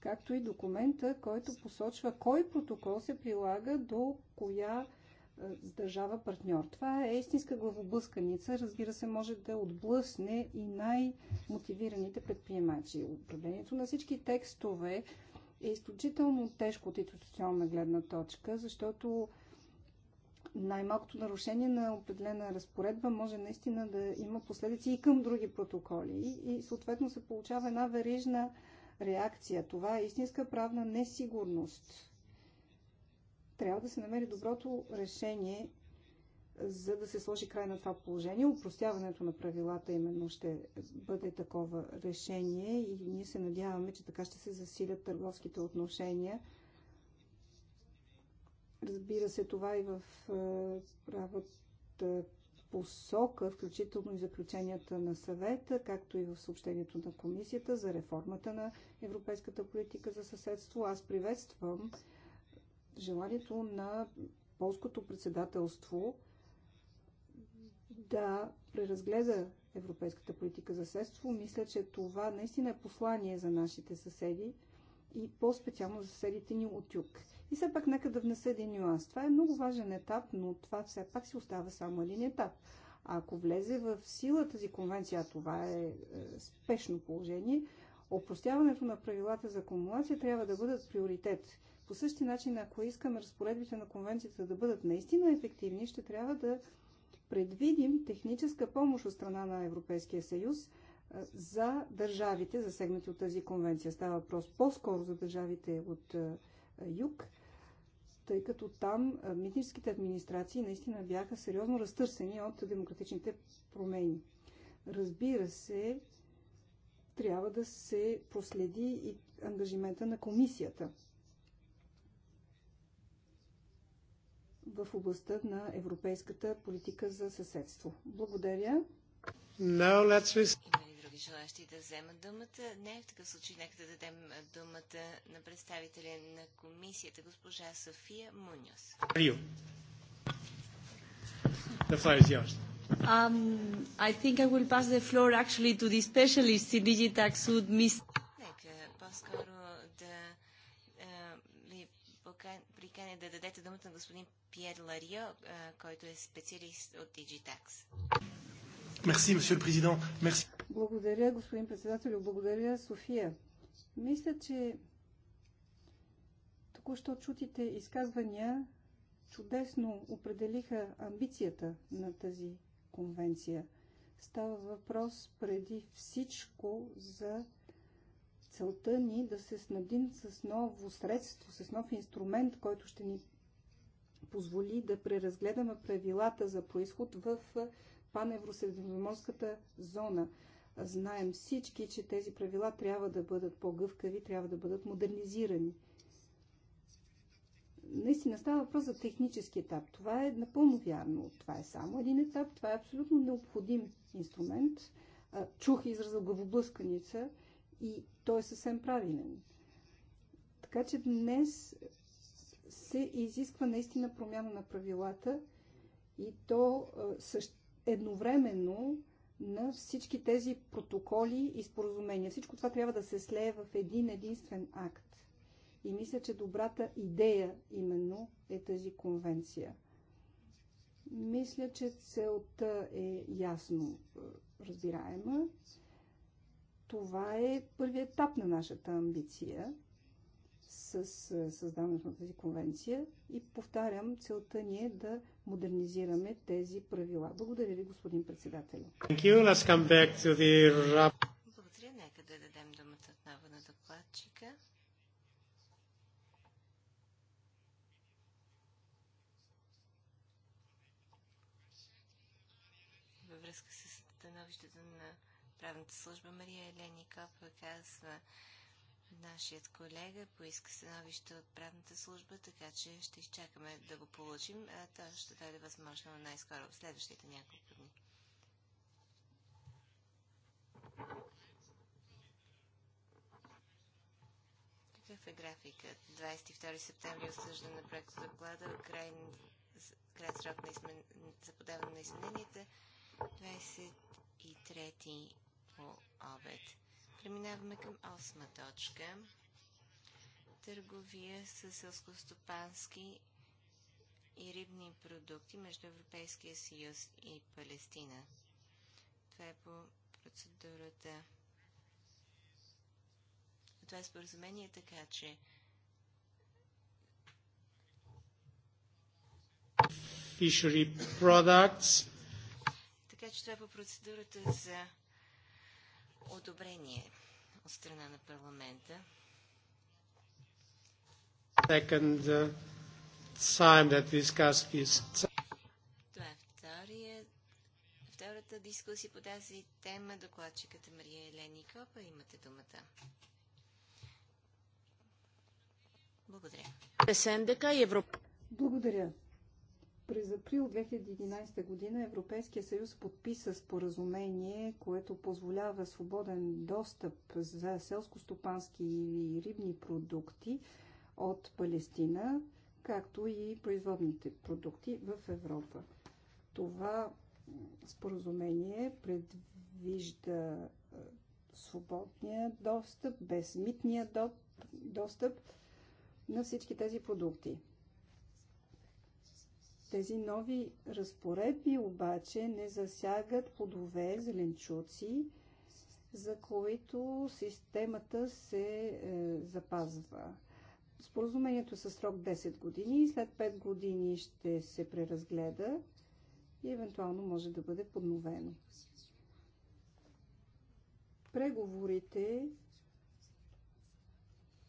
Speaker 2: както и документа, който посочва кой протокол се прилага до коя е, държава партньор. Това е истинска главоблъсканица. Разбира се, може да отблъсне и най-мотивираните предприемачи. Управлението на всички текстове е изключително тежко от институционна гледна точка, защото най-малкото нарушение на определена разпоредба може наистина да има последици и към други протоколи. И съответно се получава една верижна реакция. Това е истинска правна несигурност трябва да се намери доброто решение, за да се сложи край на това положение. Упростяването на правилата именно ще бъде такова решение и ние се надяваме, че така ще се засилят търговските отношения. Разбира се, това и в е, правата посока, включително и заключенията на съвета, както и в съобщението на комисията за реформата на европейската политика за съседство. Аз приветствам желанието на полското председателство да преразгледа европейската политика за съседство. Мисля, че това наистина е послание за нашите съседи и по-специално за съседите ни от юг. И все пак нека да внесе един нюанс. Това е много важен етап, но това все пак си остава само един етап. А ако влезе в сила тази конвенция, а това е, е спешно положение, опростяването на правилата за акумулация трябва да бъдат приоритет по същия начин, ако искаме разпоредбите на конвенцията да бъдат наистина ефективни, ще трябва да предвидим техническа помощ от страна на Европейския съюз за държавите, засегнати от тази конвенция. Става въпрос по-скоро за държавите от юг, тъй като там митническите администрации наистина бяха сериозно разтърсени от демократичните промени. Разбира се, трябва да се проследи и ангажимента на комисията – в областта на европейската политика за съседство. Благодаря. Now let's... Има ли други желащи да вземат думата? Не, в такъв случай нека да дадем
Speaker 3: думата на представителя на комисията, госпожа София Муньос. Um, I think I will pass the floor actually to the specialist in Digitax, Mr. Нека по-скоро Кене да дадете думата на господин Пьер Ларио, който е специалист от Digitax.
Speaker 2: Благодаря, господин председател. Благодаря, София. Мисля, че току-що чутите изказвания чудесно определиха амбицията на тази конвенция. Става въпрос преди всичко за целта ни да се снабдим с ново средство, с нов инструмент, който ще ни позволи да преразгледаме правилата за происход в паневросредиземноморската зона. Знаем всички, че тези правила трябва да бъдат по-гъвкави, трябва да бъдат модернизирани. Наистина става въпрос за технически етап. Това е напълно вярно. Това е само един етап. Това е абсолютно необходим инструмент. Чух израза главоблъсканица и той е съвсем правилен. Така че днес се изисква наистина промяна на правилата и то едновременно на всички тези протоколи и споразумения. Всичко това трябва да се слее в един единствен акт. И мисля, че добрата идея именно е тази конвенция. Мисля, че целта е ясно разбираема. Това е първият етап на нашата амбиция с е, създаването на тази конвенция и повтарям, целта ни е да модернизираме тези правила. Благодаря ви, господин председател.
Speaker 1: The... Благодаря, нека да дадем думата отново на докладчика.
Speaker 3: Във връзка с становището на правната служба Мария Елени Копа казва, нашият колега поиска становище от правната служба, така че ще изчакаме да го получим, а то ще дойде възможно най-скоро в следващите няколко дни. Какъв е графикът? 22 септември е осъждане на проекта доклада, край, край срок на измен... за подаване на измененията, 23 по обед. Преминаваме към осма точка. Търговия с селскостопански и рибни продукти между Европейския съюз и Палестина. Това е по процедурата. Това е споразумение така, че
Speaker 1: fishery products.
Speaker 3: Така че това е по процедурата за одобрение от страна на парламента.
Speaker 1: Second that
Speaker 3: Това е втория, втората дискусия по тази тема. Докладчиката Мария Елени Копа. Имате думата. Благодаря.
Speaker 2: Е, Благодаря. През април 2011 година Европейския съюз подписа споразумение, което позволява свободен достъп за селско-стопански и рибни продукти от Палестина, както и производните продукти в Европа. Това споразумение предвижда свободния достъп, безмитния достъп на всички тези продукти. Тези нови разпоредби обаче не засягат плодове, зеленчуци, за които системата се е, запазва. Споразумението е със срок 10 години и след 5 години ще се преразгледа и евентуално може да бъде подновено. Преговорите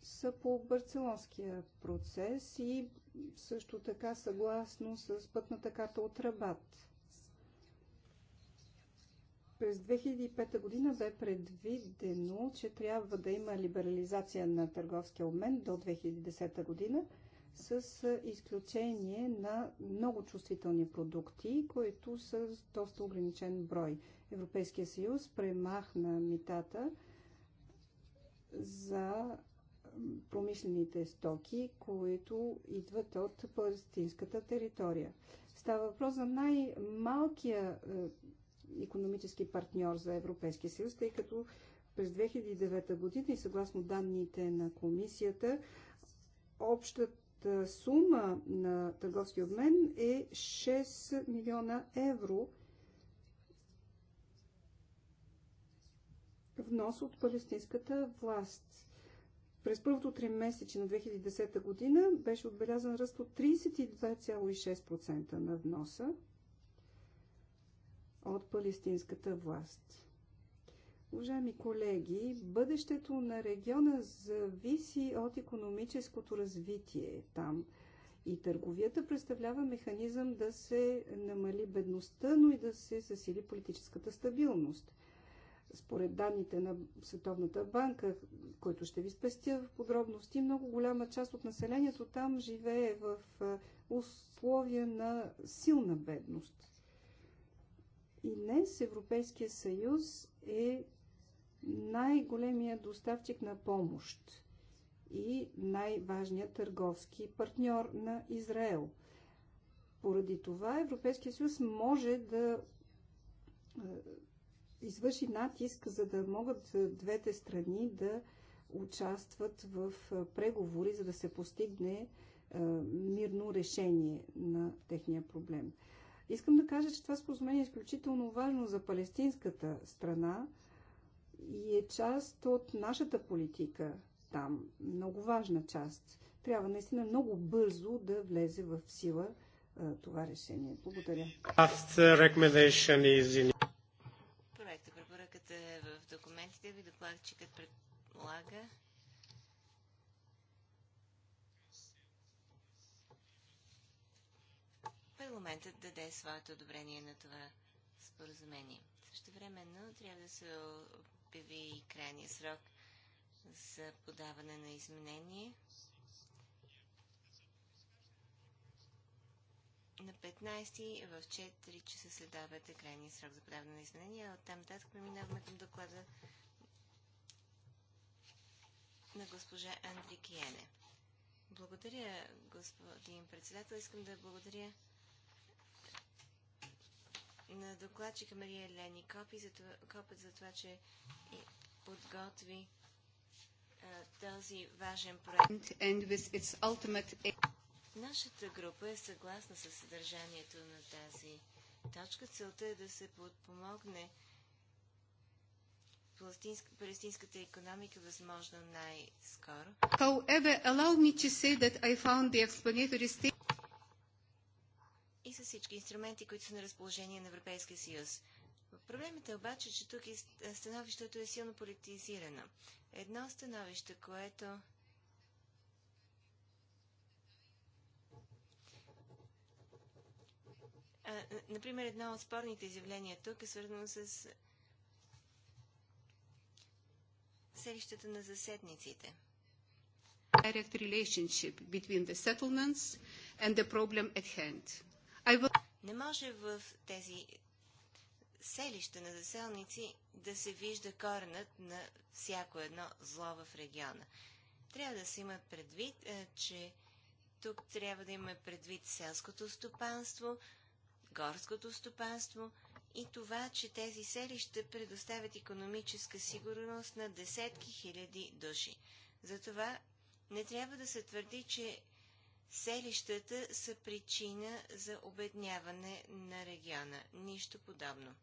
Speaker 2: са по Барцелонския процес и също така съгласно с пътната карта от Рабат. През 2005 година бе предвидено, че трябва да има либерализация на търговския обмен до 2010 година, с изключение на много чувствителни продукти, които са с доста ограничен брой. Европейския съюз премахна митата за промишлените стоки, които идват от палестинската територия. Става въпрос за най-малкия економически партньор за Европейския съюз, тъй като през 2009 година и съгласно данните на комисията, общата сума на търговски обмен е 6 милиона евро внос от палестинската власт. През първото три месече на 2010 година беше отбелязан ръст от 32,6% на вноса от палестинската власт. Уважаеми колеги, бъдещето на региона зависи от економическото развитие там. И търговията представлява механизъм да се намали бедността, но и да се засили политическата стабилност. Според данните на Световната банка, който ще ви спестя в подробности, много голяма част от населението там живее в условия на силна бедност. И днес Европейския съюз е най-големия доставчик на помощ и най-важният търговски партньор на Израел. Поради това Европейския съюз може да извърши натиск, за да могат двете страни да участват в преговори, за да се постигне мирно решение на техния проблем. Искам да кажа, че това споразумение е изключително важно за палестинската страна и е част от нашата политика там. Много важна част. Трябва наистина много бързо да влезе в сила това решение. Благодаря.
Speaker 3: Благодаря ви, докладчикът предлага. Парламентът даде своето одобрение на това споразумение. Също времено трябва да се обяви и крайния срок за подаване на изменение на 15 в 4 часа след е крайния срок за подаване на изменения. Оттам нататък преминаваме към доклада на госпожа Андри Киене. Благодаря, господин председател. Искам да благодаря на докладчика Мария Лени Копи за това, Копът за това, че подготви а, този важен проект.
Speaker 2: And with its ultimate...
Speaker 3: Нашата група е съгласна с съдържанието на тази точка. Целта е да се подпомогне палестинската економика възможно най-скоро.
Speaker 2: However, allow me to say that I found the explanatory statement
Speaker 3: и с всички инструменти, които са на разположение на Европейския съюз. Проблемът е обаче, че тук е е, становището е силно политизирано. Едно становище, което Например, едно от спорните изявления тук е свързано с селищата на заседниците.
Speaker 2: Direct relationship between the settlements and the problem at hand. I will...
Speaker 3: Не може в тези селища на заселници да се вижда коренът на всяко едно зло в региона. Трябва да се има предвид, е, че тук трябва да има предвид селското стопанство, горското стопанство – и това, че тези селища предоставят економическа сигурност на десетки хиляди души. Затова не трябва да се твърди, че селищата са причина за обедняване на региона. Нищо подобно.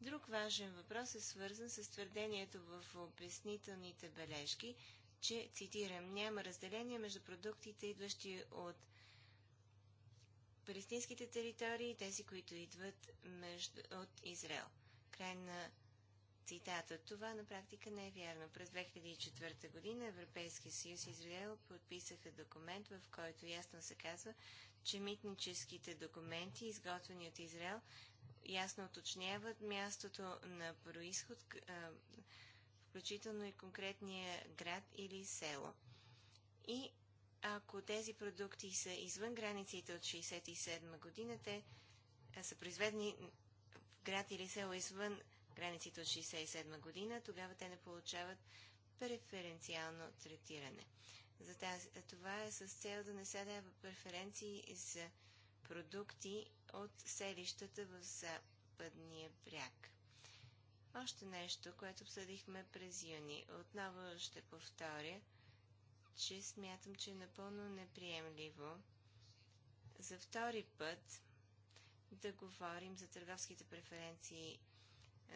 Speaker 3: Друг важен въпрос е свързан с твърдението в обяснителните бележки, че, цитирам, няма разделение между продуктите, идващи от палестинските територии и тези, които идват между, от Израел. Край на цитата. Това на практика не е вярно. През 2004 година Европейския съюз и Израел подписаха документ, в който ясно се казва, че митническите документи, изготвени от Израел, ясно уточняват мястото на происход, включително и конкретния град или село. И ако тези продукти са извън границите от 67 година, те са произведени в град или село извън границите от 67 година, тогава те не получават преференциално третиране. За тази, това е с цел да не се дава преференции за продукти от селищата в западния бряг. Още нещо, което обсъдихме през юни. Отново ще повторя – че смятам, че е напълно неприемливо за втори път да говорим за търговските преференции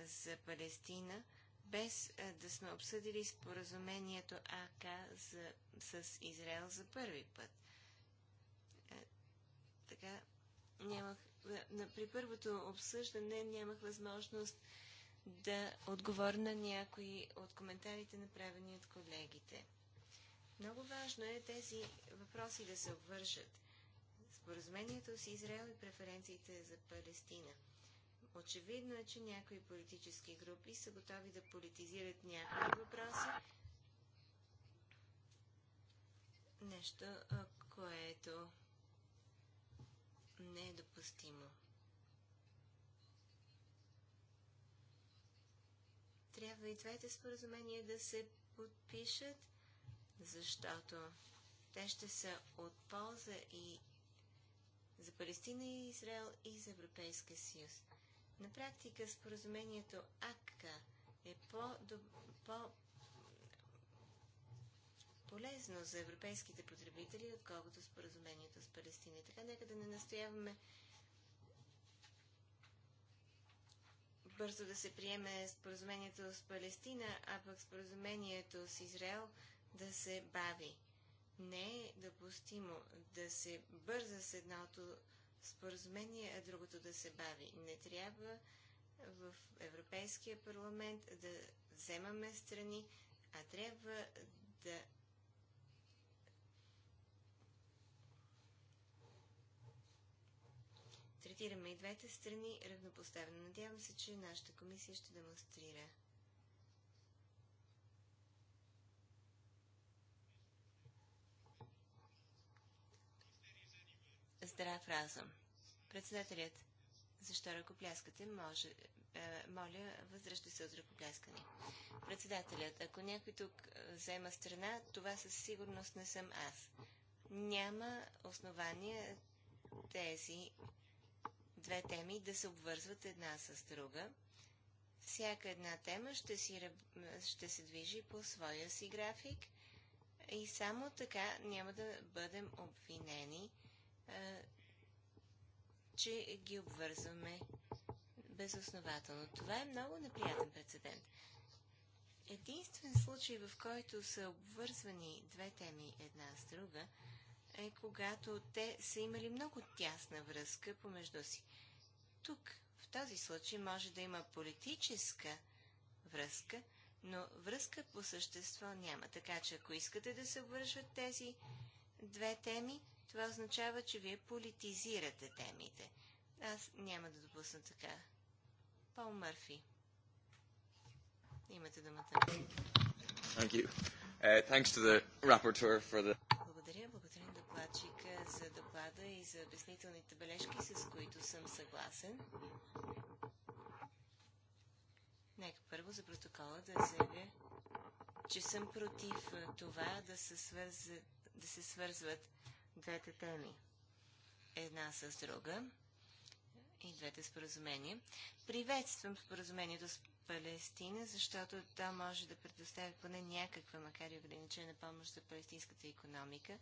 Speaker 3: за Палестина, без е, да сме обсъдили споразумението АК за, с Израел за първи път. Е, така, нямах, е, при първото обсъждане нямах възможност да отговоря на някои от коментарите, направени от колегите. Много важно е тези въпроси да се обвържат. Споразумението с Израел и преференциите за Палестина. Очевидно е, че някои политически групи са готови да политизират някои въпроси. Нещо, което не е допустимо. Трябва и двете споразумения да се подпишат защото те ще са от полза и за Палестина и Израел и за Европейския съюз. На практика споразумението АККА е по, по полезно за европейските потребители, отколкото споразумението с Палестина. Така нека да не настояваме бързо да се приеме споразумението с Палестина, а пък споразумението с Израел – да се бави. Не е допустимо да се бърза с едното споразумение, а другото да се бави. Не трябва в Европейския парламент да вземаме страни, а трябва да третираме и двете страни равнопоставено. Надявам се, че нашата комисия ще демонстрира здрав разум. Председателят, защо ръкопляскате, може, е, моля, възръща се от ръкопляскане. Председателят, ако някой тук е, взема страна, това със сигурност не съм аз. Няма основания тези две теми да се обвързват една с друга. Всяка една тема ще, си, ще се движи по своя си график и само така няма да бъдем обвинени че ги обвързваме безоснователно. Това е много неприятен прецедент. Единствен случай, в който са обвързвани две теми една с друга, е когато те са имали много тясна връзка помежду си. Тук, в този случай, може да има политическа връзка, но връзка по същество няма. Така че, ако искате да се обвържат тези две теми, това означава, че вие политизирате темите. Аз няма да допусна така. Пол Мърфи. Имате думата.
Speaker 2: Thank you. Uh, thanks to the rapporteur
Speaker 3: for the... Благодаря, благодаря на докладчика за доклада и за обяснителните бележки, с които съм съгласен. Нека първо за протокола да заявя, че съм против това да се, свързат, да се свързват двете теми. Една с друга и двете споразумения. Приветствам споразумението с Палестина, защото то може да предостави поне някаква, макар и ограничена помощ за палестинската економика.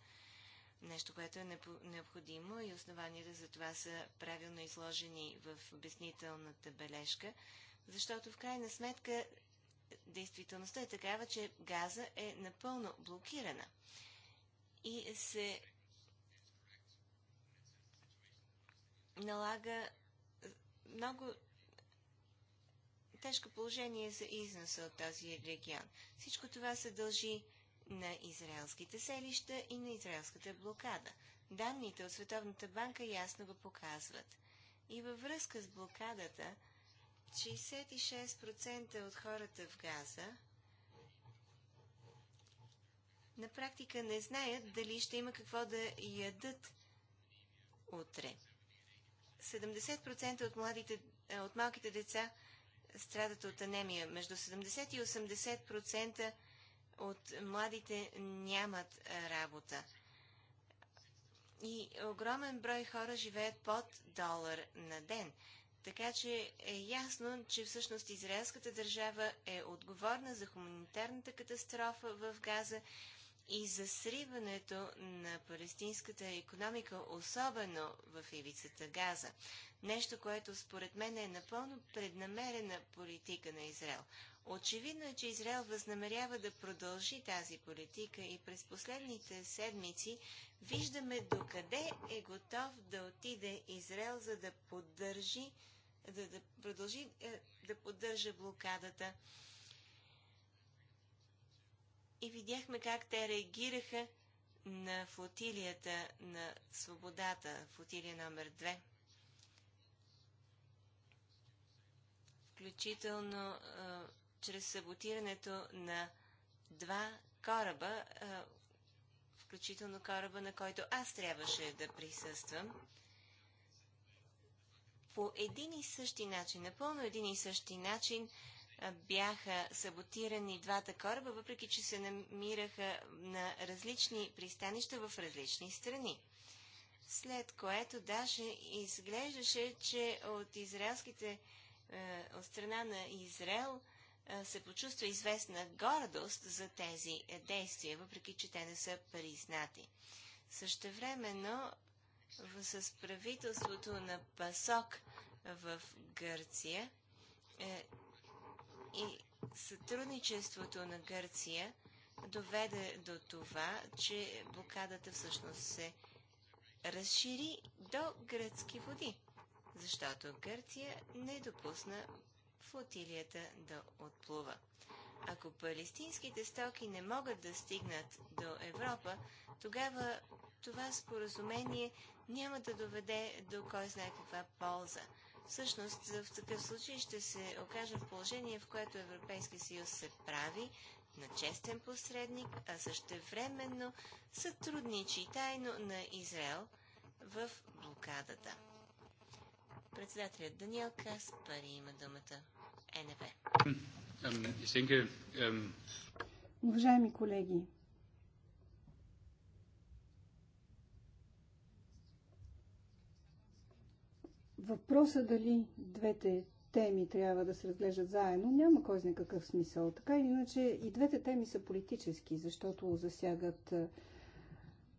Speaker 3: Нещо, което е необходимо и основанията за това са правилно изложени в обяснителната бележка, защото в крайна сметка действителността е такава, че газа е напълно блокирана и се налага много тежко положение за износа от този регион. Всичко това се дължи на израелските селища и на израелската блокада. Данните от Световната банка ясно го показват. И във връзка с блокадата, 66% от хората в Газа на практика не знаят дали ще има какво да ядат утре. 70% от, младите, е, от малките деца страдат от анемия. Между 70 и 80% от младите нямат е, работа. И огромен брой хора живеят под долар на ден. Така че е ясно, че всъщност израелската държава е отговорна за хуманитарната катастрофа в Газа и засриването на палестинската економика, особено в ивицата Газа. Нещо, което според мен е напълно преднамерена политика на Израел. Очевидно е, че Израел възнамерява да продължи тази политика и през последните седмици виждаме докъде е готов да отиде Израел, за да поддържи да, да продължи е, да поддържа блокадата и видяхме как те реагираха на флотилията на свободата, флотилия номер 2. Включително а, чрез саботирането на два кораба, а, включително кораба, на който аз трябваше да присъствам, по един и същи начин, напълно един и същи начин, бяха саботирани двата кораба, въпреки че се намираха на различни пристанища в различни страни. След което даже изглеждаше, че от израелските, е, от страна на Израел, е, се почувства известна гордост за тези действия, въпреки че те не са признати. Същевременно с правителството на Пасок в Гърция е, и сътрудничеството на Гърция доведе до това, че блокадата всъщност се разшири до гръцки води, защото Гърция не допусна флотилията да отплува. Ако палестинските стоки не могат да стигнат до Европа, тогава това споразумение няма да доведе до кой знае каква полза. Всъщност, в такъв случай ще се окажем в положение, в което Европейския съюз се прави на честен посредник, а същевременно сътрудничи тайно на Израел в блокадата. Председателят Даниел Каспари има думата. Е, НВ.
Speaker 2: Уважаеми колеги, въпроса дали двете теми трябва да се разглеждат заедно, няма кой знае какъв смисъл. Така или иначе и двете теми са политически, защото засягат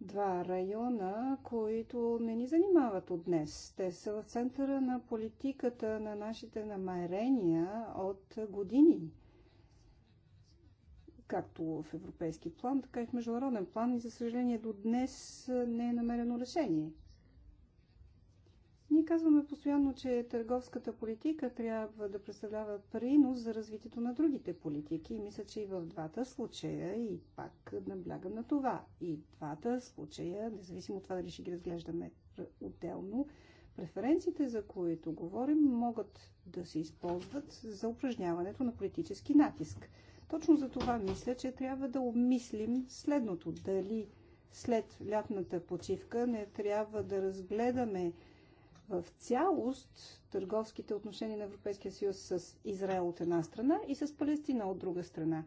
Speaker 2: два района, които не ни занимават от днес. Те са в центъра на политиката на нашите намерения от години. Както в европейски план, така и в международен план и за съжаление до днес не е намерено решение. Ние казваме постоянно, че търговската политика трябва да представлява принос за развитието на другите политики. И мисля, че и в двата случая, и пак наблягам на това, и двата случая, независимо от това дали ще ги разглеждаме отделно, преференциите, за които говорим, могат да се използват за упражняването на политически натиск. Точно за това мисля, че трябва да обмислим следното. Дали след лятната почивка не трябва да разгледаме в цялост търговските отношения на Европейския съюз с Израел от една страна и с Палестина от друга страна.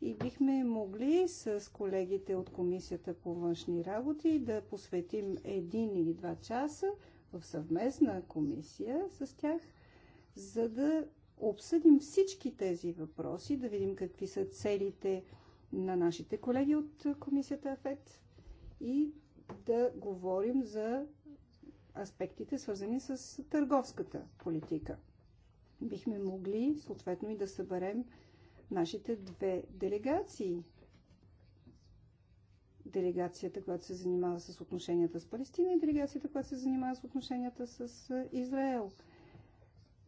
Speaker 2: И бихме могли с колегите от Комисията по външни работи да посветим един или два часа в съвместна комисия с тях, за да обсъдим всички тези въпроси, да видим какви са целите на нашите колеги от Комисията АФЕТ и да говорим за аспектите, свързани с търговската политика. Бихме могли, съответно, и да съберем нашите две делегации. Делегацията, която се занимава с отношенията с Палестина и делегацията, която се занимава с отношенията с Израел.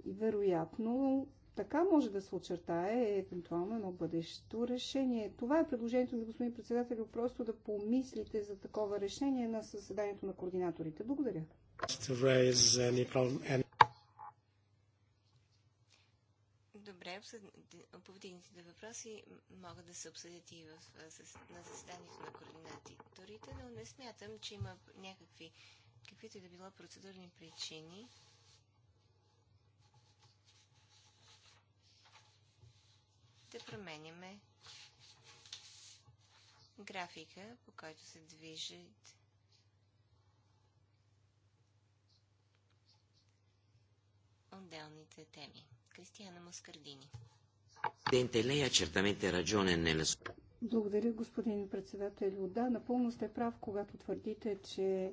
Speaker 2: И вероятно, така може да се очертае евентуално едно бъдещо решение. Това е предложението ми, господин председател, просто да помислите за такова решение на съседанието на координаторите. Благодаря.
Speaker 1: Добре,
Speaker 3: да въпроси могат да се обсъдят и в, на заседанието на координаторите, но не смятам, че има някакви, каквито и да било процедурни причини да променяме графика, по който се движат отделните теми. Кристияна Маскардини. Е
Speaker 2: Благодаря, господин председател. Да, напълно сте прав, когато твърдите, че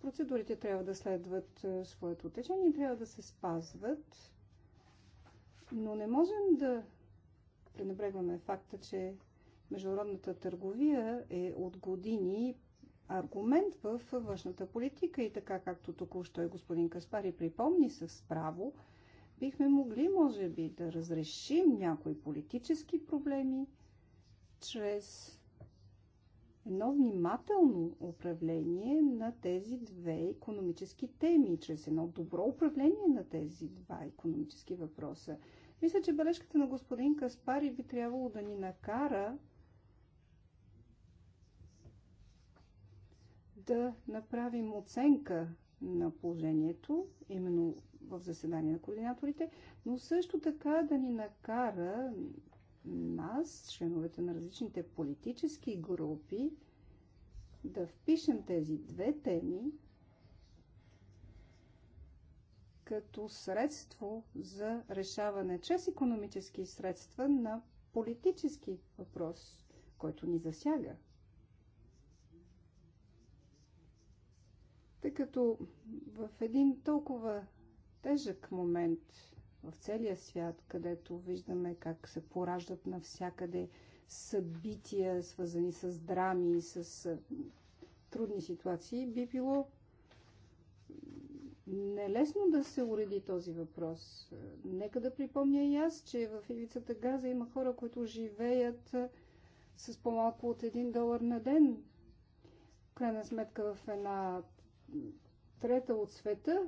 Speaker 2: процедурите трябва да следват е, своето течение, трябва да се спазват, но не можем да пренебрегваме факта, че международната търговия е от години аргумент в външната политика и така както току-що и господин Каспари припомни с право, бихме могли, може би, да разрешим някои политически проблеми чрез едно внимателно управление на тези две економически теми, чрез едно добро управление на тези два економически въпроса. Мисля, че бележката на господин Каспари би трябвало да ни накара да направим оценка на положението, именно в заседание на координаторите, но също така да ни накара нас, членовете на различните политически групи, да впишем тези две теми като средство за решаване чрез економически средства на политически въпрос, който ни засяга. Тъй като в един толкова тежък момент в целия свят, където виждаме как се пораждат навсякъде събития, свързани с драми, с трудни ситуации, би било нелесно да се уреди този въпрос. Нека да припомня и аз, че в ивицата Газа има хора, които живеят с по-малко от един долар на ден. В крайна сметка в една трета от света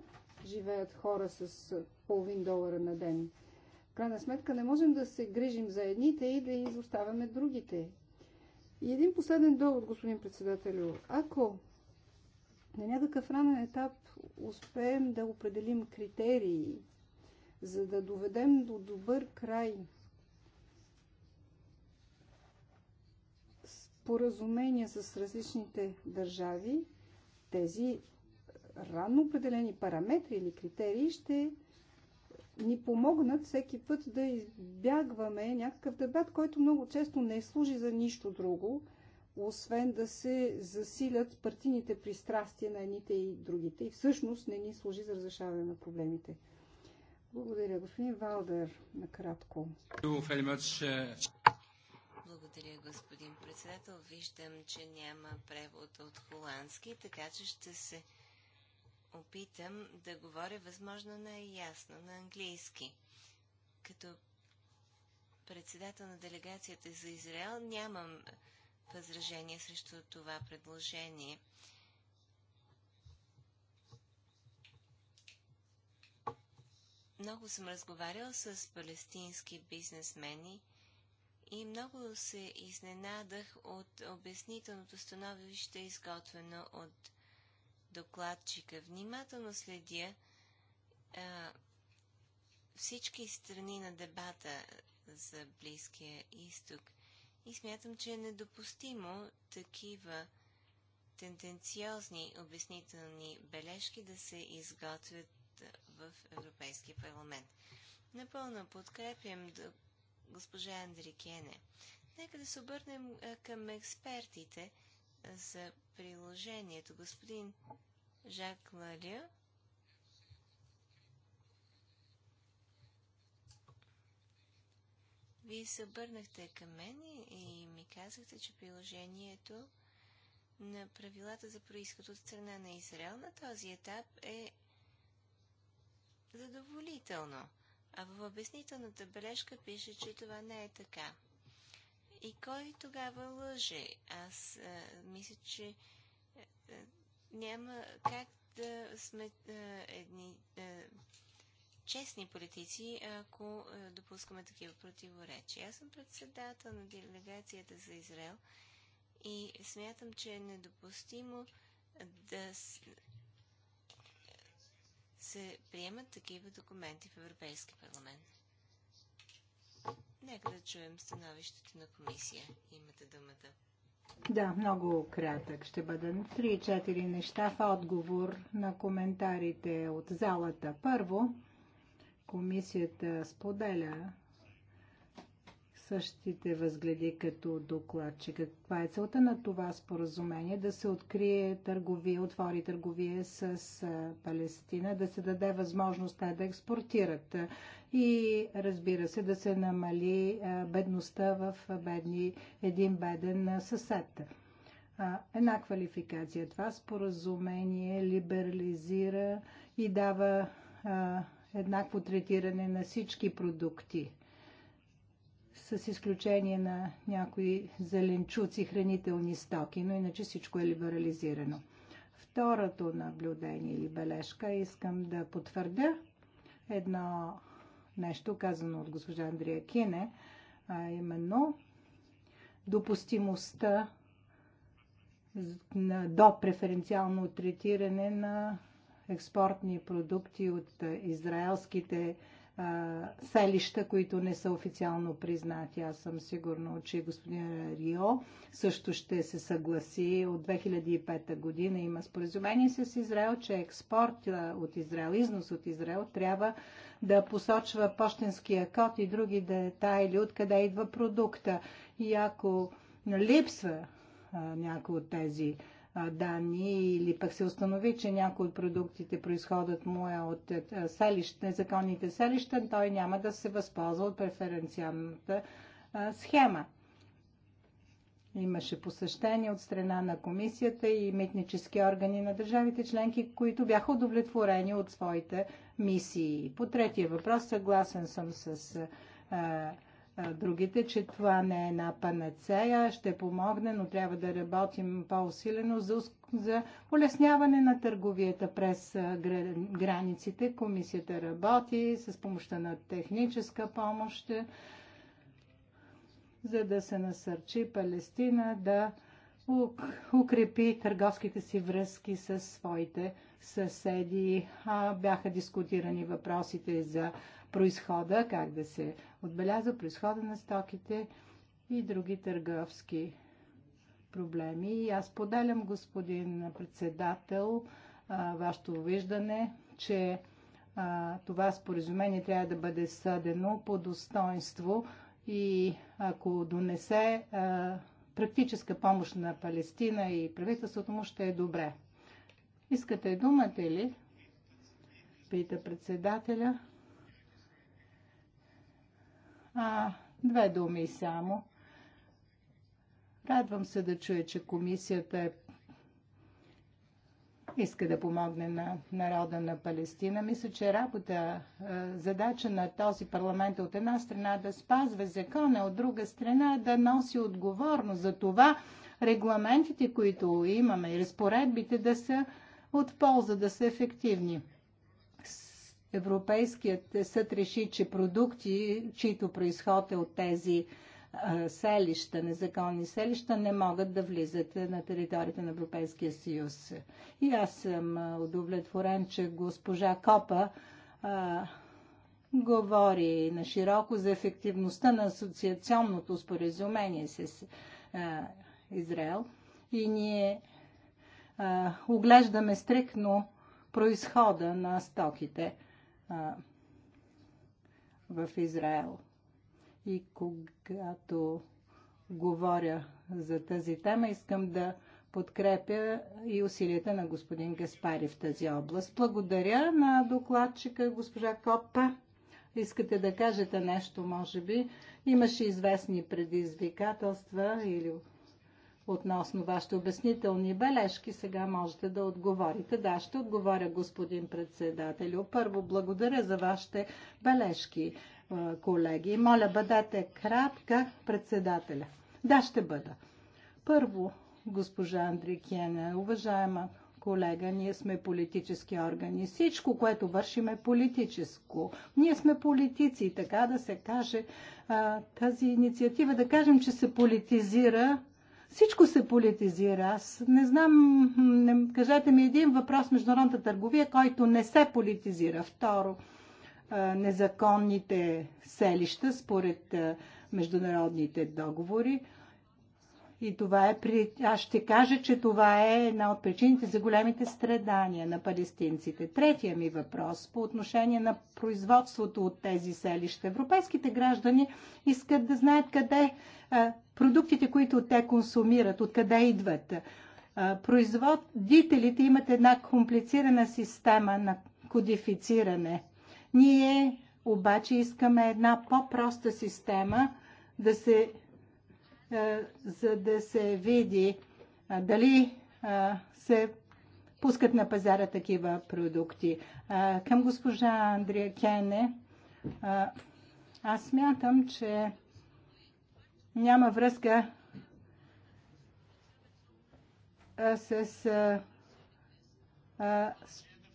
Speaker 2: живеят хора с половин долара на ден. В крайна сметка не можем да се грижим за едните и да изоставяме другите. И един последен довод, господин председателю. Ако на някакъв ранен етап успеем да определим критерии, за да доведем до добър край споразумения с различните държави, тези рано определени параметри или критерии ще ни помогнат всеки път да избягваме някакъв дебат, който много често не служи за нищо друго, освен да се засилят партийните пристрастия на едните и другите и всъщност не ни служи за разрешаване на проблемите. Благодаря, господин Валдер, накратко.
Speaker 4: Uh,
Speaker 3: благодаря, господин председател. Виждам, че няма превод от холандски, така че ще се опитам да говоря възможно най-ясно на английски. Като председател на делегацията за Израел нямам възражение срещу това предложение. Много съм разговарял с палестински бизнесмени – и много се изненадах от обяснителното становище, изготвено от докладчика. Внимателно следя а, всички страни на дебата за Близкия изток и смятам, че е недопустимо такива тенденциозни обяснителни бележки да се изготвят в Европейския парламент. Напълно подкрепям госпожа Андрикене. Нека да се обърнем към експертите за приложението. Господин Жак Лалия. Вие се обърнахте към мен и ми казахте, че приложението на правилата за происход от страна на Израел на този етап е задоволително. А в обяснителната бележка пише, че това не е така. И кой тогава лъже? Аз а, мисля, че а, няма как да сме а, едни а, честни политици, ако а, допускаме такива противоречия. Аз съм председател на делегацията за Израел и смятам, че е недопустимо да се приемат такива документи в Европейски парламент. Нека да чуем становището на комисия. Имате думата.
Speaker 2: Да, много кратък ще бъда. Три-четири неща в отговор на коментарите от залата. Първо, комисията споделя същите възгледи като докладчик. Каква е целта на това споразумение? Да се открие търговия, отвори търговия с Палестина, да се даде възможност те да експортират и разбира се да се намали бедността в бедни, един беден съсед. Една квалификация. Това споразумение либерализира и дава еднакво третиране на всички продукти с изключение на някои зеленчуци, хранителни стоки, но иначе всичко е либерализирано. Второто наблюдение или бележка искам да потвърдя едно нещо, казано от госпожа Андрея Кине, а именно допустимостта до преференциално третиране на експортни продукти от израелските селища, които не са официално признати. Аз съм сигурна, че господин Рио също ще се съгласи. От 2005 година има споразумение с Израел, че експорт от Израел, износ от Израел трябва да посочва почтенския код и други детайли, откъде идва продукта. И ако липсва някои от тези данни или пък се установи, че някои от продуктите произходят му е от е, е, селища, незаконните селища, той няма да се възползва от преференциалната схема. Имаше посещение от страна на комисията и митнически органи на държавите членки, които бяха удовлетворени от своите мисии. По третия въпрос съгласен съм с другите, че това не е една панацея, ще помогне, но трябва да работим по-усилено за, за улесняване на търговията през границите. Комисията работи с помощта на техническа помощ, за да се насърчи Палестина да укрепи търговските си връзки с своите съседи. Бяха дискутирани въпросите за происхода, как да се отбелязва происхода на стоките и други търговски проблеми. И аз поделям, господин председател, вашето виждане, че а, това споразумение трябва да бъде съдено по достоинство и ако донесе а, практическа помощ на Палестина и правителството му, ще е добре. Искате думата ли? Пита председателя. А, две думи само. Радвам се да чуя, че комисията е иска да помогне на народа на Палестина. Мисля, че работа, задача на този парламент е от една страна да спазва закона, от друга страна да носи отговорност за това регламентите, които имаме и разпоредбите да са от полза, да са ефективни. Европейският съд реши, че продукти, чието происход е от тези селища, незаконни селища, не могат да влизат на територията на Европейския съюз. И аз съм удовлетворен, че госпожа Копа а, говори на широко за ефективността на асоциационното споразумение с а, Израел. И ние а, оглеждаме стрикно происхода на стоките – а, в Израел. И когато говоря за тази тема, искам да подкрепя и усилията на господин Гаспари в тази област. Благодаря на докладчика госпожа Копа. Искате да кажете нещо, може би. Имаше известни предизвикателства или относно вашите обяснителни бележки. Сега можете да отговорите. Да, ще отговоря, господин председателю. Първо, благодаря за вашите бележки, е, колеги. Моля, бъдете кратка, председателя. Да, ще бъда. Първо, госпожа Андрикене, уважаема колега, ние сме политически органи. Всичко, което вършим е политическо. Ние сме политици, така да се каже. тази инициатива, да кажем, че се политизира, всичко се политизира. Аз не знам, не, кажете ми един въпрос международната търговия, който не се политизира. Второ, незаконните селища според международните договори. И това е, при... аз ще кажа, че това е една от причините за големите страдания на палестинците. Третия ми въпрос по отношение на производството от тези селища. Европейските граждани искат да знаят къде продуктите, които те консумират, откъде идват. Производителите имат една комплицирана система на кодифициране. Ние обаче искаме една по-проста система, да се, за да се види дали се пускат на пазара такива продукти. Към госпожа Андрия Кене, аз мятам, че няма връзка с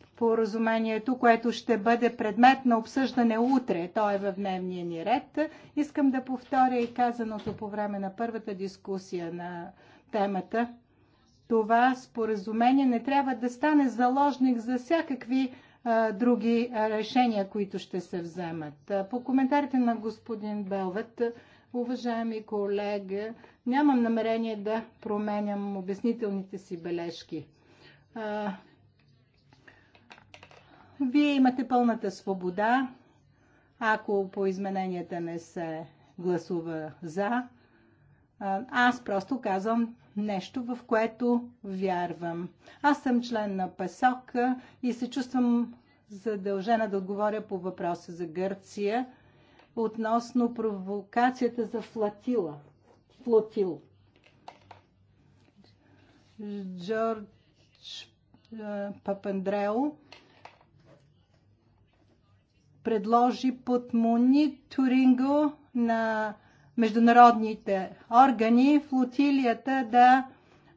Speaker 2: споразумението, което ще бъде предмет на обсъждане утре. То е в дневния ни ред. Искам да повторя и казаното по време на първата дискусия на темата. Това споразумение не трябва да стане заложник за всякакви а, други решения, които ще се вземат. По коментарите на господин Белвет, Уважаеми колега, нямам намерение да променям обяснителните си бележки. А, вие имате пълната свобода, ако по измененията не се гласува за. Аз просто казвам нещо, в което вярвам. Аз съм член на ПАСОК и се чувствам задължена да отговоря по въпроса за Гърция относно провокацията за флотила. Флотил. Джордж е, Папандрео предложи под мониторинго на международните органи флотилията да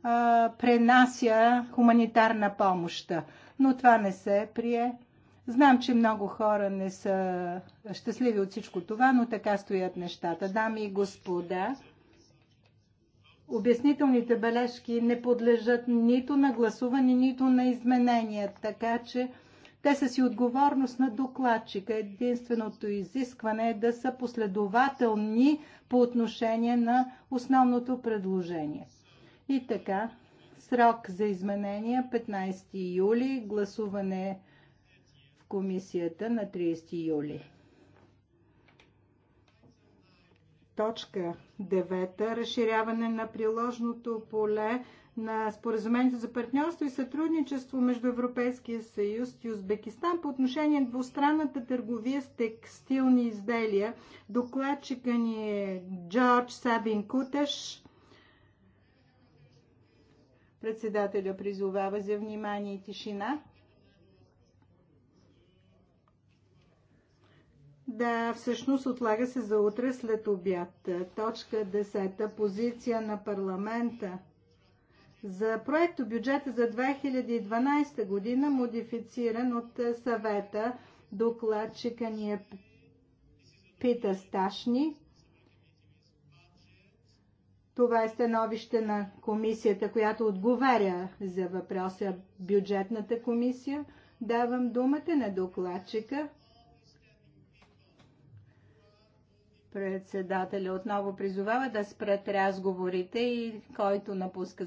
Speaker 2: а, е, пренася хуманитарна помощ. Но това не се прие. Знам, че много хора не са щастливи от всичко това, но така стоят нещата. Дами и господа, обяснителните бележки не подлежат нито на гласуване, нито на изменения, така че те са си отговорност на докладчика. Единственото изискване е да са последователни по отношение на основното предложение. И така, срок за изменения 15 юли, гласуване комисията на 30 юли. Точка 9. Разширяване на приложното поле на споразумението за партньорство и сътрудничество между Европейския съюз и Узбекистан по отношение на двустранната търговия с текстилни изделия. Докладчика ни е Джордж Сабин Куташ. Председателя призовава за внимание и тишина. Да, всъщност отлага се за утре след обяд. Точка 10. Позиция на парламента. За проекто бюджета за 2012 година, модифициран от съвета, докладчика ни е Пита Сташни. Това е становище на комисията, която отговаря за въпроса бюджетната комисия. Давам думата на докладчика Председателя отново призовава да спрат разговорите и който напуска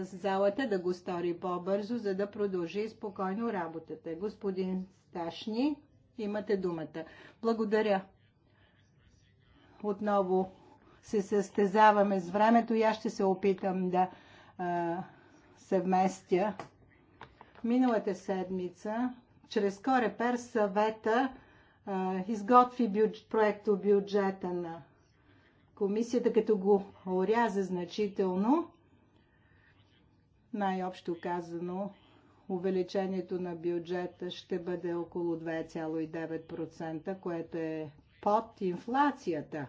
Speaker 2: залата да го стори по-бързо, за да продължи спокойно работата. Господин Сташни, имате думата. Благодаря. Отново се състезаваме с времето и аз ще се опитам да а, съвместя. Миналата седмица чрез Корепер съвета изготви проект от бюджета на комисията, като го оряза значително, най-общо казано, увеличението на бюджета ще бъде около 2,9%, което е под инфлацията,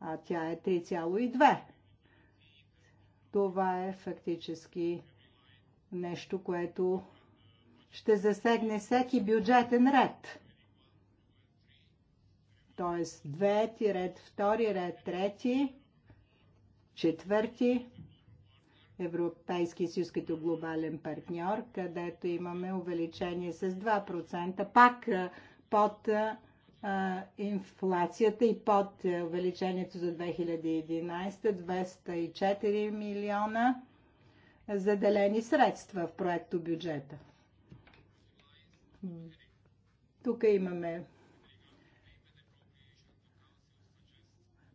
Speaker 2: а тя е 3,2%. Това е фактически нещо, което ще засегне всеки бюджетен ред т.е. двети, ред, втори ред, трети, четвърти, Европейски съюз като глобален партньор, където имаме увеличение с 2%, пак под а, инфлацията и под увеличението за 2011 204 милиона заделени средства в проекто бюджета. Тук имаме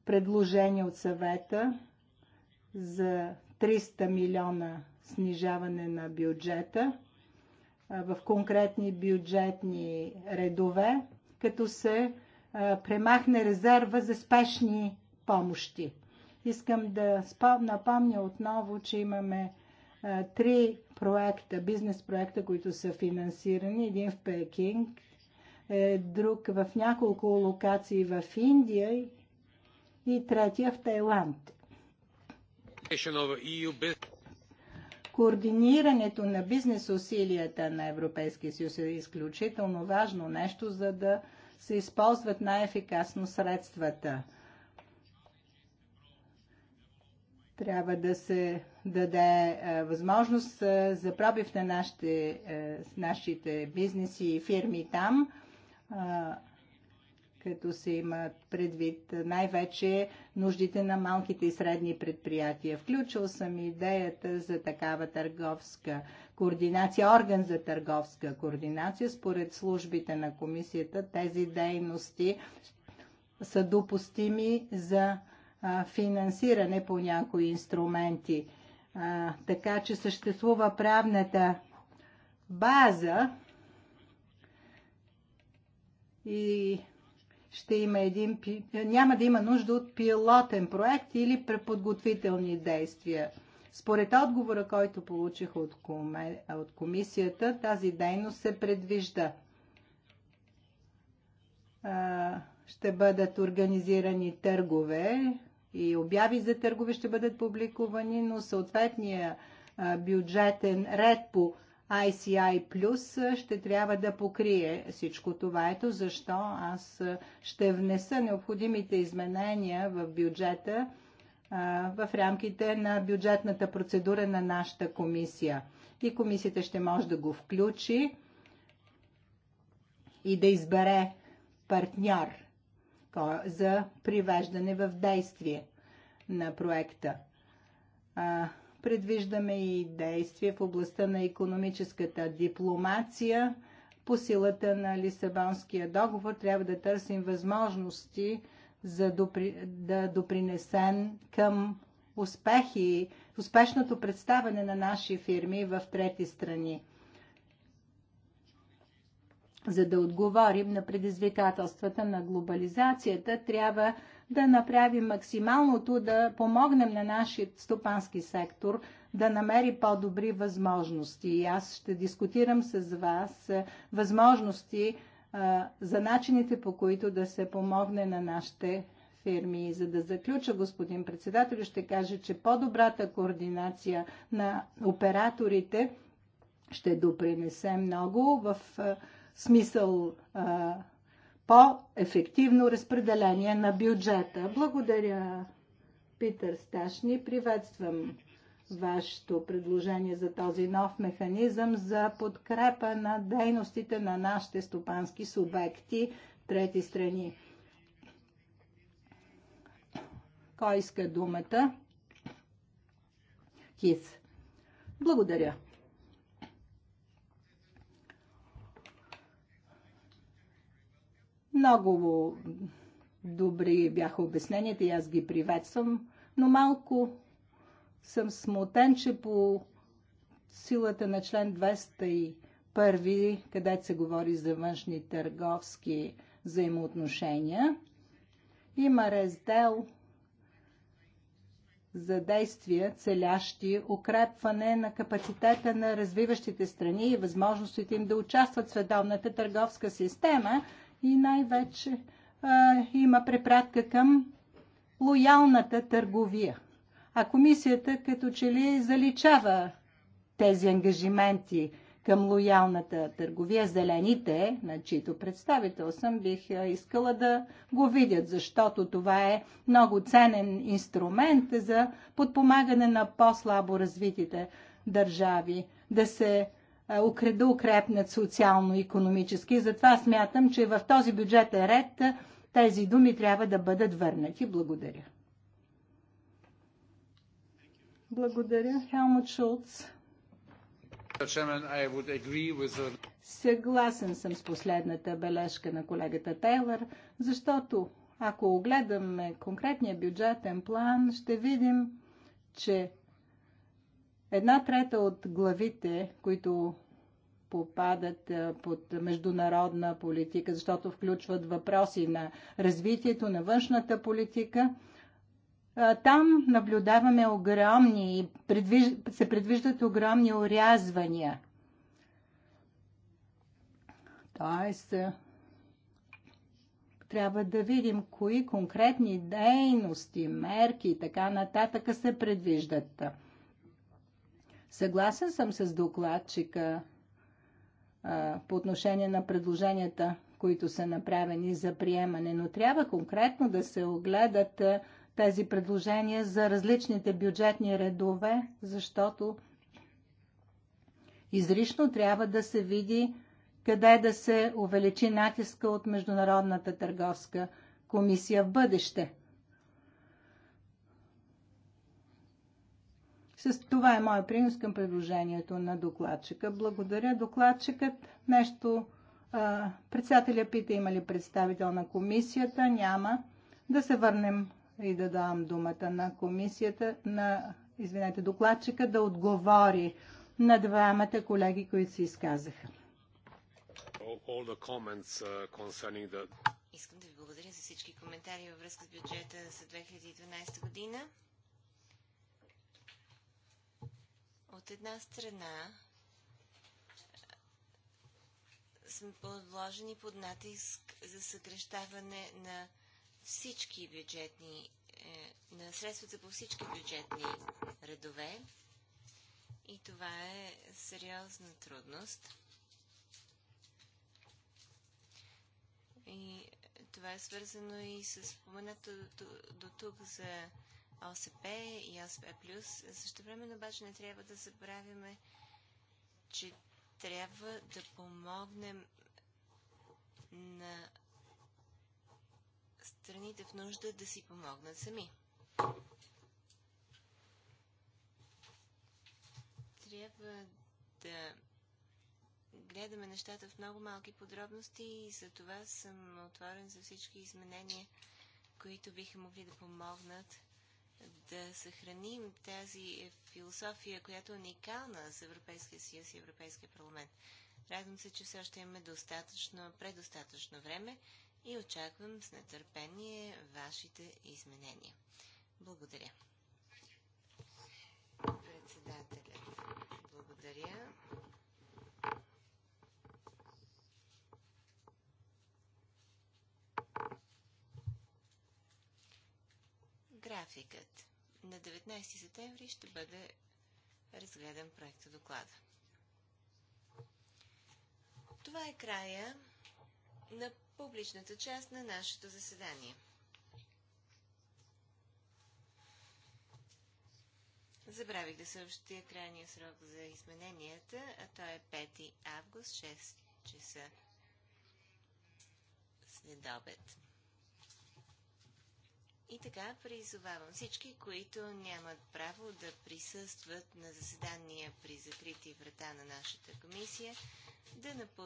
Speaker 2: предложение от съвета за 300 милиона снижаване на бюджета в конкретни бюджетни редове, като се премахне резерва за спешни помощи. Искам да напомня отново, че имаме три проекта, бизнес проекта, които са финансирани. Един в Пекинг, е друг в няколко локации в Индия и третия в Тайланд. Координирането на бизнес усилията на Европейския съюз е изключително важно нещо, за да се използват най-ефикасно средствата. Трябва да се даде е, възможност е, за пробив на нашите, е, нашите бизнеси и фирми там като се имат предвид най-вече нуждите на малките и средни предприятия. Включил съм идеята за такава търговска координация, орган за търговска координация. Според службите на комисията тези дейности са допустими за финансиране по някои инструменти. А, така че съществува правната база и ще има един, няма да има нужда от пилотен проект или преподготвителни действия. Според отговора, който получих от, коме, от комисията, тази дейност се предвижда. Ще бъдат организирани търгове и обяви за търгове ще бъдат публикувани, но съответния бюджетен ред по ICI Plus ще трябва да покрие всичко това. Ето защо аз ще внеса необходимите изменения в бюджета в рамките на бюджетната процедура на нашата комисия. И комисията ще може да го включи и да избере партньор за привеждане в действие на проекта. Предвиждаме и действия в областта на економическата дипломация. По силата на Лисабонския договор трябва да търсим възможности за допри... да допринесем към успехи, успешното представяне на наши фирми в трети страни за да отговорим на предизвикателствата на глобализацията, трябва да направим максималното да помогнем на нашия стопански сектор да намери по-добри възможности. И аз ще дискутирам с вас възможности а, за начините по които да се помогне на нашите фирми. И за да заключа, господин председател, ще кажа, че по-добрата координация на операторите ще допринесе много в смисъл по-ефективно разпределение на бюджета. Благодаря, Питър Сташни. Приветствам вашето предложение за този нов механизъм за подкрепа на дейностите на нашите стопански субекти в трети страни. Кой иска думата? Кис. Благодаря. Много добри бяха обясненията и аз ги приветствам, но малко съм смутен, че по силата на член 201, където се говори за външни търговски взаимоотношения, има раздел за действия, целящи укрепване на капацитета на развиващите страни и възможностите им да участват в световната търговска система, и най-вече има препратка към лоялната търговия. А комисията като че ли заличава тези ангажименти към лоялната търговия. Зелените, на чието представител съм, бих искала да го видят, защото това е много ценен инструмент за подпомагане на по-слабо развитите държави. Да се е, да укрепнат социално-економически. Затова смятам, че в този бюджетен ред е, тези думи трябва да бъдат върнати. Благодаря. Благодаря, Хелмут Шулц. Съгласен съм с последната бележка на колегата Тейлър, защото ако огледаме конкретния бюджетен план, ще видим, че Една трета от главите, които попадат под международна политика, защото включват въпроси на развитието, на външната политика. Там наблюдаваме огромни, и се предвиждат огромни урязвания. Тоест, трябва да видим кои конкретни дейности, мерки и така нататък се предвиждат. Съгласен съм с докладчика а, по отношение на предложенията, които са направени за приемане, но трябва конкретно да се огледат а, тези предложения за различните бюджетни редове, защото изрично трябва да се види къде да се увеличи натиска от Международната търговска комисия в бъдеще – С това е моя принос към предложението на докладчика. Благодаря. Докладчикът нещо. А, председателя пита има ли представител на комисията. Няма. Да се върнем и да дам думата на комисията, на, извинете, докладчика да отговори на двамата колеги, които се изказаха.
Speaker 1: Uh,
Speaker 3: Искам да ви благодаря за всички коментари във връзка с бюджета за 2012 година. От една страна сме подложени под натиск за съкрещаване на всички бюджетни, е, на средствата по всички бюджетни редове. И това е сериозна трудност. И това е свързано и с споменато до тук за ОСП и ОСП+. Също време обаче не трябва да забравяме, че трябва да помогнем на страните в нужда да си помогнат сами. Трябва да гледаме нещата в много малки подробности и за това съм отворен за всички изменения, които биха могли да помогнат да съхраним тази философия, която е уникална за Европейския съюз и Европейския парламент. Радвам се, че все още имаме достатъчно, предостатъчно време и очаквам с нетърпение вашите изменения. Благодаря. Председателя, благодаря. графикът. На 19 септември ще бъде разгледан проекта доклада. Това е края на публичната част на нашето заседание. Забравих да съобщя крайния срок за измененията, а той е 5 август, 6 часа след обед. И така призовавам всички, които нямат право да присъстват на заседания при закрити врата на нашата комисия, да напуснат.